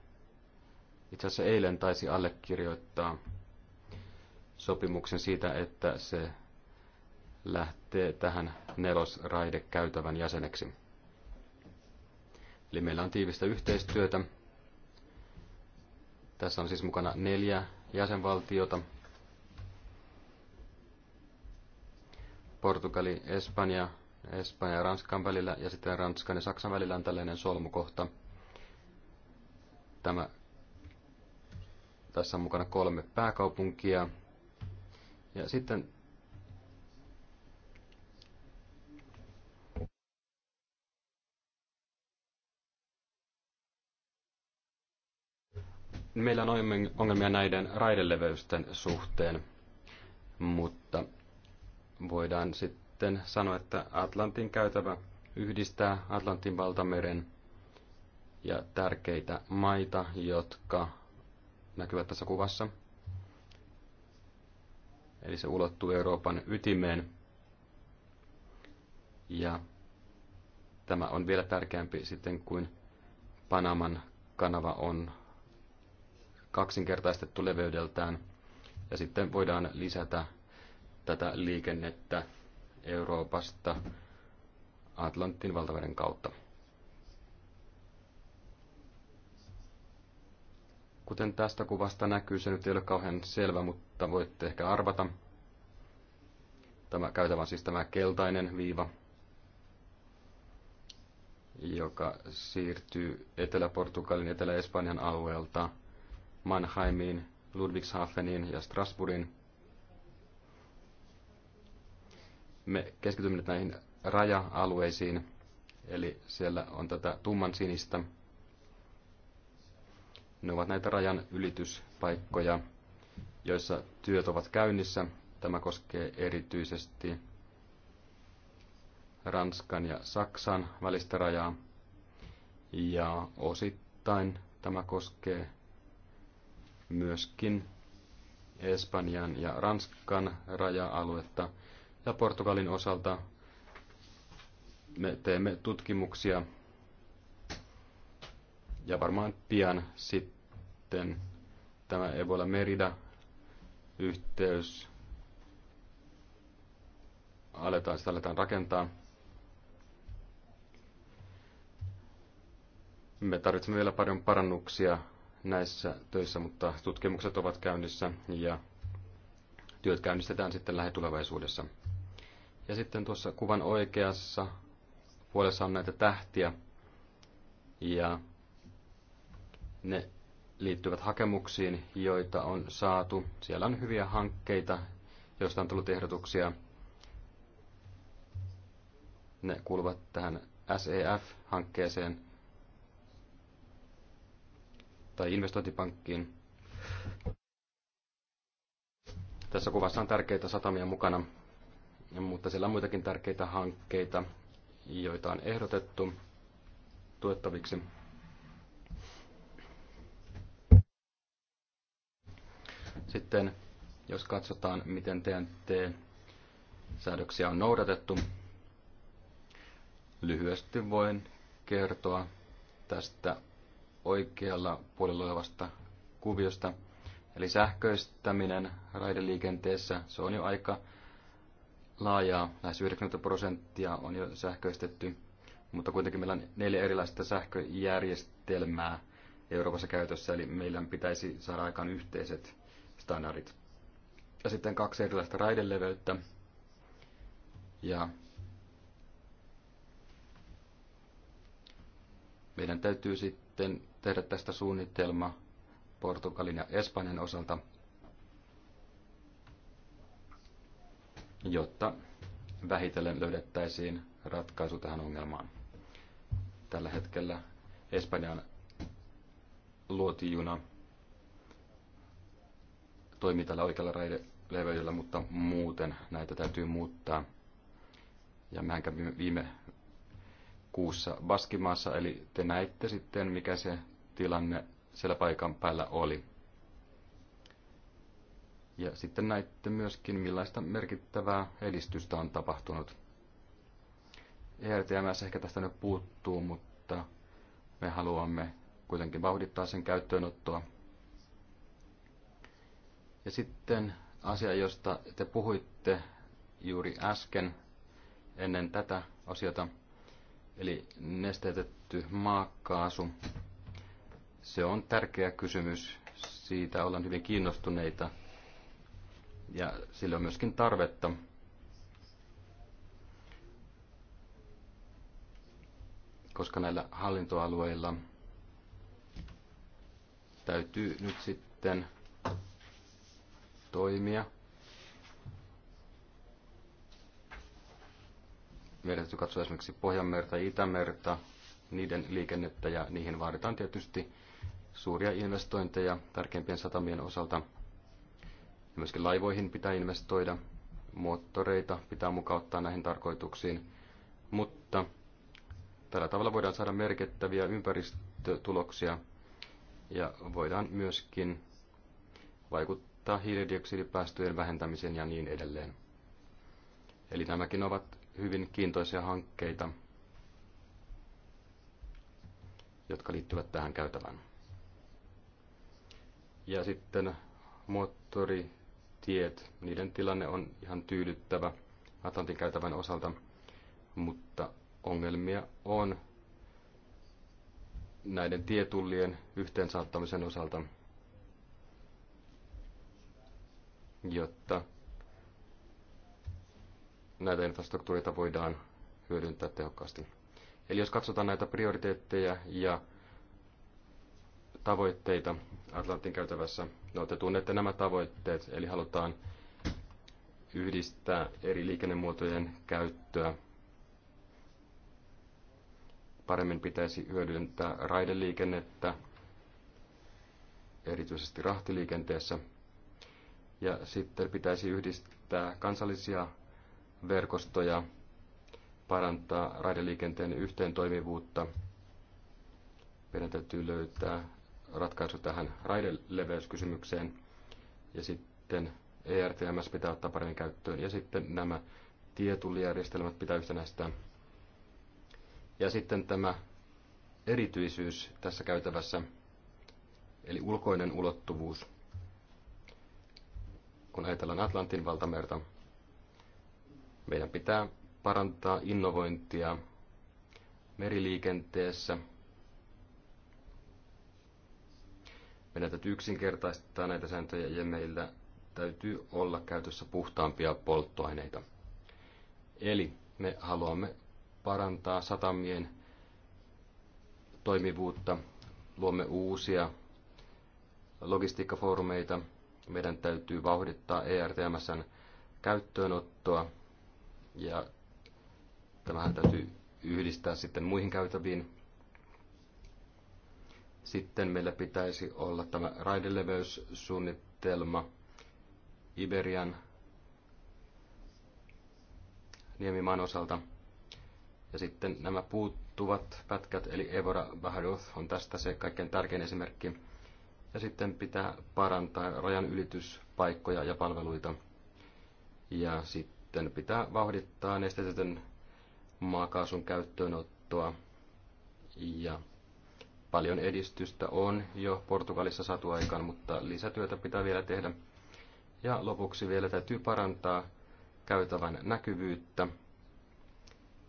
itse asiassa eilen taisi allekirjoittaa sopimuksen siitä, että se lähtee tähän nelosraidekäytävän jäseneksi. Eli meillä on tiivistä yhteistyötä. Tässä on siis mukana neljä jäsenvaltiota. Portugali, Espanja, Espanja ja Ranskan välillä ja sitten Ranskan ja Saksan välillä on tällainen solmukohta. Tämä tässä on mukana kolme pääkaupunkia. Ja sitten meillä on ongelmia näiden raideleveysten suhteen, mutta voidaan sitten sanoa, että Atlantin käytävä yhdistää Atlantin valtameren ja tärkeitä maita, jotka näkyvät tässä kuvassa. Eli se ulottuu Euroopan ytimeen. Ja tämä on vielä tärkeämpi sitten kuin Panaman kanava on kaksinkertaistettu leveydeltään. Ja sitten voidaan lisätä tätä liikennettä Euroopasta Atlantin valtameren kautta. Kuten tästä kuvasta näkyy, se nyt ei ole kauhean selvä, mutta voitte ehkä arvata. Tämä käytävä on siis tämä keltainen viiva, joka siirtyy Etelä-Portugalin, Etelä-Espanjan alueelta Mannheimiin, Ludwigshafeniin ja Strasbourgiin. Me keskitymme nyt näihin raja-alueisiin, eli siellä on tätä tumman sinistä ne ovat näitä rajan ylityspaikkoja, joissa työt ovat käynnissä. Tämä koskee erityisesti Ranskan ja Saksan välistä rajaa. Ja osittain tämä koskee myöskin Espanjan ja Ranskan raja-aluetta. Ja Portugalin osalta me teemme tutkimuksia ja varmaan pian sitten tämä Ebola Merida yhteys aletaan, sitä aletaan rakentaa. Me tarvitsemme vielä paljon parannuksia näissä töissä, mutta tutkimukset ovat käynnissä ja työt käynnistetään sitten lähitulevaisuudessa. Ja sitten tuossa kuvan oikeassa puolessa on näitä tähtiä. Ja ne liittyvät hakemuksiin, joita on saatu. Siellä on hyviä hankkeita, joista on tullut ehdotuksia. Ne kuuluvat tähän SEF-hankkeeseen tai investointipankkiin. Tässä kuvassa on tärkeitä satamia mukana, mutta siellä on muitakin tärkeitä hankkeita, joita on ehdotettu tuettaviksi. Sitten jos katsotaan, miten TNT-säädöksiä on noudatettu, lyhyesti voin kertoa tästä oikealla puolella olevasta kuviosta. Eli sähköistäminen raideliikenteessä, se on jo aika laajaa, lähes 90 prosenttia on jo sähköistetty, mutta kuitenkin meillä on neljä erilaista sähköjärjestelmää Euroopassa käytössä, eli meillä pitäisi saada aikaan yhteiset standardit. Ja sitten kaksi erilaista raideleveyttä. Ja meidän täytyy sitten tehdä tästä suunnitelma Portugalin ja Espanjan osalta, jotta vähitellen löydettäisiin ratkaisu tähän ongelmaan. Tällä hetkellä Espanjan luotijuna toimii tällä oikealla leveydellä, mutta muuten näitä täytyy muuttaa. Ja mehän kävimme viime kuussa Baskimaassa, eli te näitte sitten, mikä se tilanne siellä paikan päällä oli. Ja sitten näitte myöskin, millaista merkittävää edistystä on tapahtunut. ERTMS ehkä tästä nyt puuttuu, mutta me haluamme kuitenkin vauhdittaa sen käyttöönottoa ja sitten asia, josta te puhuitte juuri äsken ennen tätä osiota, eli nesteytetty maakaasu. Se on tärkeä kysymys. Siitä ollaan hyvin kiinnostuneita ja sillä on myöskin tarvetta. Koska näillä hallintoalueilla täytyy nyt sitten toimia. Meidän täytyy katsoa esimerkiksi Pohjanmerta ja Itämerta, niiden liikennettä ja niihin vaaditaan tietysti suuria investointeja tärkeimpien satamien osalta. Myöskin laivoihin pitää investoida, moottoreita pitää mukauttaa näihin tarkoituksiin, mutta tällä tavalla voidaan saada merkittäviä ympäristötuloksia ja voidaan myöskin vaikuttaa vaikuttaa hiilidioksidipäästöjen vähentämiseen ja niin edelleen. Eli nämäkin ovat hyvin kiintoisia hankkeita, jotka liittyvät tähän käytävään. Ja sitten moottoritiet, niiden tilanne on ihan tyydyttävä Atlantin käytävän osalta, mutta ongelmia on näiden tietullien yhteensaattamisen osalta – jotta näitä infrastruktuureita voidaan hyödyntää tehokkaasti. Eli jos katsotaan näitä prioriteetteja ja tavoitteita Atlantin käytävässä, no te tunnette nämä tavoitteet, eli halutaan yhdistää eri liikennemuotojen käyttöä. Paremmin pitäisi hyödyntää raideliikennettä, erityisesti rahtiliikenteessä – ja sitten pitäisi yhdistää kansallisia verkostoja, parantaa raideliikenteen yhteentoimivuutta. Meidän täytyy löytää ratkaisu tähän raideleveyskysymykseen. Ja sitten ERTMS pitää ottaa paremmin käyttöön. Ja sitten nämä tietullijärjestelmät pitää yhtenäistää. Ja sitten tämä erityisyys tässä käytävässä, eli ulkoinen ulottuvuus kun ajatellaan Atlantin valtamerta. Meidän pitää parantaa innovointia meriliikenteessä. Meidän täytyy yksinkertaistaa näitä sääntöjä ja meillä täytyy olla käytössä puhtaampia polttoaineita. Eli me haluamme parantaa satamien toimivuutta, luomme uusia logistiikkafoorumeita – meidän täytyy vauhdittaa ERTMSn käyttöönottoa ja tämähän täytyy yhdistää sitten muihin käytäviin. Sitten meillä pitäisi olla tämä raideleveyssuunnitelma Iberian Niemimaan osalta. Ja sitten nämä puuttuvat pätkät, eli Evora Baharuth on tästä se kaikkein tärkein esimerkki. Ja sitten pitää parantaa rajan ylityspaikkoja ja palveluita. Ja sitten pitää vauhdittaa nestetetyn maakaasun käyttöönottoa. Ja paljon edistystä on jo Portugalissa aikaan, mutta lisätyötä pitää vielä tehdä. Ja lopuksi vielä täytyy parantaa käytävän näkyvyyttä,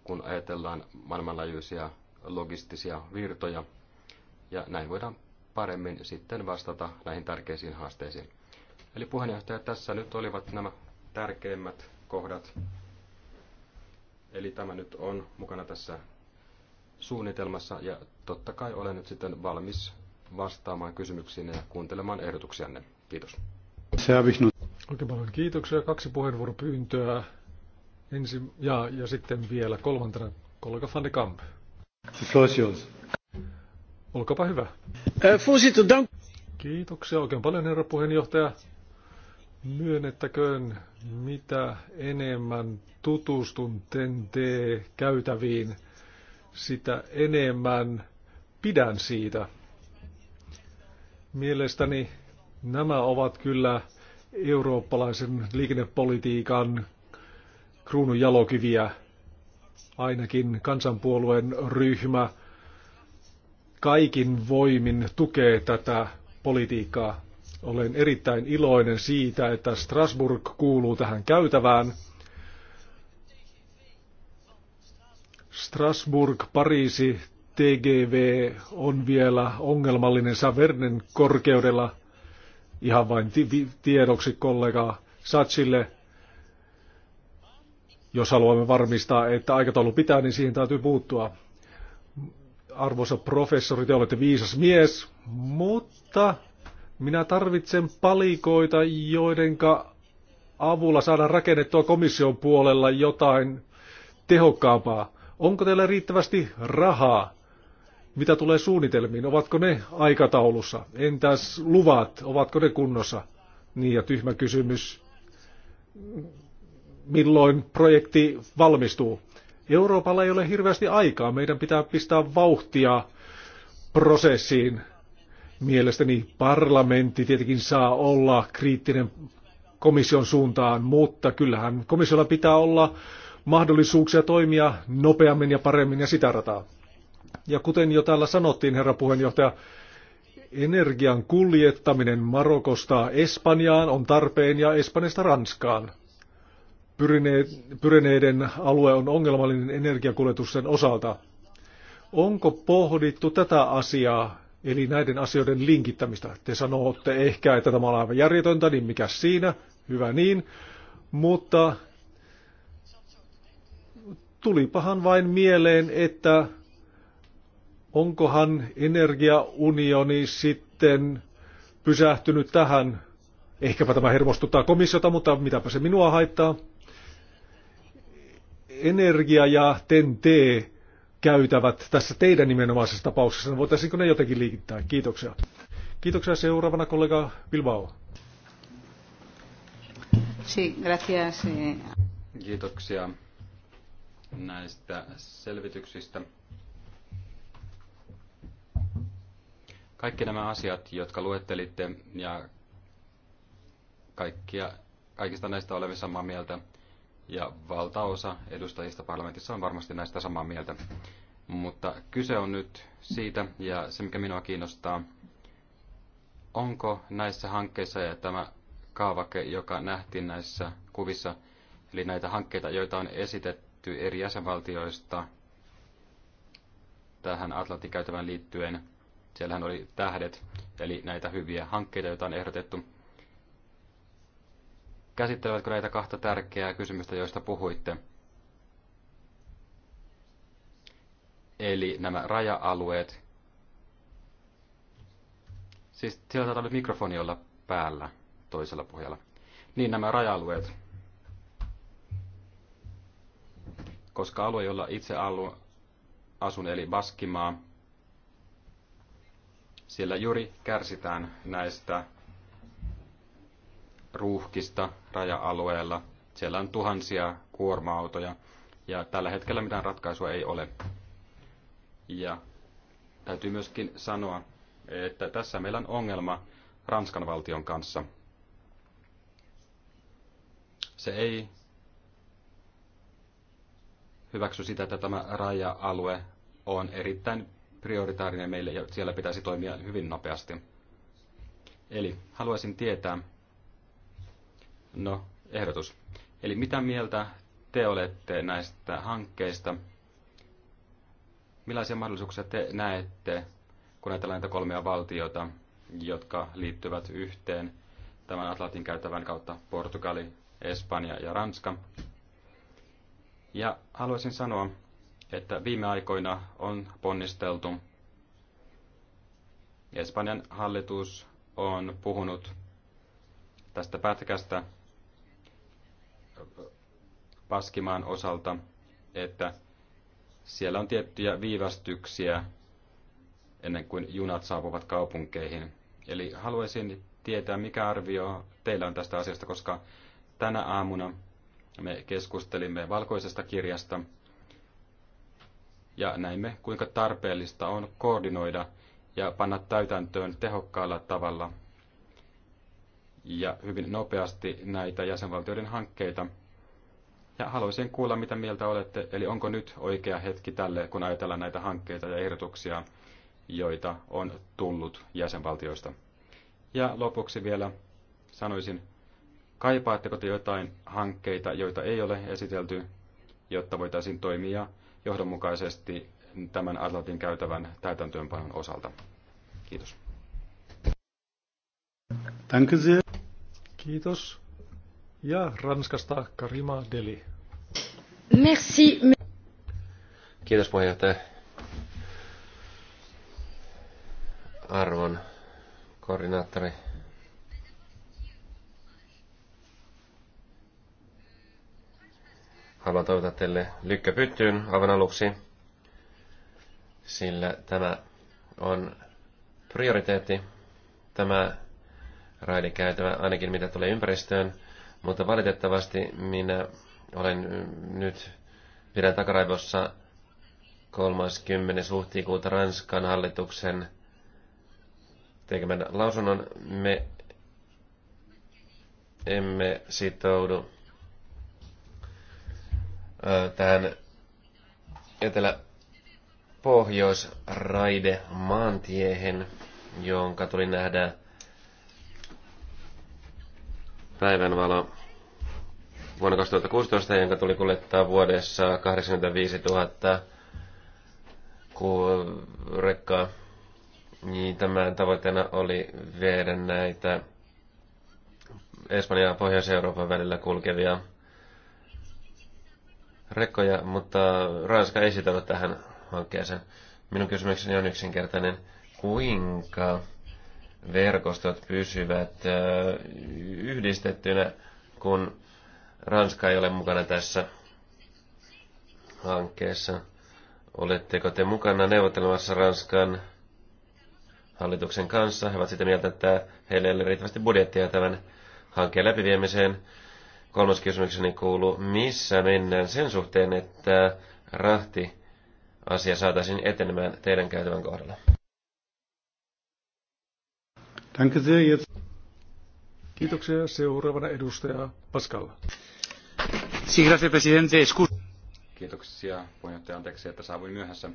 kun ajatellaan maailmanlaajuisia logistisia virtoja. Ja näin voidaan paremmin sitten vastata näihin tärkeisiin haasteisiin. Eli puheenjohtaja, tässä nyt olivat nämä tärkeimmät kohdat. Eli tämä nyt on mukana tässä suunnitelmassa ja totta kai olen nyt sitten valmis vastaamaan kysymyksiin ja kuuntelemaan ehdotuksianne. Kiitos. Oikein paljon kiitoksia. Kaksi puheenvuoropyyntöä. Ensin, ja, ja sitten vielä kolmantena kollega Fanny Kamp. The floor is yours. Olkaapa hyvä. Kiitoksia oikein paljon, herra puheenjohtaja. Myönnettäköön, mitä enemmän tutustun ten käytäviin sitä enemmän pidän siitä. Mielestäni nämä ovat kyllä eurooppalaisen liikennepolitiikan kruununjalokiviä, ainakin kansanpuolueen ryhmä – kaikin voimin tukee tätä politiikkaa. Olen erittäin iloinen siitä, että Strasbourg kuuluu tähän käytävään. Strasbourg, Pariisi, TGV on vielä ongelmallinen Savernen korkeudella. Ihan vain tiedoksi kollega Satsille. Jos haluamme varmistaa, että aikataulu pitää, niin siihen täytyy puuttua arvoisa professori, te olette viisas mies, mutta minä tarvitsen palikoita, joidenka avulla saadaan rakennettua komission puolella jotain tehokkaampaa. Onko teillä riittävästi rahaa? Mitä tulee suunnitelmiin? Ovatko ne aikataulussa? Entäs luvat? Ovatko ne kunnossa? Niin ja tyhmä kysymys. Milloin projekti valmistuu? Euroopalla ei ole hirveästi aikaa. Meidän pitää pistää vauhtia prosessiin. Mielestäni parlamentti tietenkin saa olla kriittinen komission suuntaan, mutta kyllähän komissiolla pitää olla mahdollisuuksia toimia nopeammin ja paremmin ja sitä rataa. Ja kuten jo täällä sanottiin, herra puheenjohtaja, energian kuljettaminen Marokosta Espanjaan on tarpeen ja Espanjasta Ranskaan. Pyreneiden alue on ongelmallinen energiakuljetusten osalta. Onko pohdittu tätä asiaa, eli näiden asioiden linkittämistä? Te sanotte ehkä, että tämä on aivan järjetöntä, niin mikä siinä? Hyvä niin. Mutta tulipahan vain mieleen, että onkohan energiaunioni sitten pysähtynyt tähän. Ehkäpä tämä hermostuttaa komissiota, mutta mitäpä se minua haittaa energia ja TEN-T käytävät tässä teidän nimenomaisessa tapauksessa. No, voitaisiinko ne jotenkin liikittää? Kiitoksia. Kiitoksia seuraavana kollega Bilbao. Sí, gracias. Eh. Kiitoksia näistä selvityksistä. Kaikki nämä asiat, jotka luettelitte ja kaikkia, kaikista näistä olemme samaa mieltä – ja valtaosa edustajista parlamentissa on varmasti näistä samaa mieltä. Mutta kyse on nyt siitä, ja se mikä minua kiinnostaa, onko näissä hankkeissa ja tämä kaavake, joka nähtiin näissä kuvissa, eli näitä hankkeita, joita on esitetty eri jäsenvaltioista tähän Atlantin käytävään liittyen, siellähän oli tähdet, eli näitä hyviä hankkeita, joita on ehdotettu käsittelevätkö näitä kahta tärkeää kysymystä, joista puhuitte? Eli nämä raja-alueet. Siis siellä saattaa olla mikrofoni olla päällä toisella pohjalla. Niin, nämä raja-alueet. Koska alue, jolla itse alu, asun, eli Baskimaa, siellä juuri kärsitään näistä ruuhkista, raja-alueella. Siellä on tuhansia kuorma-autoja ja tällä hetkellä mitään ratkaisua ei ole. Ja täytyy myöskin sanoa, että tässä meillä on ongelma Ranskan valtion kanssa. Se ei hyväksy sitä, että tämä raja-alue on erittäin prioritaarinen meille ja siellä pitäisi toimia hyvin nopeasti. Eli haluaisin tietää, No, ehdotus. Eli mitä mieltä te olette näistä hankkeista? Millaisia mahdollisuuksia te näette, kun ajatellaan näitä kolmea valtiota, jotka liittyvät yhteen tämän Atlantin käytävän kautta Portugali, Espanja ja Ranska? Ja haluaisin sanoa, että viime aikoina on ponnisteltu. Espanjan hallitus on puhunut tästä pätkästä, Paskimaan osalta, että siellä on tiettyjä viivästyksiä ennen kuin junat saapuvat kaupunkeihin. Eli haluaisin tietää, mikä arvio teillä on tästä asiasta, koska tänä aamuna me keskustelimme valkoisesta kirjasta ja näimme, kuinka tarpeellista on koordinoida ja panna täytäntöön tehokkaalla tavalla ja hyvin nopeasti näitä jäsenvaltioiden hankkeita. Ja haluaisin kuulla, mitä mieltä olette, eli onko nyt oikea hetki tälle, kun ajatellaan näitä hankkeita ja ehdotuksia, joita on tullut jäsenvaltioista. Ja lopuksi vielä sanoisin, kaipaatteko te jotain hankkeita, joita ei ole esitelty, jotta voitaisiin toimia johdonmukaisesti tämän Atlantin käytävän täytäntöönpanon osalta? Kiitos. Danke sehr. Kiitos. Ja Ranskasta Karima Deli. Merci. Kiitos puheenjohtaja. Arvon koordinaattori. Haluan toivottaa teille lykkä pyttyyn aivan aluksi, sillä tämä on prioriteetti. Tämä raidekäytävä, ainakin mitä tulee ympäristöön, mutta valitettavasti minä olen nyt pidän takaraivossa 30. huhtikuuta Ranskan hallituksen tekemän lausunnon. Me emme sitoudu tähän etelä pohjois raide maantiehen, jonka tuli nähdä päivänvalo vuonna 2016, jonka tuli kuljettaa vuodessa 85 000 rekkaa. Niin tämän tavoitteena oli viedä näitä Espanjan ja Pohjois-Euroopan välillä kulkevia rekkoja, mutta Ranska ei sitoudu tähän hankkeeseen. Minun kysymykseni on yksinkertainen. Kuinka verkostot pysyvät yhdistettynä, kun Ranska ei ole mukana tässä hankkeessa. Oletteko te mukana neuvottelemassa Ranskan hallituksen kanssa? He ovat sitä mieltä, että heillä ei ole riittävästi budjettia tämän hankkeen läpiviemiseen. Kolmas kysymykseni kuuluu, missä mennään sen suhteen, että rahti asia saataisiin etenemään teidän käytävän kohdalla? Danke sehr. Jetzt. Kiitoksia. Seuraavana edustaja Pascal. Sí, gracias, presidente. Kiitoksia puheenjohtaja. Anteeksi, että saavuin myöhässä.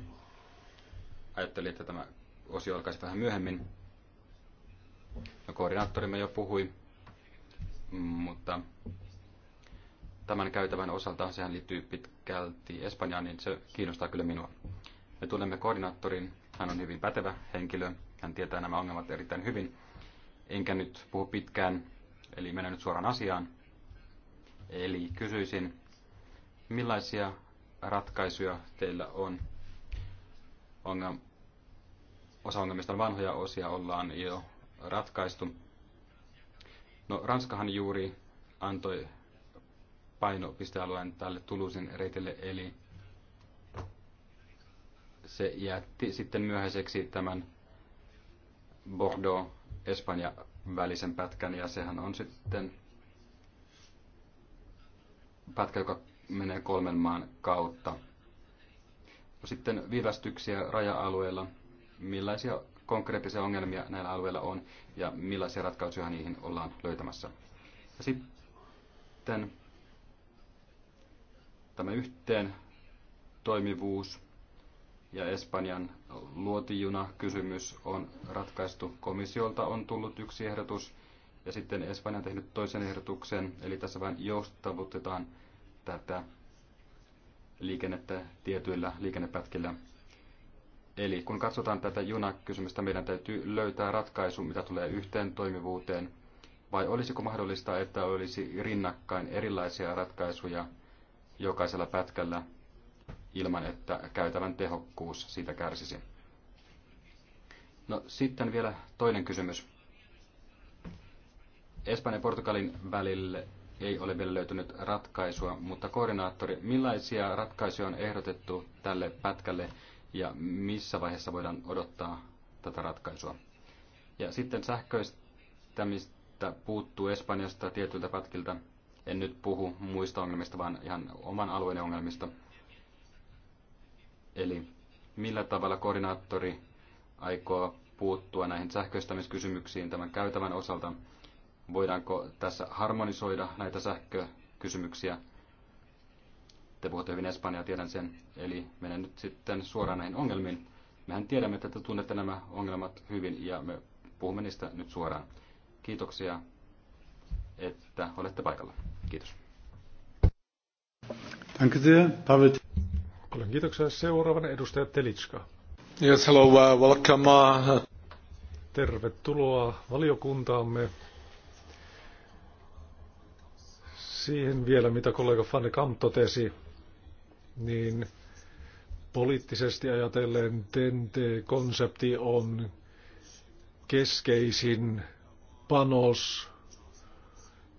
Ajattelin, että tämä osio alkaisi vähän myöhemmin. No, koordinaattorimme jo puhui, mutta tämän käytävän osalta, sehän liittyy pitkälti Espanjaan, niin se kiinnostaa kyllä minua. Me tulemme koordinaattorin, hän on hyvin pätevä henkilö, hän tietää nämä ongelmat erittäin hyvin enkä nyt puhu pitkään, eli menen nyt suoraan asiaan. Eli kysyisin, millaisia ratkaisuja teillä on? Ongelma, osa ongelmista on vanhoja osia, ollaan jo ratkaistu. No, Ranskahan juuri antoi painopistealueen tälle Tulusin reitille, eli se jätti sitten myöhäiseksi tämän Bordeaux Espanjan välisen pätkän ja sehän on sitten pätkä, joka menee kolmen maan kautta. Sitten viivästyksiä raja-alueilla. Millaisia konkreettisia ongelmia näillä alueilla on ja millaisia ratkaisuja niihin ollaan löytämässä. Ja sitten tämä yhteen toimivuus – ja Espanjan luotijuna-kysymys on ratkaistu. Komissiolta on tullut yksi ehdotus ja sitten Espanja on tehnyt toisen ehdotuksen, eli tässä vain joustavutetaan tätä liikennettä tietyillä liikennepätkillä. Eli kun katsotaan tätä junakysymystä, meidän täytyy löytää ratkaisu, mitä tulee yhteen toimivuuteen, vai olisiko mahdollista, että olisi rinnakkain erilaisia ratkaisuja jokaisella pätkällä ilman, että käytävän tehokkuus siitä kärsisi. No sitten vielä toinen kysymys. Espanjan ja Portugalin välille ei ole vielä löytynyt ratkaisua, mutta koordinaattori, millaisia ratkaisuja on ehdotettu tälle pätkälle ja missä vaiheessa voidaan odottaa tätä ratkaisua? Ja sitten sähköistämistä puuttuu Espanjasta tietyiltä pätkiltä. En nyt puhu muista ongelmista, vaan ihan oman alueen ongelmista – Eli millä tavalla koordinaattori aikoo puuttua näihin sähköistämiskysymyksiin tämän käytävän osalta? Voidaanko tässä harmonisoida näitä sähkökysymyksiä? Te puhutte hyvin Espanjaa, tiedän sen. Eli menen nyt sitten suoraan näihin ongelmiin. Mehän tiedämme, että te tunnette nämä ongelmat hyvin ja me puhumme niistä nyt suoraan. Kiitoksia, että olette paikalla. Kiitos. Danke sehr, Pavel. Paljon kiitoksia. Seuraavana edustaja Telitska. Yes, hello, uh, welcome. Uh... Tervetuloa valiokuntaamme. Siihen vielä, mitä kollega Fanny Kamp totesi, niin poliittisesti ajatellen TENTE-konsepti on keskeisin panos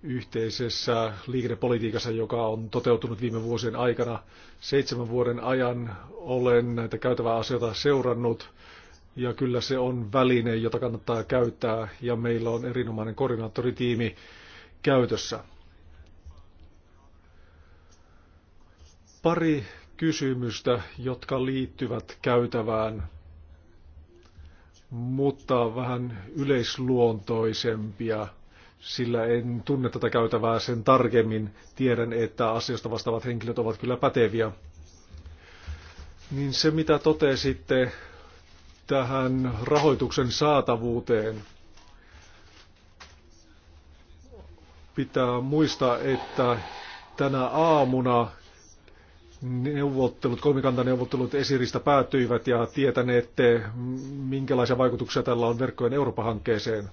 yhteisessä liikennepolitiikassa, joka on toteutunut viime vuosien aikana. Seitsemän vuoden ajan olen näitä käytävää asioita seurannut ja kyllä se on väline, jota kannattaa käyttää ja meillä on erinomainen koordinaattoritiimi käytössä. Pari kysymystä, jotka liittyvät käytävään, mutta vähän yleisluontoisempia – sillä en tunne tätä käytävää sen tarkemmin. Tiedän, että asiasta vastaavat henkilöt ovat kyllä päteviä. Niin se, mitä totesitte tähän rahoituksen saatavuuteen, pitää muistaa, että tänä aamuna neuvottelut, kolmikantaneuvottelut esiristä päättyivät ja tietäneette, minkälaisia vaikutuksia tällä on verkkojen Euroopan hankkeeseen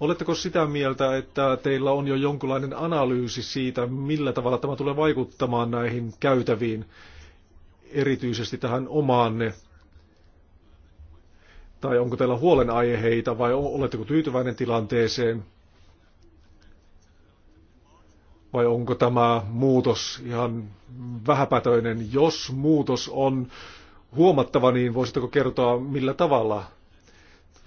Oletteko sitä mieltä, että teillä on jo jonkinlainen analyysi siitä, millä tavalla tämä tulee vaikuttamaan näihin käytäviin, erityisesti tähän omaanne? Tai onko teillä huolenaiheita vai oletteko tyytyväinen tilanteeseen? Vai onko tämä muutos ihan vähäpätöinen? Jos muutos on huomattava, niin voisitteko kertoa millä tavalla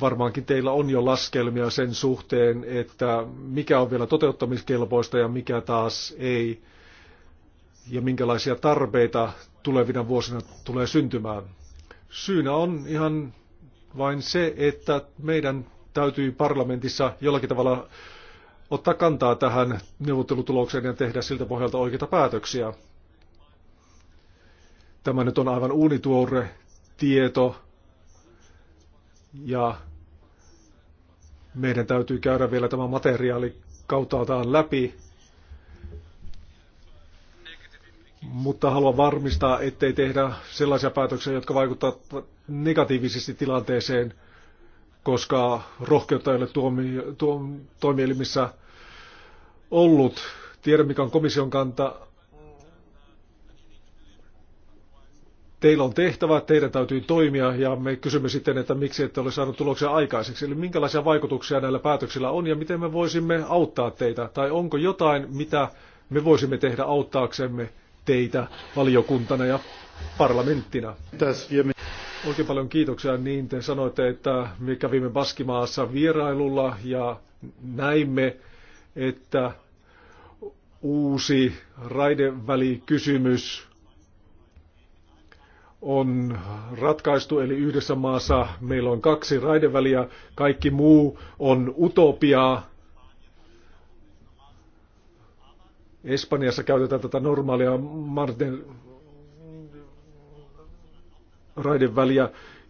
Varmaankin teillä on jo laskelmia sen suhteen, että mikä on vielä toteuttamiskelpoista ja mikä taas ei, ja minkälaisia tarpeita tulevina vuosina tulee syntymään. Syynä on ihan vain se, että meidän täytyy parlamentissa jollakin tavalla ottaa kantaa tähän neuvottelutulokseen ja tehdä siltä pohjalta oikeita päätöksiä. Tämä nyt on aivan uunituore tieto, ja meidän täytyy käydä vielä tämä materiaali kautaltaan läpi. Mutta haluan varmistaa, ettei tehdä sellaisia päätöksiä, jotka vaikuttavat negatiivisesti tilanteeseen, koska rohkeutta ei ole tuomi, tuom, toimielimissä ollut. Tiedän, mikä on komission kanta teillä on tehtävä, teidän täytyy toimia ja me kysymme sitten, että miksi ette ole saanut tuloksia aikaiseksi. Eli minkälaisia vaikutuksia näillä päätöksillä on ja miten me voisimme auttaa teitä tai onko jotain, mitä me voisimme tehdä auttaaksemme teitä valiokuntana ja parlamenttina. Oikein paljon kiitoksia. Niin te sanoitte, että me kävimme Baskimaassa vierailulla ja näimme, että uusi raidevälikysymys on ratkaistu, eli yhdessä maassa meillä on kaksi raideväliä, kaikki muu on utopiaa. Espanjassa käytetään tätä normaalia Martin raideväliä.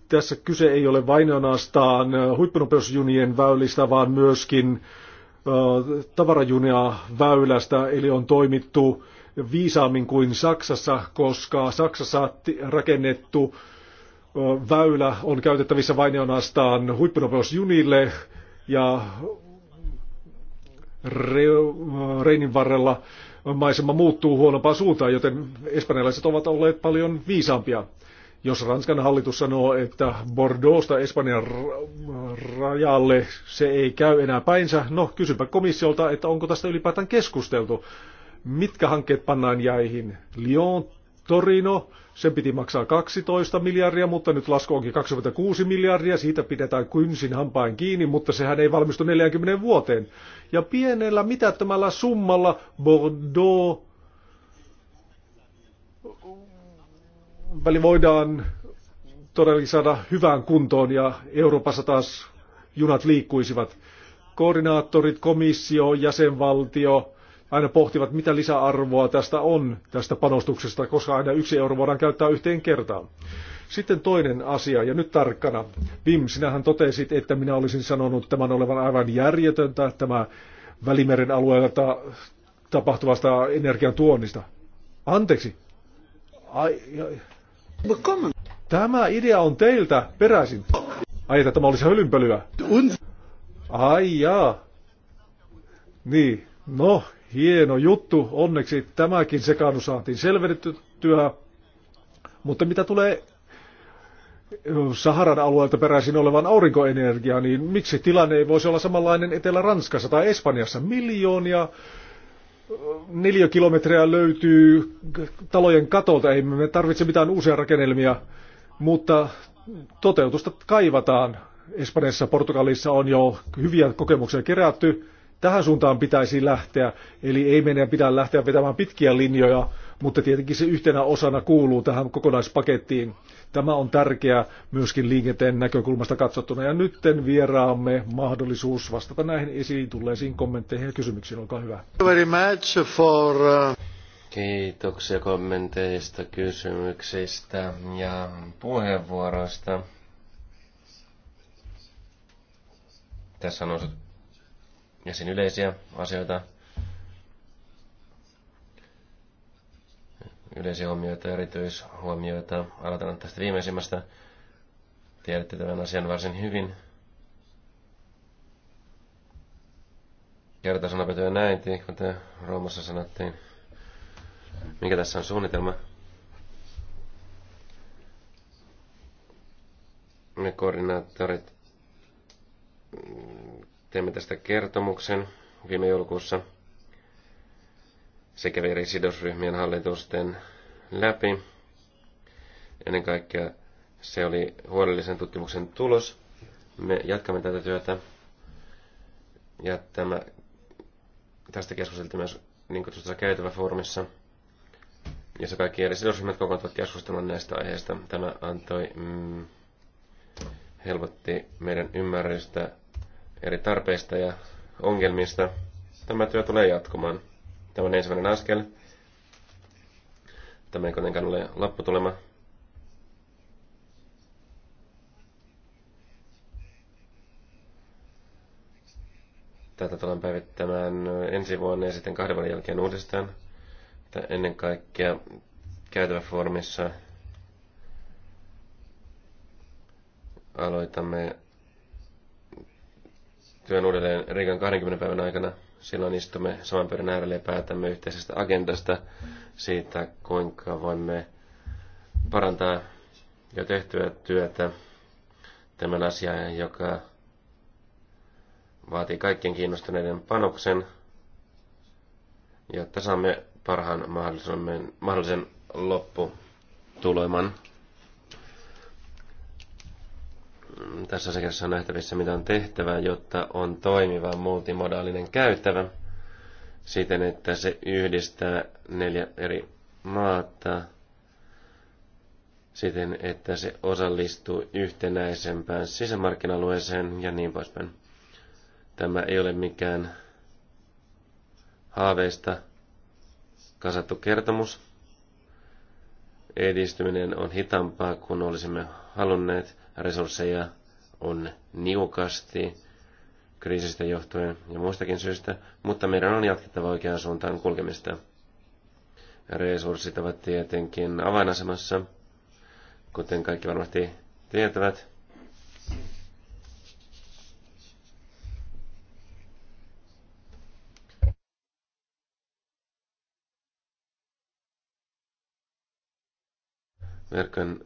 Tässä kyse ei ole vain ainoastaan äh, huippunopeusjunien väylistä, vaan myöskin äh, tavarajunia väylästä, eli on toimittu viisaammin kuin Saksassa, koska Saksassa rakennettu väylä on käytettävissä vain ja ainoastaan huippunopeusjunille ja Reinin varrella maisema muuttuu huonompaan suuntaan, joten espanjalaiset ovat olleet paljon viisaampia. Jos Ranskan hallitus sanoo, että Bordeauxsta Espanjan rajalle se ei käy enää päinsä, no kysypä komissiolta, että onko tästä ylipäätään keskusteltu mitkä hankkeet pannaan jäihin. Lyon, Torino, sen piti maksaa 12 miljardia, mutta nyt lasku onkin 26 miljardia. Siitä pidetään kynsin hampain kiinni, mutta sehän ei valmistu 40 vuoteen. Ja pienellä mitättömällä summalla Bordeaux väli voidaan todellakin saada hyvään kuntoon ja Euroopassa taas junat liikkuisivat. Koordinaattorit, komissio, jäsenvaltio, aina pohtivat, mitä lisäarvoa tästä on, tästä panostuksesta, koska aina yksi euro voidaan käyttää yhteen kertaan. Sitten toinen asia, ja nyt tarkkana. Vim, sinähän totesit, että minä olisin sanonut tämän olevan aivan järjetöntä, tämä Välimeren alueella ta- tapahtuvasta energian tuonnista. Anteeksi. Ai, ai. Tämä idea on teiltä peräisin. Ai, että tämä olisi hölynpölyä. Ai jaa. Niin, no, Hieno juttu, onneksi tämäkin sekaannus saatiin selvennettyä. Mutta mitä tulee Saharan alueelta peräisin olevan aurinkoenergiaa, niin miksi tilanne ei voisi olla samanlainen Etelä-Ranskassa tai Espanjassa? Miljoonia neliökilometrejä löytyy talojen katolta, ei me tarvitse mitään uusia rakennelmia, mutta toteutusta kaivataan. Espanjassa, Portugalissa on jo hyviä kokemuksia kerätty tähän suuntaan pitäisi lähteä. Eli ei meidän pidä lähteä vetämään pitkiä linjoja, mutta tietenkin se yhtenä osana kuuluu tähän kokonaispakettiin. Tämä on tärkeää myöskin liikenteen näkökulmasta katsottuna. Ja nyt vieraamme mahdollisuus vastata näihin esiin tulleisiin kommentteihin ja kysymyksiin. Olkaa hyvä. Uh, Kiitoksia kommenteista, kysymyksistä ja puheenvuoroista. Tässä on osoitettu ja sen yleisiä asioita, yleisiä huomioita, erityishuomioita. Aloitetaan tästä viimeisimmästä. Tiedätte tämän asian varsin hyvin. Kertasanapetyön kun kuten Roomassa sanottiin. Mikä tässä on suunnitelma? Me koordinaattorit Teemme tästä kertomuksen viime joulukuussa. Se kävi eri sidosryhmien hallitusten läpi. Ennen kaikkea se oli huolellisen tutkimuksen tulos. Me jatkamme tätä työtä. Ja tämä, tästä keskusteltiin myös niin kutsutussa käytäväfoorumissa, jossa kaikki eri sidosryhmät kokoontuvat keskustelemaan näistä aiheista. Tämä antoi, mm, helpotti meidän ymmärrystä eri tarpeista ja ongelmista. Tämä työ tulee jatkumaan. Tämä on ensimmäinen askel. Tämä ei kuitenkaan ole lopputulema. Tätä tullaan päivittämään ensi vuonna ja sitten kahden vuoden jälkeen uudestaan. Tätä ennen kaikkea käytäväfoorumissa aloitamme työn uudelleen Riikan 20 päivän aikana. Silloin istumme saman pöydän äärelle ja päätämme yhteisestä agendasta siitä, kuinka voimme parantaa jo tehtyä työtä. Tämän asian, joka vaatii kaikkien kiinnostuneiden panoksen, jotta saamme parhaan mahdollisen lopputuleman. tässä sekässä on nähtävissä, mitä on tehtävä, jotta on toimiva multimodaalinen käyttävä siten, että se yhdistää neljä eri maata siten, että se osallistuu yhtenäisempään sisämarkkinalueeseen ja niin poispäin. Tämä ei ole mikään haaveista kasattu kertomus. Edistyminen on hitaampaa kuin olisimme halunneet, resursseja on niukasti kriisistä johtuen ja muistakin syistä, mutta meidän on jatkettava oikeaan suuntaan kulkemista. Resurssit ovat tietenkin avainasemassa, kuten kaikki varmasti tietävät. Verkon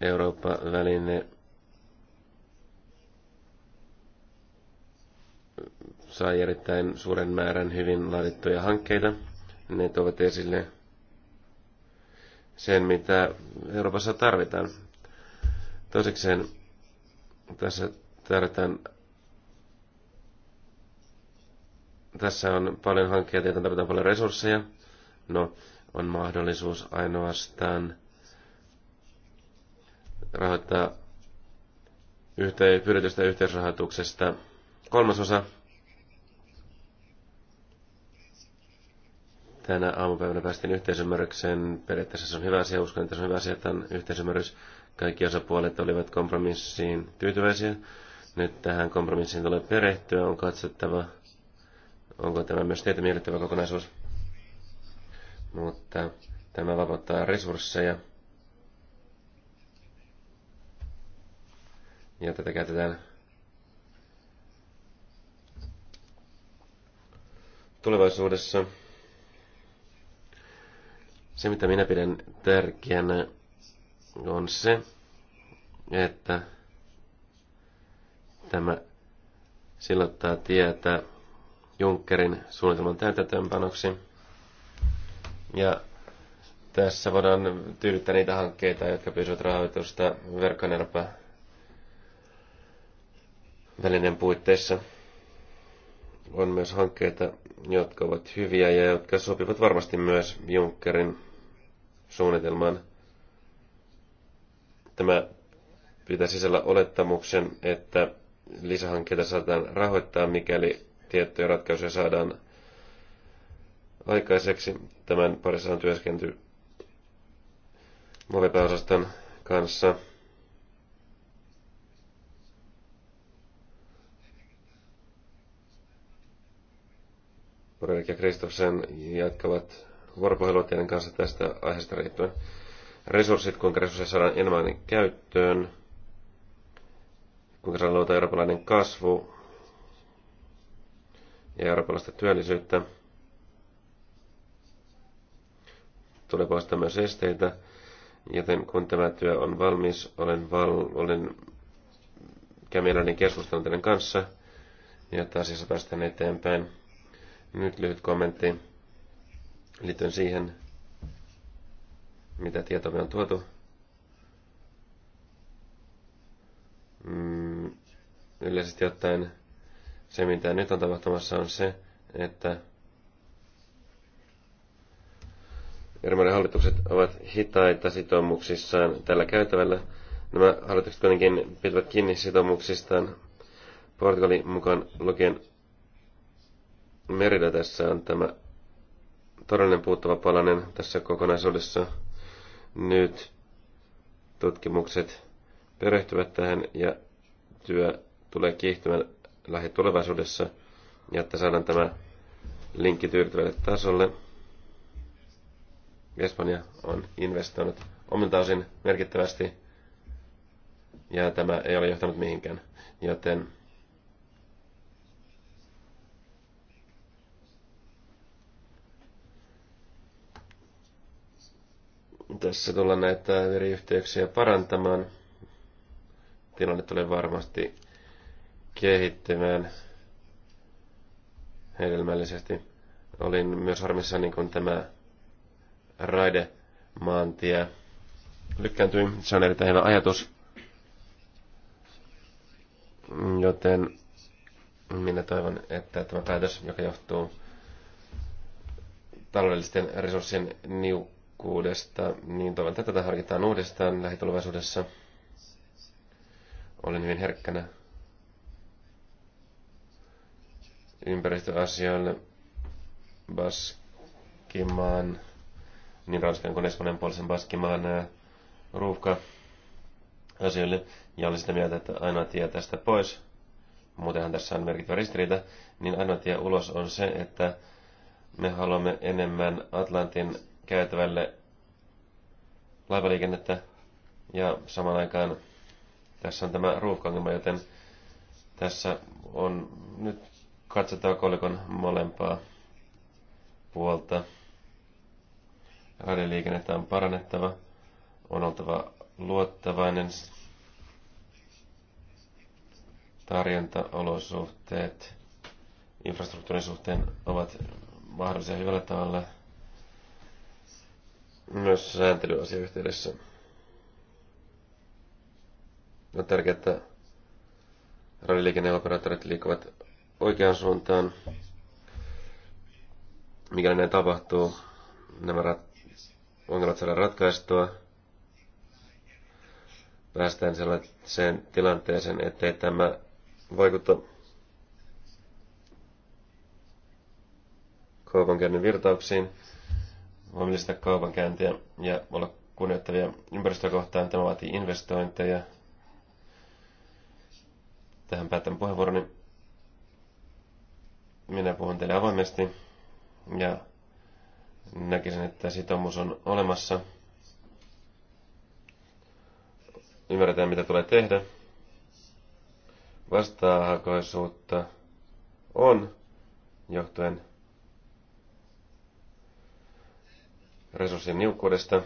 Eurooppa-väline sai erittäin suuren määrän hyvin laadittuja hankkeita. Ne tuovat esille sen, mitä Euroopassa tarvitaan. Toisekseen tässä tarvitaan tässä on paljon hankkeita, joita tarvitaan paljon resursseja. No, on mahdollisuus ainoastaan rahoittaa pyydetystä yhteisrahoituksesta kolmasosa. Tänä aamupäivänä päästiin yhteisymmärrykseen. Periaatteessa se on hyvä asia, uskon, että se on hyvä asia, että on yhteisymmärrys. Kaikki osapuolet olivat kompromissiin tyytyväisiä. Nyt tähän kompromissiin tulee perehtyä, on katsottava, onko tämä myös teitä miellyttävä kokonaisuus. Mutta tämä vapauttaa resursseja ja tätä käytetään tulevaisuudessa. Se, mitä minä pidän tärkeänä, on se, että tämä sillottaa tietä Junckerin suunnitelman täytäntöönpanoksi. Ja tässä voidaan tyydyttää niitä hankkeita, jotka pysyvät rahoitusta verkkonerpa välinen puitteissa on myös hankkeita, jotka ovat hyviä ja jotka sopivat varmasti myös Junckerin suunnitelmaan. Tämä pitää sisällä olettamuksen, että lisähankkeita saadaan rahoittaa, mikäli tiettyjä ratkaisuja saadaan aikaiseksi. Tämän parissa on työskenty Movepääosaston kanssa. Brenik ja Kristofsen jatkavat vuoropuhelua teidän kanssa tästä aiheesta riippuen. Resurssit, kuinka resursseja saadaan enemmän käyttöön, kuinka saadaan luota eurooppalainen kasvu ja eurooppalaista työllisyyttä. Tulee poistaa myös esteitä, joten kun tämä työ on valmis, olen, val- olen käymielinen keskustelun teidän kanssa, että asiassa päästään eteenpäin. Nyt lyhyt kommentti liittyen siihen, mitä tietoa me on tuotu. Mm, yleisesti ottaen se, mitä nyt on tapahtumassa, on se, että Germanin hallitukset ovat hitaita sitoumuksissaan tällä käytävällä. Nämä hallitukset kuitenkin pitävät kiinni sitoumuksistaan. Portugalin mukaan lukien merillä tässä on tämä todellinen puuttuva palanen tässä kokonaisuudessa. Nyt tutkimukset perehtyvät tähän ja työ tulee kiihtymään lähitulevaisuudessa, ja että saadaan tämä linkki tyydyttävälle tasolle. Espanja on investoinut omilta osin merkittävästi, ja tämä ei ole johtanut mihinkään, joten tässä tulla näitä eri yhteyksiä parantamaan. Tilanne tulee varmasti kehittymään hedelmällisesti. Olin myös niin kuin tämä raide maantie lykkääntyi. Se on erittäin hyvä ajatus. Joten minä toivon, että tämä päätös, joka johtuu taloudellisten resurssien niukkuudesta, Kuudesta niin toivon että tätä harkitaan uudestaan lähitulevaisuudessa. Olen hyvin herkkänä ympäristöasioille Baskimaan, niin Ranskan kuin Espanjan puolisen Baskimaan ruuhka asioille. Ja olen sitä mieltä, että ainoa tie tästä pois, muutenhan tässä on merkittävä ristiriita, niin ainoa tie ulos on se, että me haluamme enemmän Atlantin käytävälle laivaliikennettä ja samaan aikaan tässä on tämä ruuhkaongelma, joten tässä on nyt katsotaan kolikon molempaa puolta. Radioliikennettä on parannettava, on oltava luottavainen tarjontaolosuhteet infrastruktuurin suhteen ovat mahdollisia hyvällä tavalla – myös yhteydessä. On tärkeää, että raliliikenneoperaattorit liikkuvat oikeaan suuntaan. Mikäli näin tapahtuu, nämä rat- ongelmat saadaan ratkaistua. Päästään sellaiseen tilanteeseen, ettei tämä vaikuta kaupankäynnin virtauksiin voimme lisätä kaupankäyntiä ja olla kunnioittavia ympäristöä kohtaan. Tämä vaatii investointeja. Tähän päätän puheenvuoroni. Minä puhun teille avoimesti ja näkisin, että sitoumus on olemassa. Ymmärretään, mitä tulee tehdä. Vastaahakoisuutta on johtuen resurssien niukkuudesta.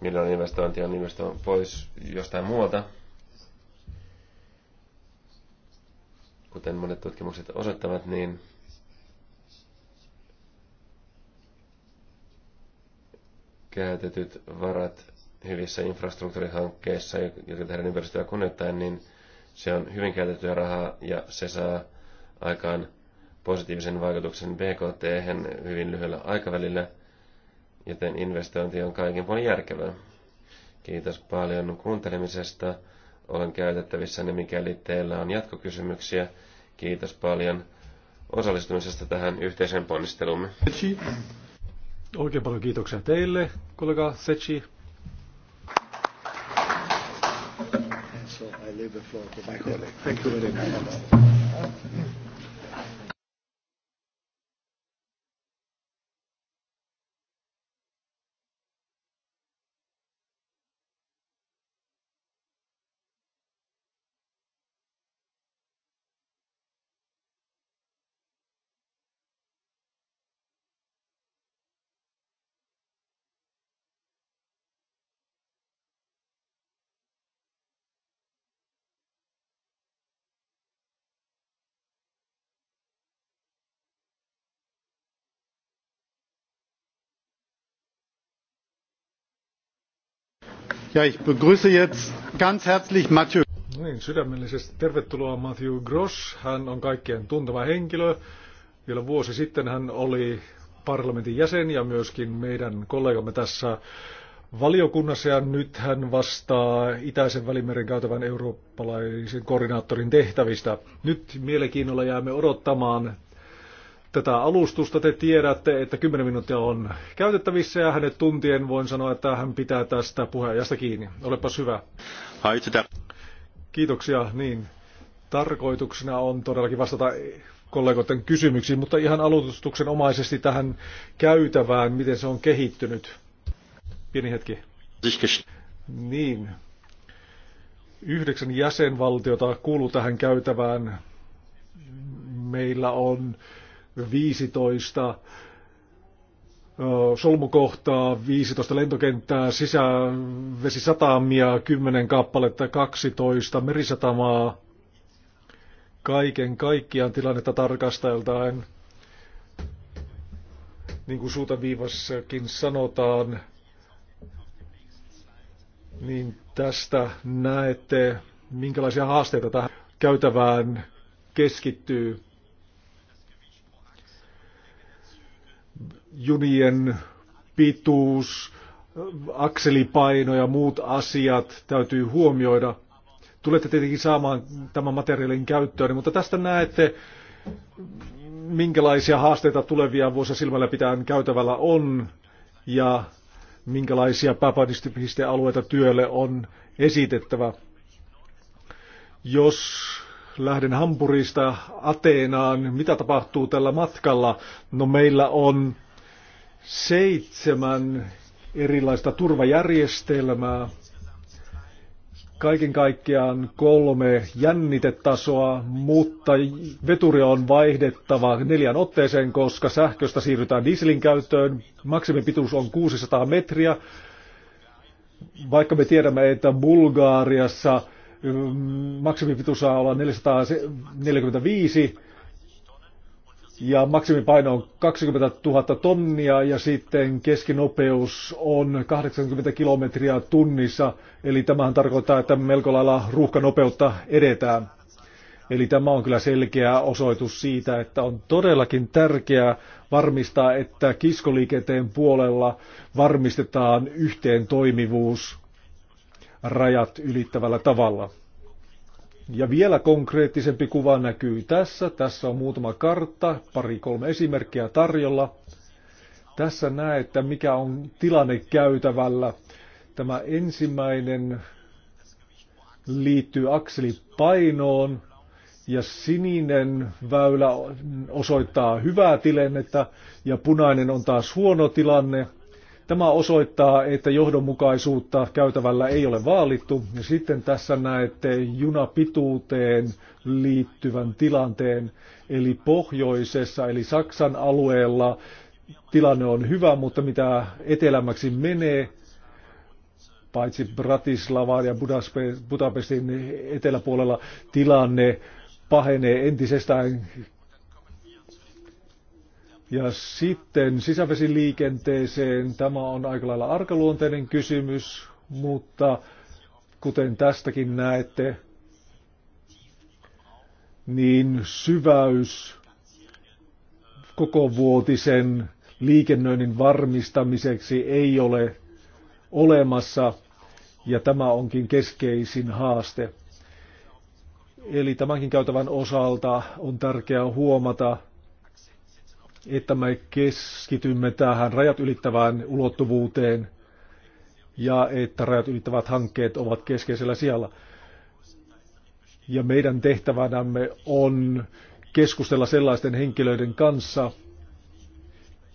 Miljoona investointia on investoinut pois jostain muualta, kuten monet tutkimukset osoittavat, niin käytetyt varat hyvissä infrastruktuurihankkeissa, jotka tehdään ympäristöä kunnioittain, niin se on hyvin käytettyä rahaa ja se saa aikaan positiivisen vaikutuksen BKT hyvin lyhyellä aikavälillä, joten investointi on kaiken puolin järkevää. Kiitos paljon kuuntelemisesta. Olen ne, niin mikäli teillä on jatkokysymyksiä. Kiitos paljon osallistumisesta tähän yhteiseen ponnistelumme. Oikein paljon kiitoksia teille, kollega Sechi. So I leave the floor to my colleague. Thank you very much. ich begrüße jetzt ganz herzlich Mathieu. Niin, sydämellisesti tervetuloa Matthew Gross. Hän on kaikkien tuntema henkilö. Vielä vuosi sitten hän oli parlamentin jäsen ja myöskin meidän kollegamme tässä valiokunnassa ja nyt hän vastaa Itäisen välimeren käytävän eurooppalaisen koordinaattorin tehtävistä. Nyt mielenkiinnolla jäämme odottamaan tätä alustusta. Te tiedätte, että 10 minuuttia on käytettävissä ja hänet tuntien voin sanoa, että hän pitää tästä puheenjohtajasta kiinni. Olepas hyvä. Kiitoksia. Niin, tarkoituksena on todellakin vastata kollegoiden kysymyksiin, mutta ihan alustuksen omaisesti tähän käytävään, miten se on kehittynyt. Pieni hetki. Niin. Yhdeksän jäsenvaltiota kuuluu tähän käytävään. Meillä on 15 solmukohtaa, 15 lentokenttää, sisävesisatamia, 10 kappaletta, 12 merisatamaa. Kaiken kaikkiaan tilannetta tarkasteltaen, niin kuin suutaviivassakin sanotaan, niin tästä näette, minkälaisia haasteita tähän käytävään keskittyy. junien pituus, akselipaino ja muut asiat täytyy huomioida. Tulette tietenkin saamaan tämän materiaalin käyttöön, mutta tästä näette, minkälaisia haasteita tulevia vuosia silmällä pitäen käytävällä on ja minkälaisia pääpainopistealueita työlle on esitettävä. Jos lähden Hampurista Ateenaan, mitä tapahtuu tällä matkalla? No meillä on seitsemän erilaista turvajärjestelmää, kaiken kaikkiaan kolme jännitetasoa, mutta veturia on vaihdettava neljän otteeseen, koska sähköstä siirrytään dieselin käyttöön. Maksimipituus on 600 metriä, vaikka me tiedämme, että Bulgaariassa maksimipituus mm, saa olla 445 ja maksimipaino on 20 000 tonnia ja sitten keskinopeus on 80 kilometriä tunnissa. Eli tämähän tarkoittaa, että melko lailla ruuhkanopeutta edetään. Eli tämä on kyllä selkeä osoitus siitä, että on todellakin tärkeää varmistaa, että kiskoliikenteen puolella varmistetaan yhteen toimivuus rajat ylittävällä tavalla. Ja vielä konkreettisempi kuva näkyy tässä. Tässä on muutama kartta, pari-kolme esimerkkiä tarjolla. Tässä että mikä on tilanne käytävällä. Tämä ensimmäinen liittyy akselipainoon ja sininen väylä osoittaa hyvää tilannetta ja punainen on taas huono tilanne – Tämä osoittaa, että johdonmukaisuutta käytävällä ei ole vaalittu. Ja sitten tässä näette junapituuteen liittyvän tilanteen. Eli pohjoisessa, eli Saksan alueella tilanne on hyvä, mutta mitä etelämmäksi menee, paitsi Bratislava ja Budapestin eteläpuolella tilanne pahenee entisestään ja sitten sisävesiliikenteeseen. Tämä on aika lailla arkaluonteinen kysymys, mutta kuten tästäkin näette, niin syväys koko vuotisen liikennöinnin varmistamiseksi ei ole olemassa, ja tämä onkin keskeisin haaste. Eli tämänkin käytävän osalta on tärkeää huomata, että me keskitymme tähän rajat ylittävään ulottuvuuteen ja että rajat ylittävät hankkeet ovat keskeisellä sijalla. Ja meidän tehtävänämme on keskustella sellaisten henkilöiden kanssa,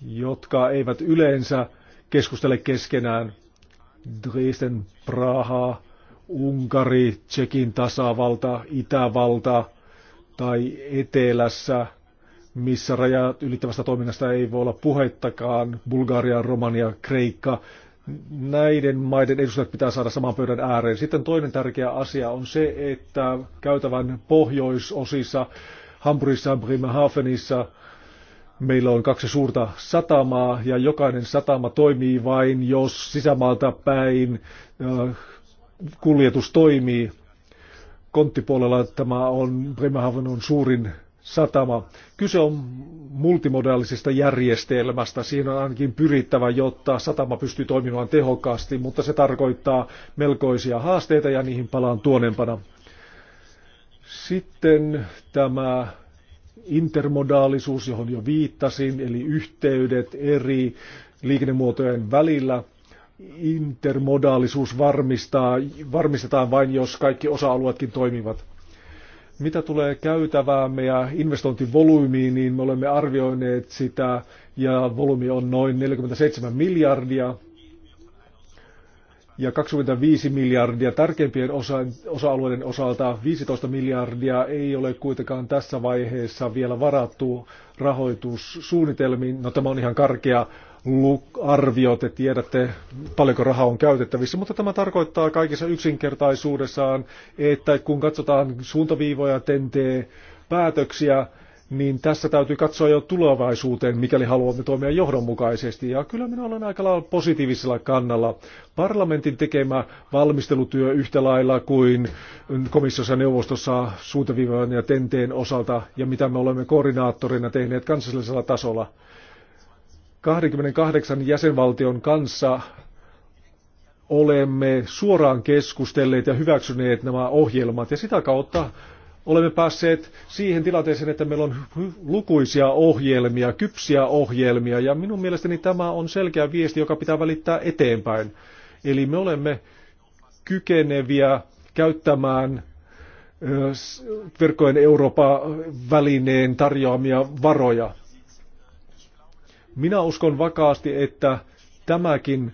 jotka eivät yleensä keskustele keskenään. Dresden, Praha, Unkari, Tsekin tasavalta, Itävalta tai etelässä missä rajat ylittävästä toiminnasta ei voi olla puhettakaan, Bulgaria, Romania, Kreikka, näiden maiden edustajat pitää saada saman pöydän ääreen. Sitten toinen tärkeä asia on se, että käytävän pohjoisosissa, Hampurissa, Bremerhavenissa, meillä on kaksi suurta satamaa ja jokainen satama toimii vain, jos sisämaalta päin äh, kuljetus toimii. Konttipuolella tämä on, Bremerhaven on suurin satama. Kyse on multimodaalisesta järjestelmästä. Siinä on ainakin pyrittävä, jotta satama pystyy toimimaan tehokkaasti, mutta se tarkoittaa melkoisia haasteita ja niihin palaan tuonempana. Sitten tämä intermodaalisuus, johon jo viittasin, eli yhteydet eri liikennemuotojen välillä. Intermodaalisuus varmistaa, varmistetaan vain, jos kaikki osa-alueetkin toimivat mitä tulee käytäväämme ja investointivolyymiin, niin me olemme arvioineet sitä ja volyymi on noin 47 miljardia ja 25 miljardia tärkeimpien osa- osa-alueiden osalta. 15 miljardia ei ole kuitenkaan tässä vaiheessa vielä varattu rahoitussuunnitelmiin. No tämä on ihan karkea arviot, te tiedätte paljonko rahaa on käytettävissä, mutta tämä tarkoittaa kaikessa yksinkertaisuudessaan, että kun katsotaan suuntaviivoja, tentee päätöksiä, niin tässä täytyy katsoa jo tulevaisuuteen, mikäli haluamme toimia johdonmukaisesti. Ja kyllä minä olen aika lailla positiivisella kannalla. Parlamentin tekemä valmistelutyö yhtä lailla kuin komissiossa ja neuvostossa suuntaviivojen ja tenteen osalta, ja mitä me olemme koordinaattorina tehneet kansallisella tasolla – 28 jäsenvaltion kanssa olemme suoraan keskustelleet ja hyväksyneet nämä ohjelmat ja sitä kautta olemme päässeet siihen tilanteeseen, että meillä on lukuisia ohjelmia, kypsiä ohjelmia ja minun mielestäni tämä on selkeä viesti, joka pitää välittää eteenpäin. Eli me olemme kykeneviä käyttämään verkkojen Eurooppa-välineen tarjoamia varoja. Minä uskon vakaasti, että tämäkin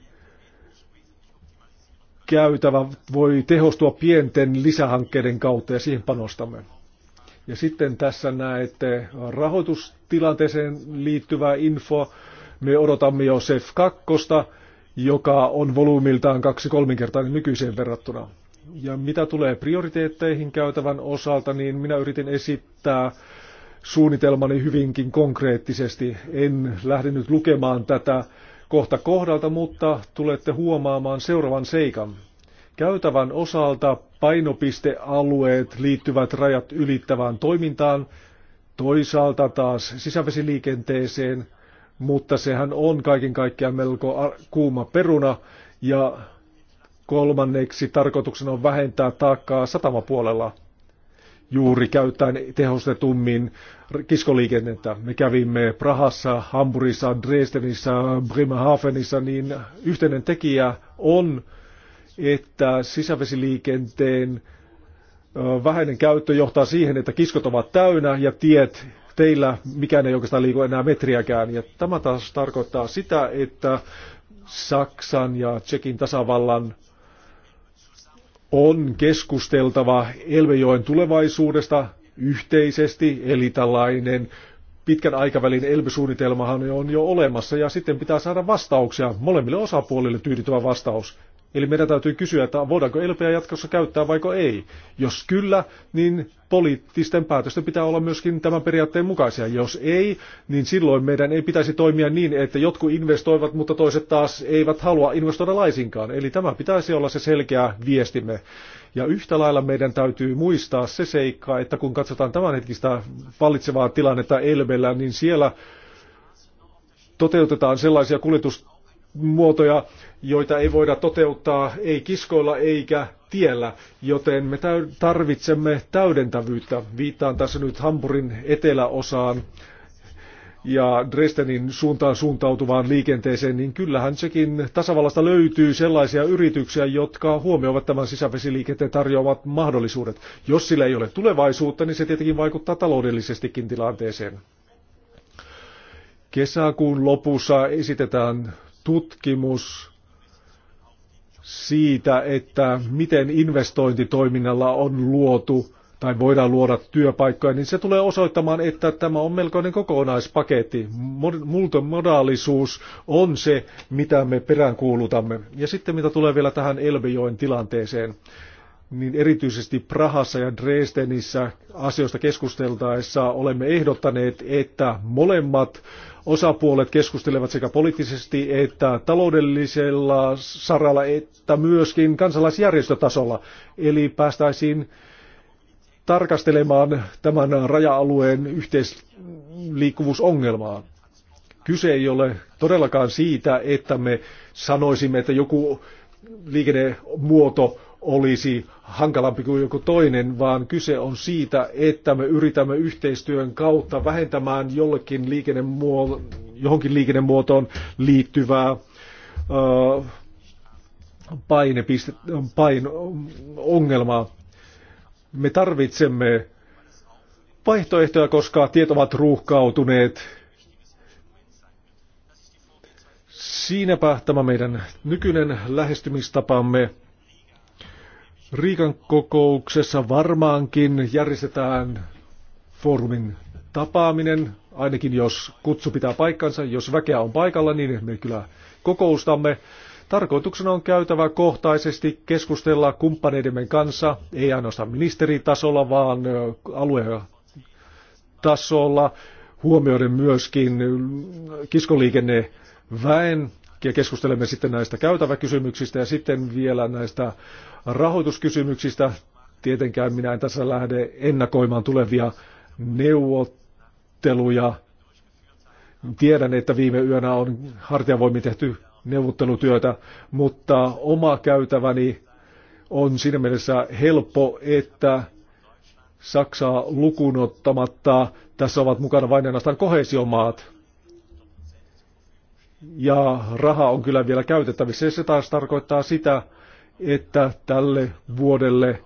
käytävä voi tehostua pienten lisähankkeiden kautta ja siihen panostamme. Ja sitten tässä näette rahoitustilanteeseen liittyvää infoa. Me odotamme jo SEF 2, joka on volyymiltaan kaksi kolminkertainen nykyiseen verrattuna. Ja mitä tulee prioriteetteihin käytävän osalta, niin minä yritin esittää suunnitelmani hyvinkin konkreettisesti. En lähde nyt lukemaan tätä kohta kohdalta, mutta tulette huomaamaan seuraavan seikan. Käytävän osalta painopistealueet liittyvät rajat ylittävään toimintaan, toisaalta taas sisävesiliikenteeseen, mutta sehän on kaiken kaikkiaan melko kuuma peruna, ja kolmanneksi tarkoituksena on vähentää taakkaa satamapuolella juuri käyttäen tehostetummin kiskoliikennettä. Me kävimme Prahassa, Hamburissa, Dresdenissä, Bremerhavenissa, niin yhteinen tekijä on, että sisävesiliikenteen vähäinen käyttö johtaa siihen, että kiskot ovat täynnä ja tiet teillä mikään ei oikeastaan liiku enää metriäkään. Ja tämä taas tarkoittaa sitä, että Saksan ja Tsekin tasavallan on keskusteltava Elvejoen tulevaisuudesta yhteisesti, eli tällainen pitkän aikavälin elvysuunnitelmahan on jo olemassa, ja sitten pitää saada vastauksia, molemmille osapuolille tyydyttävä vastaus. Eli meidän täytyy kysyä, että voidaanko elpeä jatkossa käyttää vaiko ei. Jos kyllä, niin poliittisten päätösten pitää olla myöskin tämän periaatteen mukaisia. Jos ei, niin silloin meidän ei pitäisi toimia niin, että jotkut investoivat, mutta toiset taas eivät halua investoida laisinkaan. Eli tämä pitäisi olla se selkeä viestimme. Ja yhtä lailla meidän täytyy muistaa se seikka, että kun katsotaan hetkistä vallitsevaa tilannetta Elbellä, niin siellä toteutetaan sellaisia kuljetus muotoja, joita ei voida toteuttaa ei kiskoilla eikä tiellä, joten me tarvitsemme täydentävyyttä. Viittaan tässä nyt Hampurin eteläosaan ja Dresdenin suuntaan suuntautuvaan liikenteeseen, niin kyllähän sekin tasavallasta löytyy sellaisia yrityksiä, jotka huomioivat tämän sisävesiliikenteen tarjoamat mahdollisuudet. Jos sillä ei ole tulevaisuutta, niin se tietenkin vaikuttaa taloudellisestikin tilanteeseen. Kesäkuun lopussa esitetään tutkimus siitä, että miten investointitoiminnalla on luotu tai voidaan luoda työpaikkoja, niin se tulee osoittamaan, että tämä on melkoinen kokonaispaketti. Multimodaalisuus on se, mitä me peräänkuulutamme. Ja sitten mitä tulee vielä tähän Elbejoen tilanteeseen, niin erityisesti Prahassa ja Dresdenissä asioista keskusteltaessa olemme ehdottaneet, että molemmat Osapuolet keskustelevat sekä poliittisesti että taloudellisella saralla, että myöskin kansalaisjärjestötasolla. Eli päästäisiin tarkastelemaan tämän raja-alueen yhteisliikkuvuusongelmaa. Kyse ei ole todellakaan siitä, että me sanoisimme, että joku liikennemuoto olisi hankalampi kuin joku toinen, vaan kyse on siitä, että me yritämme yhteistyön kautta vähentämään jollekin liikennemuoto, johonkin liikennemuotoon liittyvää ö, painepiste, pain, ongelmaa. Me tarvitsemme vaihtoehtoja, koska tiet ovat ruuhkautuneet. Siinäpä tämä meidän nykyinen lähestymistapamme Riikan kokouksessa varmaankin järjestetään foorumin tapaaminen, ainakin jos kutsu pitää paikkansa. Jos väkeä on paikalla, niin me kyllä kokoustamme. Tarkoituksena on käytävä kohtaisesti keskustella kumppaneidemme kanssa, ei ainoastaan ministeritasolla, vaan aluetasolla, huomioiden myöskin kiskoliikenneväen keskustelemme sitten näistä käytäväkysymyksistä ja sitten vielä näistä rahoituskysymyksistä. Tietenkään minä en tässä lähde ennakoimaan tulevia neuvotteluja. Tiedän, että viime yönä on hartiavoimin tehty neuvottelutyötä, mutta oma käytäväni on siinä mielessä helppo, että Saksaa lukuun ottamatta tässä ovat mukana vain ainoastaan kohesiomaat ja raha on kyllä vielä käytettävissä. Ja se taas tarkoittaa sitä, että tälle vuodelle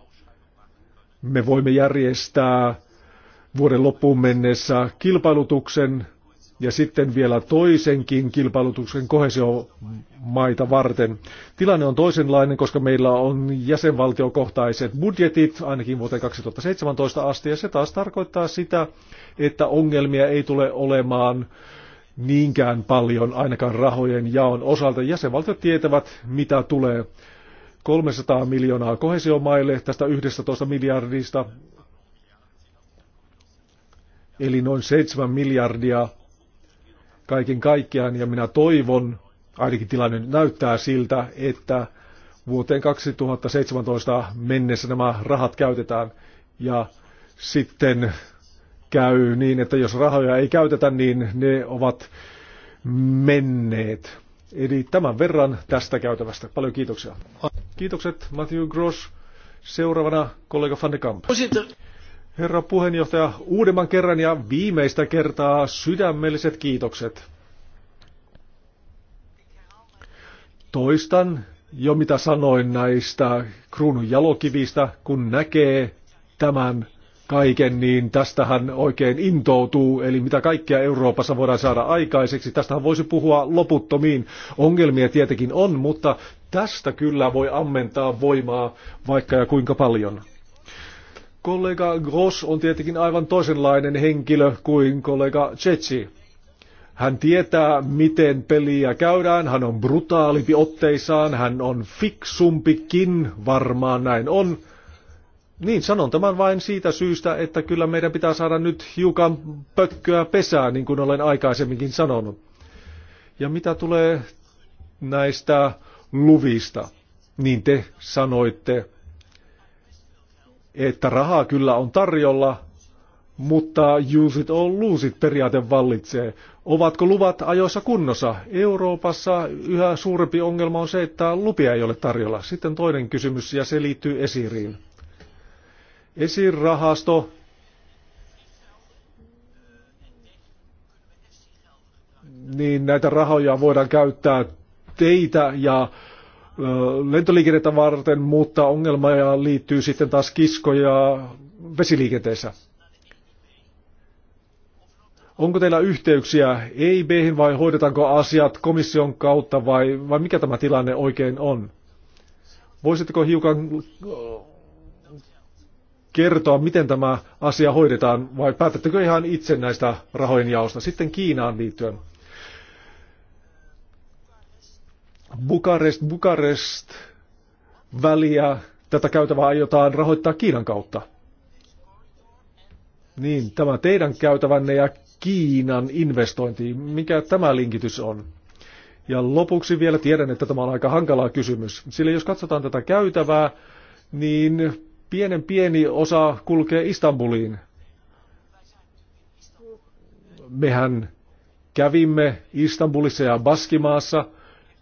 me voimme järjestää vuoden loppuun mennessä kilpailutuksen ja sitten vielä toisenkin kilpailutuksen kohesiomaita varten. Tilanne on toisenlainen, koska meillä on jäsenvaltiokohtaiset budjetit ainakin vuoteen 2017 asti, ja se taas tarkoittaa sitä, että ongelmia ei tule olemaan niinkään paljon ainakaan rahojen jaon osalta. Jäsenvaltiot tietävät, mitä tulee. 300 miljoonaa kohesiomaille tästä 11 miljardista, eli noin 7 miljardia kaiken kaikkiaan, ja minä toivon, ainakin tilanne näyttää siltä, että vuoteen 2017 mennessä nämä rahat käytetään, ja sitten käy niin, että jos rahoja ei käytetä, niin ne ovat menneet. Eli tämän verran tästä käytävästä. Paljon kiitoksia. Kiitokset Matthew Gross. Seuraavana kollega Fanny Kamp. Herra puheenjohtaja, uudemman kerran ja viimeistä kertaa sydämelliset kiitokset. Toistan jo mitä sanoin näistä kruunun jalokivistä, kun näkee tämän kaiken, niin tästähän oikein intoutuu, eli mitä kaikkea Euroopassa voidaan saada aikaiseksi. Tästähän voisi puhua loputtomiin. Ongelmia tietenkin on, mutta tästä kyllä voi ammentaa voimaa vaikka ja kuinka paljon. Kollega Gross on tietenkin aivan toisenlainen henkilö kuin kollega Chetsi. Hän tietää, miten peliä käydään, hän on brutaalimpi otteissaan, hän on fiksumpikin, varmaan näin on niin, sanon tämän vain siitä syystä, että kyllä meidän pitää saada nyt hiukan pökköä pesää, niin kuin olen aikaisemminkin sanonut. Ja mitä tulee näistä luvista, niin te sanoitte, että rahaa kyllä on tarjolla, mutta use it or lose it periaate vallitsee. Ovatko luvat ajoissa kunnossa? Euroopassa yhä suurempi ongelma on se, että lupia ei ole tarjolla. Sitten toinen kysymys, ja se liittyy esiriin. Esirahasto niin näitä rahoja voidaan käyttää teitä ja lentoliikennettä varten, mutta ongelma liittyy sitten taas kiskoja vesiliikenteessä. Onko teillä yhteyksiä eib vai hoidetaanko asiat komission kautta vai, vai mikä tämä tilanne oikein on? Voisitteko hiukan kertoa, miten tämä asia hoidetaan, vai päätettekö ihan itse näistä rahojen jaosta? Sitten Kiinaan liittyen. Bukarest, Bukarest väliä, tätä käytävää aiotaan rahoittaa Kiinan kautta. Niin, tämä teidän käytävänne ja Kiinan investointi, mikä tämä linkitys on? Ja lopuksi vielä tiedän, että tämä on aika hankalaa kysymys, sillä jos katsotaan tätä käytävää, niin pienen pieni osa kulkee Istanbuliin. Mehän kävimme Istanbulissa ja Baskimaassa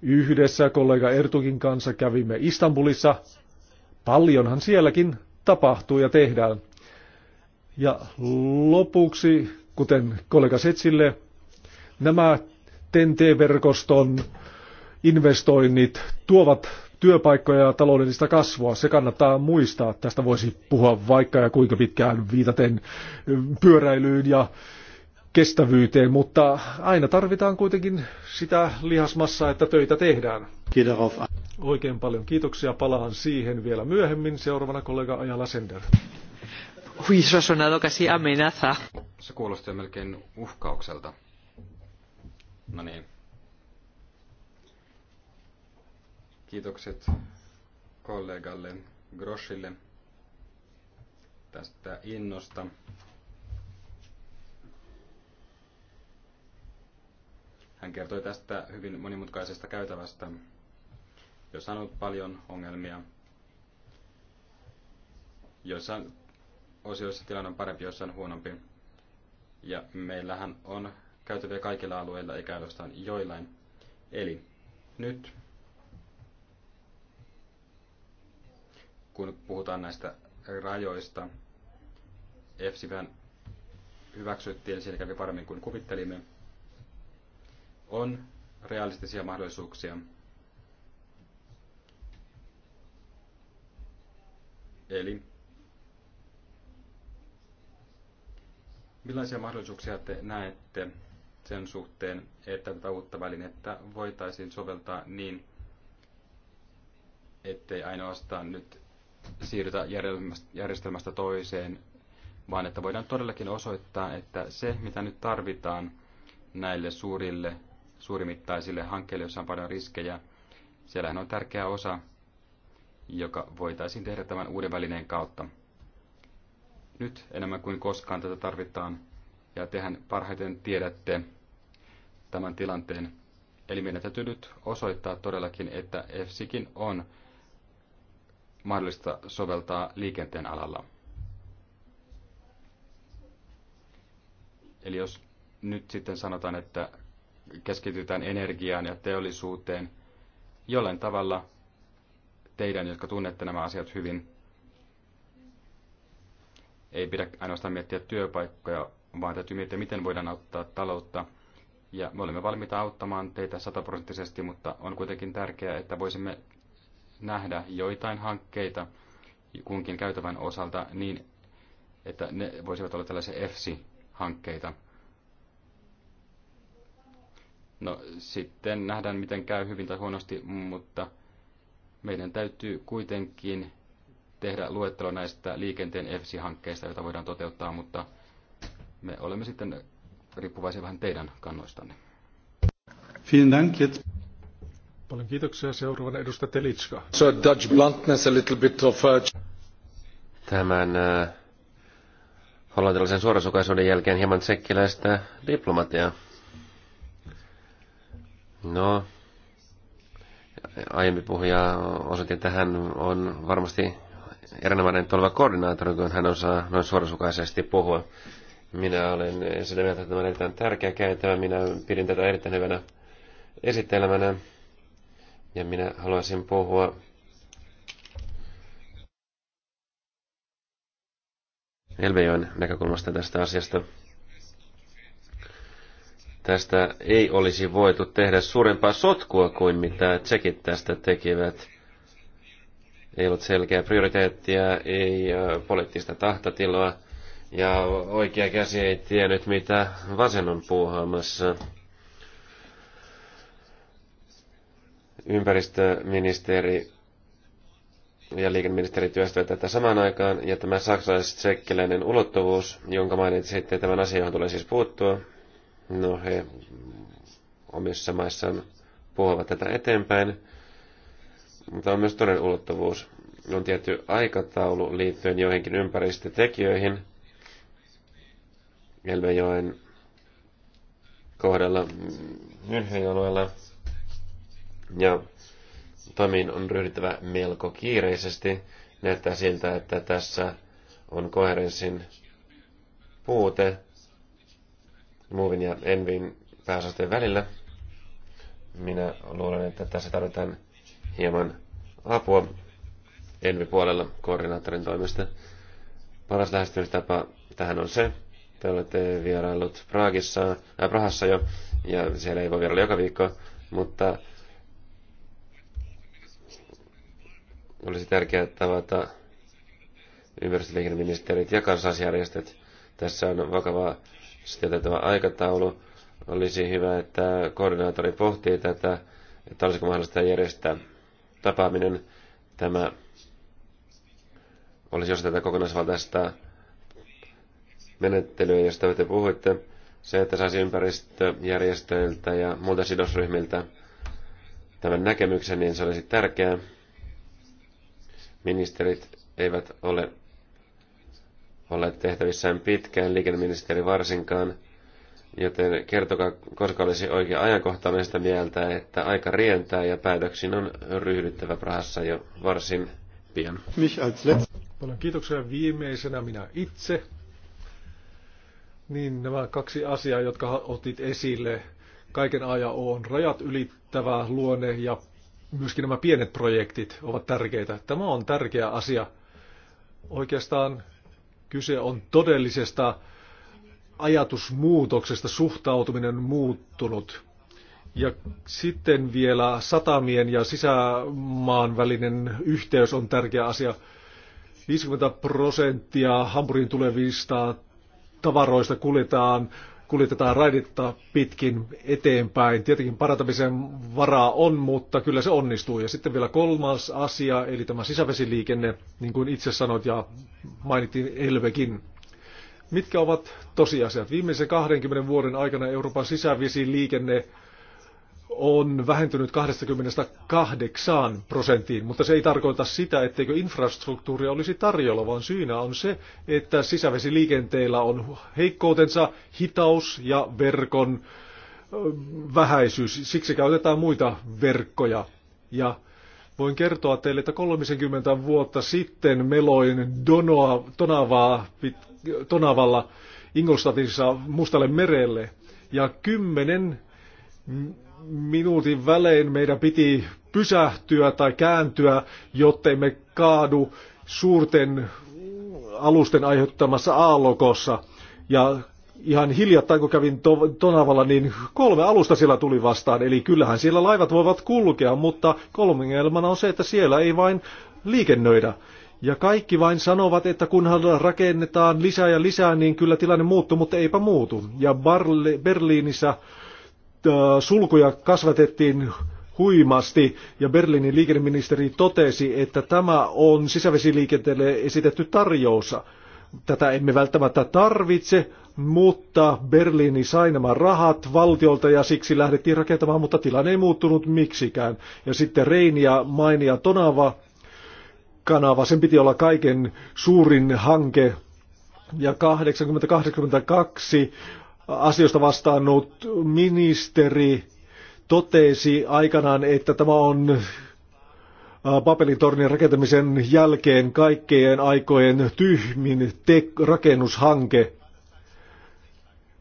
yhdessä kollega Ertukin kanssa kävimme Istanbulissa. Paljonhan sielläkin tapahtuu ja tehdään. Ja lopuksi, kuten kollega Setsille, nämä TNT-verkoston investoinnit tuovat työpaikkoja ja taloudellista kasvua. Se kannattaa muistaa. Tästä voisi puhua vaikka ja kuinka pitkään viitaten pyöräilyyn ja kestävyyteen, mutta aina tarvitaan kuitenkin sitä lihasmassaa, että töitä tehdään. Kiitos. Oikein paljon kiitoksia. Palahan siihen vielä myöhemmin. Seuraavana kollega Ajala Sender. Ui, se on sonado casi amenaza. Se kuulosti melkein uhkaukselta. No niin, Kiitokset kollegalle Groschille tästä innosta. Hän kertoi tästä hyvin monimutkaisesta käytävästä, jossa on ollut paljon ongelmia. Joissain osioissa tilanne on parempi, joissain huonompi. Ja meillähän on käytäviä kaikilla alueilla, eikä ainoastaan joillain. Eli nyt kun puhutaan näistä rajoista. EFSIVän hyväksyttiin, siinä kävi paremmin kuin kuvittelimme. On realistisia mahdollisuuksia. Eli millaisia mahdollisuuksia te näette sen suhteen, että tätä uutta välinettä voitaisiin soveltaa niin, ettei ainoastaan nyt siirrytä järjestelmästä toiseen, vaan että voidaan todellakin osoittaa, että se, mitä nyt tarvitaan näille suurille, suurimittaisille hankkeille, joissa on paljon riskejä, siellähän on tärkeä osa, joka voitaisiin tehdä tämän uuden välineen kautta. Nyt enemmän kuin koskaan tätä tarvitaan, ja tehän parhaiten tiedätte tämän tilanteen. Eli meidän täytyy nyt osoittaa todellakin, että EFSIkin on mahdollista soveltaa liikenteen alalla. Eli jos nyt sitten sanotaan, että keskitytään energiaan ja teollisuuteen, jollain tavalla teidän, jotka tunnette nämä asiat hyvin, ei pidä ainoastaan miettiä työpaikkoja, vaan täytyy miettiä, miten voidaan auttaa taloutta. Ja me olemme valmiita auttamaan teitä sataprosenttisesti, mutta on kuitenkin tärkeää, että voisimme nähdä joitain hankkeita kunkin käytävän osalta niin, että ne voisivat olla tällaisia EFSI-hankkeita. No sitten nähdään, miten käy hyvin tai huonosti, mutta meidän täytyy kuitenkin tehdä luettelo näistä liikenteen EFSI-hankkeista, joita voidaan toteuttaa, mutta me olemme sitten riippuvaisia vähän teidän kannoistanne. Vielen Dank. Jetzt Paljon kiitoksia. Seuraavana edustaja Telitska. So Dutch bluntness a little bit of... Uh, Tämän äh, hollantilaisen suorasukaisuuden jälkeen hieman tsekkiläistä diplomatiaa. No, aiempi puhuja osoitti, että hän on varmasti erinomainen tuleva koordinaattori, kun hän osaa noin suorasukaisesti puhua. Minä olen sitä mieltä, että tämä on erittäin tärkeä käytävä. Minä pidin tätä erittäin hyvänä esittelemänä. Ja minä haluaisin puhua Elvejoen näkökulmasta tästä asiasta. Tästä ei olisi voitu tehdä suurempaa sotkua kuin mitä tsekit tästä tekivät. Ei ollut selkeää prioriteettia, ei poliittista tahtotiloa ja oikea käsi ei tiennyt mitä vasen on puuhaamassa. ympäristöministeri ja liikenneministeri työstävät tätä samaan aikaan, ja tämä saksalais-tsekkiläinen ulottuvuus, jonka mainitsitte, tämän asian, johon tulee siis puuttua, no he omissa maissaan puhuvat tätä eteenpäin, mutta on myös toinen ulottuvuus. On tietty aikataulu liittyen joihinkin ympäristötekijöihin, Elmejoen kohdalla Münchenin alueella ja toimiin on ryhdyttävä melko kiireisesti. Näyttää siltä, että tässä on koherenssin puute muvin ja Envin pääosastojen välillä. Minä luulen, että tässä tarvitaan hieman apua Envi-puolella koordinaattorin toimesta. Paras lähestymistapa tähän on se, te olette vieraillut Praagissa, äh, Prahassa jo, ja siellä ei voi vierailla joka viikko, mutta Olisi tärkeää tavata ympäristöliikenneministerit ja kansalaisjärjestöt. Tässä on vakava sitä aikataulu. Olisi hyvä, että koordinaattori pohtii tätä, että olisiko mahdollista järjestää tapaaminen. Tämä olisi jos tätä kokonaisvaltaista menettelyä, josta te puhuitte. Se, että saisi ympäristöjärjestöiltä ja muilta sidosryhmiltä tämän näkemyksen, niin se olisi tärkeää. Ministerit eivät ole olleet tehtävissään pitkään, liikenneministeri varsinkaan, joten kertokaa, koska olisi oikea ajankohtainen sitä mieltä, että aika rientää ja päätöksiin on ryhdyttävä Prahassa jo varsin pian. Paljon kiitoksia viimeisenä minä itse. Niin nämä kaksi asiaa, jotka otit esille, kaiken ajan on rajat ylittävä luonne ja myöskin nämä pienet projektit ovat tärkeitä. Tämä on tärkeä asia. Oikeastaan kyse on todellisesta ajatusmuutoksesta, suhtautuminen muuttunut. Ja sitten vielä satamien ja sisämaan välinen yhteys on tärkeä asia. 50 prosenttia Hampurin tulevista tavaroista kuljetaan kuljetetaan raidetta pitkin eteenpäin. Tietenkin parantamisen varaa on, mutta kyllä se onnistuu. Ja sitten vielä kolmas asia, eli tämä sisävesiliikenne, niin kuin itse sanoit ja mainittiin Elvekin. Mitkä ovat tosiasiat? Viimeisen 20 vuoden aikana Euroopan sisävesiliikenne liikenne on vähentynyt 28 prosenttiin, mutta se ei tarkoita sitä, etteikö infrastruktuuria olisi tarjolla, vaan syynä on se, että sisävesiliikenteellä on heikkoutensa hitaus ja verkon vähäisyys. Siksi käytetään muita verkkoja. Ja voin kertoa teille, että 30 vuotta sitten meloin Donoa, Tonavaa, Tonavalla Ingolstadtissa Mustalle merelle ja kymmenen minuutin välein meidän piti pysähtyä tai kääntyä, jottei me kaadu suurten alusten aiheuttamassa aallokossa. Ja ihan hiljattain, kun kävin Tonavalla, niin kolme alusta siellä tuli vastaan. Eli kyllähän siellä laivat voivat kulkea, mutta kolmingelmana on se, että siellä ei vain liikennöidä. Ja kaikki vain sanovat, että kunhan rakennetaan lisää ja lisää, niin kyllä tilanne muuttuu, mutta eipä muutu. Ja Barle, Berliinissä Äh, sulkuja kasvatettiin huimasti ja Berliinin liikenneministeri totesi, että tämä on sisävesiliikenteelle esitetty tarjous. Tätä emme välttämättä tarvitse, mutta Berliini sai nämä rahat valtiolta ja siksi lähdettiin rakentamaan, mutta tilanne ei muuttunut miksikään. Ja sitten Reini ja Maini ja Tonava kanava, sen piti olla kaiken suurin hanke ja 80 asioista vastannut ministeri totesi aikanaan, että tämä on äh, papelitornin rakentamisen jälkeen kaikkien aikojen tyhmin rakennushanke.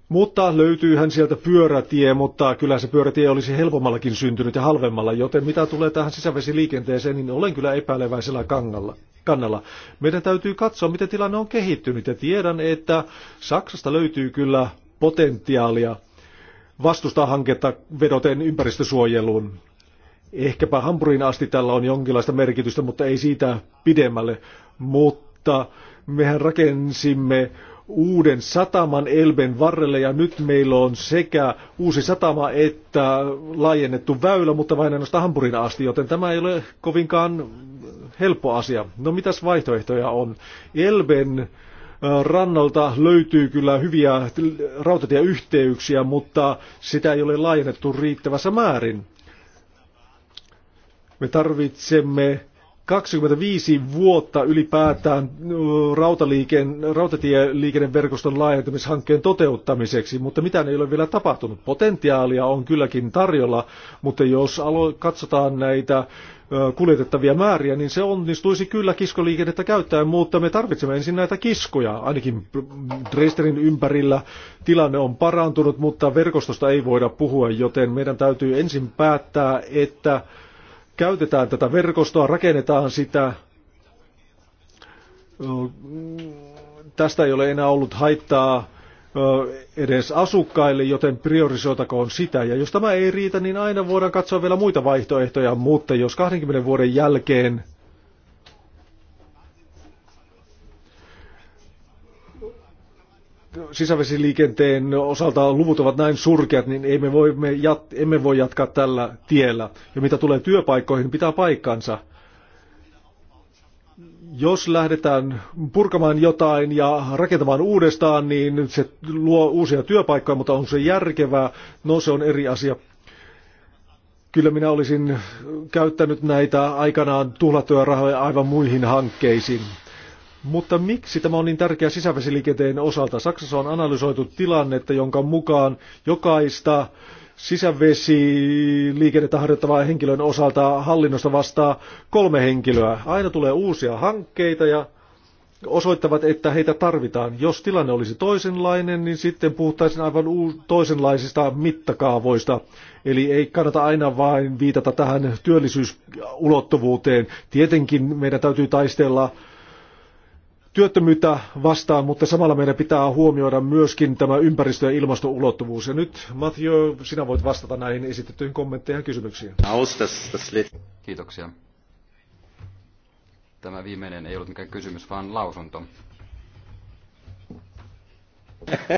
Mutta löytyyhän sieltä pyörätie, mutta kyllä se pyörätie olisi helpommallakin syntynyt ja halvemmalla, joten mitä tulee tähän sisävesiliikenteeseen, niin olen kyllä epäileväisellä kangalla, kannalla. Meidän täytyy katsoa, miten tilanne on kehittynyt ja tiedän, että Saksasta löytyy kyllä potentiaalia vastustaa hanketta vedoten ympäristösuojeluun. Ehkäpä Hampurin asti tällä on jonkinlaista merkitystä, mutta ei siitä pidemmälle. Mutta mehän rakensimme uuden sataman Elben varrelle ja nyt meillä on sekä uusi satama että laajennettu väylä, mutta vain ainoastaan Hampurin asti, joten tämä ei ole kovinkaan helppo asia. No mitäs vaihtoehtoja on? Elben rannalta löytyy kyllä hyviä rautatieyhteyksiä, mutta sitä ei ole laajennettu riittävässä määrin. Me tarvitsemme 25 vuotta ylipäätään rautaliiken, rautatieliikenneverkoston laajentamishankkeen toteuttamiseksi, mutta mitään ei ole vielä tapahtunut. Potentiaalia on kylläkin tarjolla, mutta jos alo- katsotaan näitä kuljetettavia määriä, niin se onnistuisi kyllä kiskoliikennettä käyttäen, mutta me tarvitsemme ensin näitä kiskoja. Ainakin Dresdenin ympärillä tilanne on parantunut, mutta verkostosta ei voida puhua, joten meidän täytyy ensin päättää, että käytetään tätä verkostoa, rakennetaan sitä. Tästä ei ole enää ollut haittaa Äh, edes asukkaille, joten priorisoitakoon sitä. Ja jos tämä ei riitä, niin aina voidaan katsoa vielä muita vaihtoehtoja, mutta jos 20 vuoden jälkeen sisävesiliikenteen osalta luvut ovat näin surkeat, niin ei me voi, me jat, emme voi jatkaa tällä tiellä. Ja mitä tulee työpaikkoihin, pitää paikkansa – jos lähdetään purkamaan jotain ja rakentamaan uudestaan, niin se luo uusia työpaikkoja, mutta on se järkevää? No se on eri asia. Kyllä minä olisin käyttänyt näitä aikanaan tuhlattuja rahoja aivan muihin hankkeisiin. Mutta miksi tämä on niin tärkeä sisävesiliikenteen osalta? Saksassa on analysoitu tilannetta, jonka mukaan jokaista sisävesiliikennettä harjoittavan henkilön osalta hallinnosta vastaa kolme henkilöä. Aina tulee uusia hankkeita ja osoittavat, että heitä tarvitaan. Jos tilanne olisi toisenlainen, niin sitten puhuttaisiin aivan toisenlaisista mittakaavoista. Eli ei kannata aina vain viitata tähän työllisyysulottuvuuteen. Tietenkin meidän täytyy taistella työttömyyttä vastaan, mutta samalla meidän pitää huomioida myöskin tämä ympäristö- ja ilmastoulottuvuus. Ja nyt, Matthew, sinä voit vastata näihin esitettyihin kommentteihin ja kysymyksiin. Kiitoksia. Tämä viimeinen ei ollut mikään kysymys, vaan lausunto.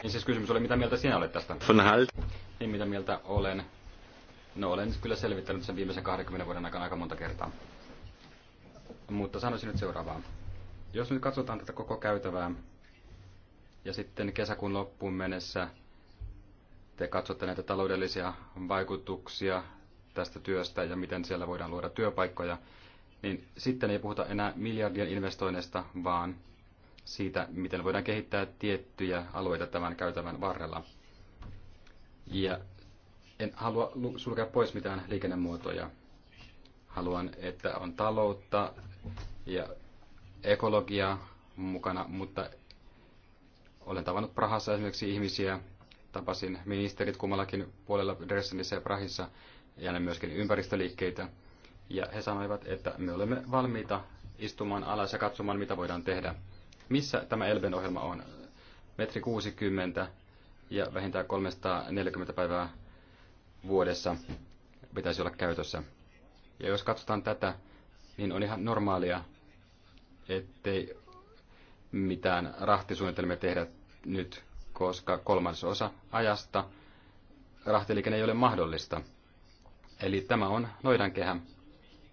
Niin siis kysymys oli, mitä mieltä sinä olet tästä? Niin, mitä mieltä olen. No olen kyllä selvittänyt sen viimeisen 20 vuoden aikana aika monta kertaa. Mutta sanoisin nyt seuraavaa. Jos nyt katsotaan tätä koko käytävää, ja sitten kesäkuun loppuun mennessä te katsotte näitä taloudellisia vaikutuksia tästä työstä ja miten siellä voidaan luoda työpaikkoja, niin sitten ei puhuta enää miljardien investoinneista, vaan siitä, miten voidaan kehittää tiettyjä alueita tämän käytävän varrella. Ja en halua sulkea pois mitään liikennemuotoja. Haluan, että on taloutta ja ekologiaa mukana, mutta olen tavannut Prahassa esimerkiksi ihmisiä, tapasin ministerit kummallakin puolella Dresdenissä ja Prahissa, ja ne myöskin ympäristöliikkeitä, ja he sanoivat, että me olemme valmiita istumaan alas ja katsomaan, mitä voidaan tehdä. Missä tämä Elben ohjelma on? Metri 60 ja vähintään 340 päivää vuodessa pitäisi olla käytössä. Ja jos katsotaan tätä, niin on ihan normaalia, ettei mitään rahtisuunnitelmia tehdä nyt, koska kolmasosa ajasta rahtiliikenne ei ole mahdollista. Eli tämä on noidankehä.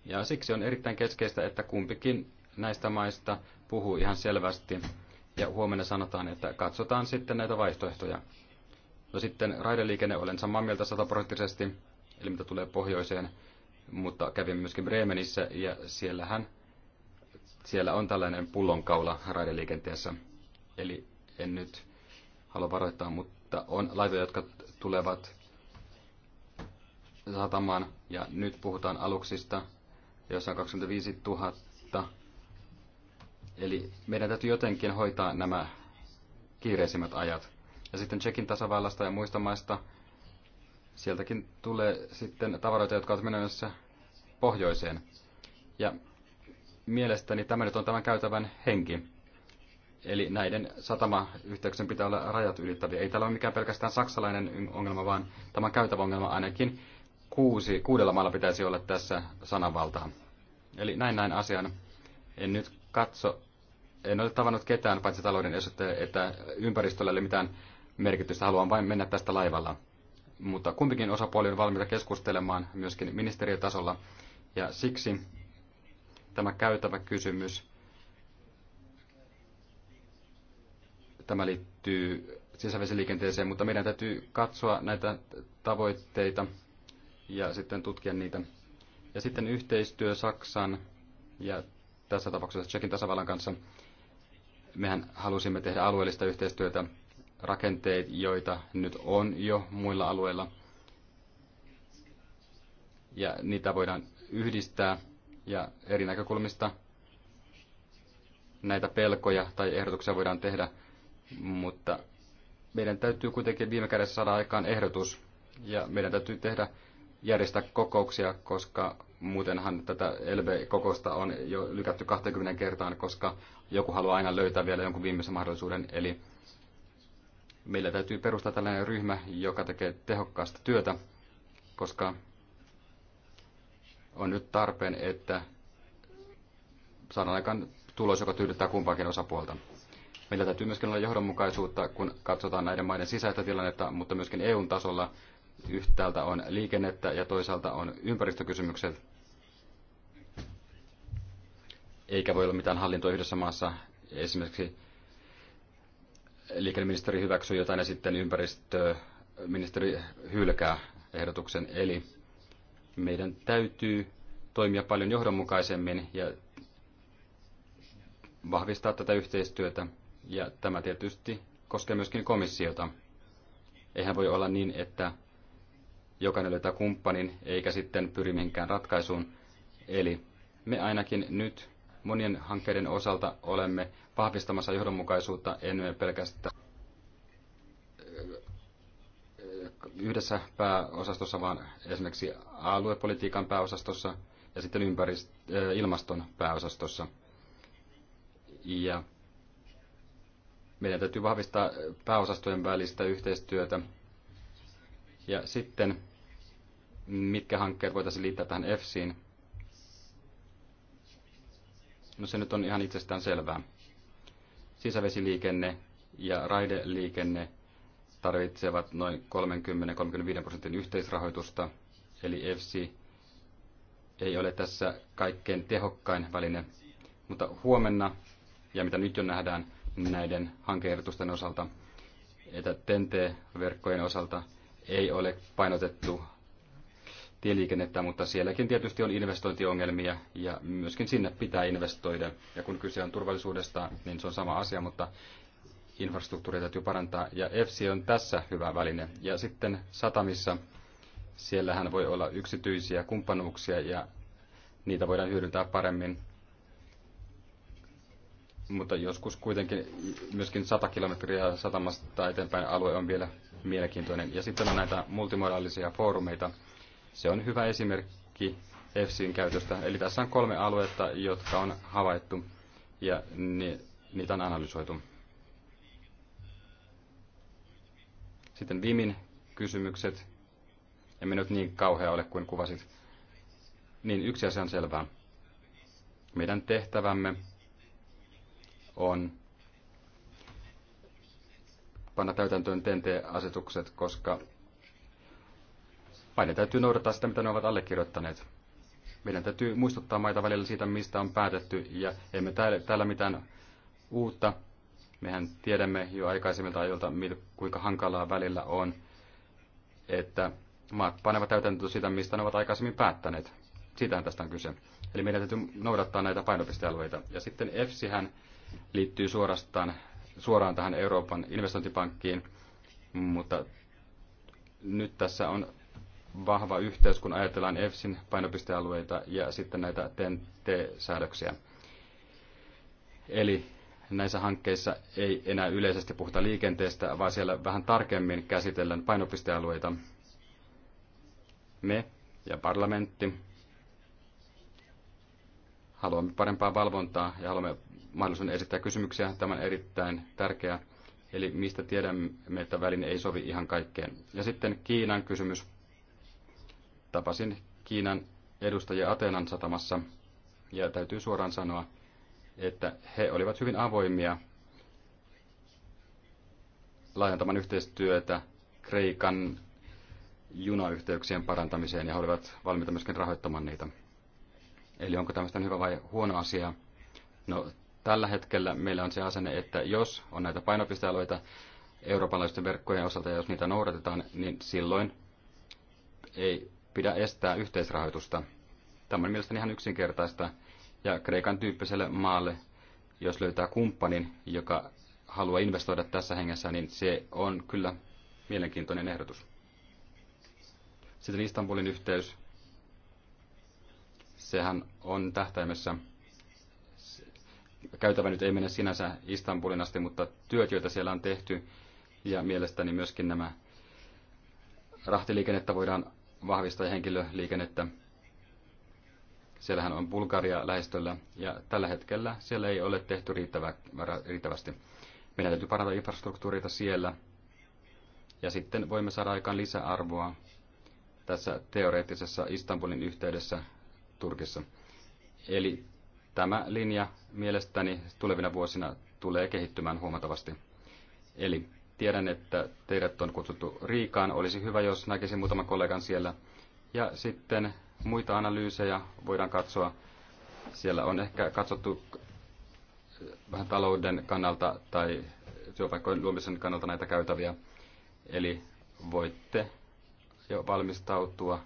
Ja siksi on erittäin keskeistä, että kumpikin näistä maista puhuu ihan selvästi. Ja huomenna sanotaan, että katsotaan sitten näitä vaihtoehtoja. No sitten raideliikenne olen samaa mieltä sataprosenttisesti, eli mitä tulee pohjoiseen, mutta kävin myöskin Bremenissä ja siellähän siellä on tällainen pullonkaula raideliikenteessä. Eli en nyt halua varoittaa, mutta on laitoja, jotka tulevat satamaan. Ja nyt puhutaan aluksista, jossa on 25 000. Eli meidän täytyy jotenkin hoitaa nämä kiireisimmät ajat. Ja sitten Tsekin tasavallasta ja muista maista, sieltäkin tulee sitten tavaroita, jotka ovat menossa pohjoiseen. Ja mielestäni tämä nyt on tämän käytävän henki. Eli näiden satamayhteyksien pitää olla rajat ylittäviä. Ei täällä ole mikään pelkästään saksalainen ongelma, vaan tämä käytävä ongelma ainakin kuusi, kuudella maalla pitäisi olla tässä sananvaltaa. Eli näin näin asian. En nyt katso, en ole tavannut ketään paitsi talouden esittäjä, että ympäristöllä ei ole mitään merkitystä, haluan vain mennä tästä laivalla. Mutta kumpikin osapuoli on valmiita keskustelemaan myöskin ministeriötasolla, ja siksi tämä käytävä kysymys, tämä liittyy sisävesiliikenteeseen, mutta meidän täytyy katsoa näitä tavoitteita ja sitten tutkia niitä. Ja sitten yhteistyö Saksan ja tässä tapauksessa Tsekin tasavallan kanssa. Mehän halusimme tehdä alueellista yhteistyötä, rakenteet, joita nyt on jo muilla alueilla. Ja niitä voidaan yhdistää ja eri näkökulmista näitä pelkoja tai ehdotuksia voidaan tehdä, mutta meidän täytyy kuitenkin viime kädessä saada aikaan ehdotus ja meidän täytyy tehdä järjestää kokouksia, koska muutenhan tätä LB-kokousta on jo lykätty 20 kertaan, koska joku haluaa aina löytää vielä jonkun viimeisen mahdollisuuden. Eli meillä täytyy perustaa tällainen ryhmä, joka tekee tehokkaasta työtä, koska on nyt tarpeen, että saadaan aikaan tulos, joka tyydyttää kumpaakin osapuolta. Meillä täytyy myöskin olla johdonmukaisuutta, kun katsotaan näiden maiden sisäistä tilannetta, mutta myöskin EUn tasolla yhtäältä on liikennettä ja toisaalta on ympäristökysymykset. Eikä voi olla mitään hallintoa yhdessä maassa. Esimerkiksi liikenneministeri hyväksyy jotain ja sitten ympäristöministeri hylkää ehdotuksen. Eli meidän täytyy toimia paljon johdonmukaisemmin ja vahvistaa tätä yhteistyötä. Ja tämä tietysti koskee myöskin komissiota. Eihän voi olla niin, että jokainen löytää kumppanin eikä sitten pyri mihinkään ratkaisuun. Eli me ainakin nyt monien hankkeiden osalta olemme vahvistamassa johdonmukaisuutta, emme pelkästään yhdessä pääosastossa, vaan esimerkiksi aluepolitiikan pääosastossa ja sitten ympärist- eh, ilmaston pääosastossa. Ja meidän täytyy vahvistaa pääosastojen välistä yhteistyötä. Ja sitten, mitkä hankkeet voitaisiin liittää tähän EFSiin? No se nyt on ihan itsestään selvää. Sisävesiliikenne ja raideliikenne – tarvitsevat noin 30-35 prosentin yhteisrahoitusta, eli EFSI ei ole tässä kaikkein tehokkain väline, mutta huomenna, ja mitä nyt jo nähdään niin näiden hankeehdotusten osalta, että TNT-verkkojen osalta ei ole painotettu tieliikennettä, mutta sielläkin tietysti on investointiongelmia ja myöskin sinne pitää investoida. Ja kun kyse on turvallisuudesta, niin se on sama asia, mutta infrastruktuuria täytyy parantaa, ja EFSI on tässä hyvä väline. Ja sitten satamissa, siellähän voi olla yksityisiä kumppanuuksia, ja niitä voidaan hyödyntää paremmin. Mutta joskus kuitenkin myöskin 100 kilometriä satamasta eteenpäin alue on vielä mielenkiintoinen. Ja sitten on näitä multimodaalisia foorumeita. Se on hyvä esimerkki EFSin käytöstä. Eli tässä on kolme aluetta, jotka on havaittu ja niitä on analysoitu. Sitten Vimin kysymykset. En minä nyt niin kauhea ole kuin kuvasit. Niin yksi asia on selvää. Meidän tehtävämme on panna täytäntöön TNT-asetukset, koska maiden täytyy noudattaa sitä, mitä ne ovat allekirjoittaneet. Meidän täytyy muistuttaa maita välillä siitä, mistä on päätetty, ja emme täällä, täällä mitään uutta Mehän tiedämme jo aikaisemmilta ajoilta, kuinka hankalaa välillä on, että maat panevat täytäntöön sitä, mistä ne ovat aikaisemmin päättäneet. Siitähän tästä on kyse. Eli meidän täytyy noudattaa näitä painopistealueita. Ja sitten EFSIhän liittyy suorastaan, suoraan tähän Euroopan investointipankkiin, mutta nyt tässä on vahva yhteys, kun ajatellaan EFSin painopistealueita ja sitten näitä TEN-T-säädöksiä. Eli näissä hankkeissa ei enää yleisesti puhuta liikenteestä, vaan siellä vähän tarkemmin käsitellään painopistealueita. Me ja parlamentti haluamme parempaa valvontaa ja haluamme mahdollisuuden esittää kysymyksiä. Tämä on erittäin tärkeää. Eli mistä tiedämme, että väline ei sovi ihan kaikkeen. Ja sitten Kiinan kysymys. Tapasin Kiinan edustajia Atenan satamassa ja täytyy suoraan sanoa, että he olivat hyvin avoimia laajentamaan yhteistyötä Kreikan junayhteyksien parantamiseen ja he olivat valmiita myöskin rahoittamaan niitä. Eli onko tämmöistä hyvä vai huono asia? No, tällä hetkellä meillä on se asenne, että jos on näitä painopistealueita eurooppalaisten verkkojen osalta ja jos niitä noudatetaan, niin silloin ei pidä estää yhteisrahoitusta. Tämä on mielestäni ihan yksinkertaista ja Kreikan tyyppiselle maalle, jos löytää kumppanin, joka haluaa investoida tässä hengessä, niin se on kyllä mielenkiintoinen ehdotus. Sitten Istanbulin yhteys. Sehän on tähtäimessä. Käytävä nyt ei mene sinänsä Istanbulin asti, mutta työt, joita siellä on tehty, ja mielestäni myöskin nämä rahtiliikennettä voidaan vahvistaa ja henkilöliikennettä. Siellähän on Bulgaria lähestöllä ja tällä hetkellä siellä ei ole tehty riittävä, riittävästi. Meidän täytyy parata infrastruktuurita siellä ja sitten voimme saada aikaan lisäarvoa tässä teoreettisessa Istanbulin yhteydessä Turkissa. Eli tämä linja mielestäni tulevina vuosina tulee kehittymään huomattavasti. Eli tiedän, että teidät on kutsuttu Riikaan. Olisi hyvä, jos näkisin muutaman kollegan siellä. Ja sitten muita analyysejä voidaan katsoa. Siellä on ehkä katsottu äh, vähän talouden kannalta tai työpaikkojen luomisen kannalta näitä käytäviä. Eli voitte jo valmistautua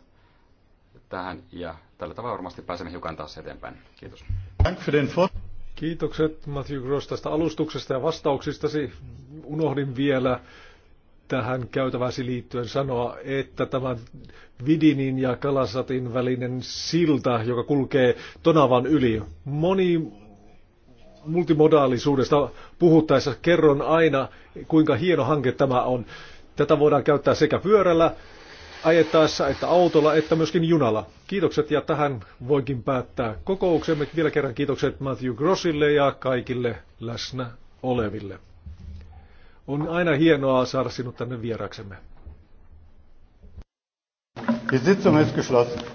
tähän ja tällä tavalla varmasti pääsemme hiukan taas eteenpäin. Kiitos. Kiitokset Matthew Gross tästä alustuksesta ja vastauksistasi. Unohdin vielä tähän käytäväsi liittyen sanoa, että tämä Vidinin ja Kalasatin välinen silta, joka kulkee Tonavan yli, moni multimodaalisuudesta puhuttaessa kerron aina, kuinka hieno hanke tämä on. Tätä voidaan käyttää sekä pyörällä, ajettaessa, että autolla, että myöskin junalla. Kiitokset ja tähän voinkin päättää kokouksemme. Vielä kerran kiitokset Matthew Grossille ja kaikille läsnä oleville. On aina hienoa saada sinut tänne vieraksemme. Die Sitzung ist geschlossen.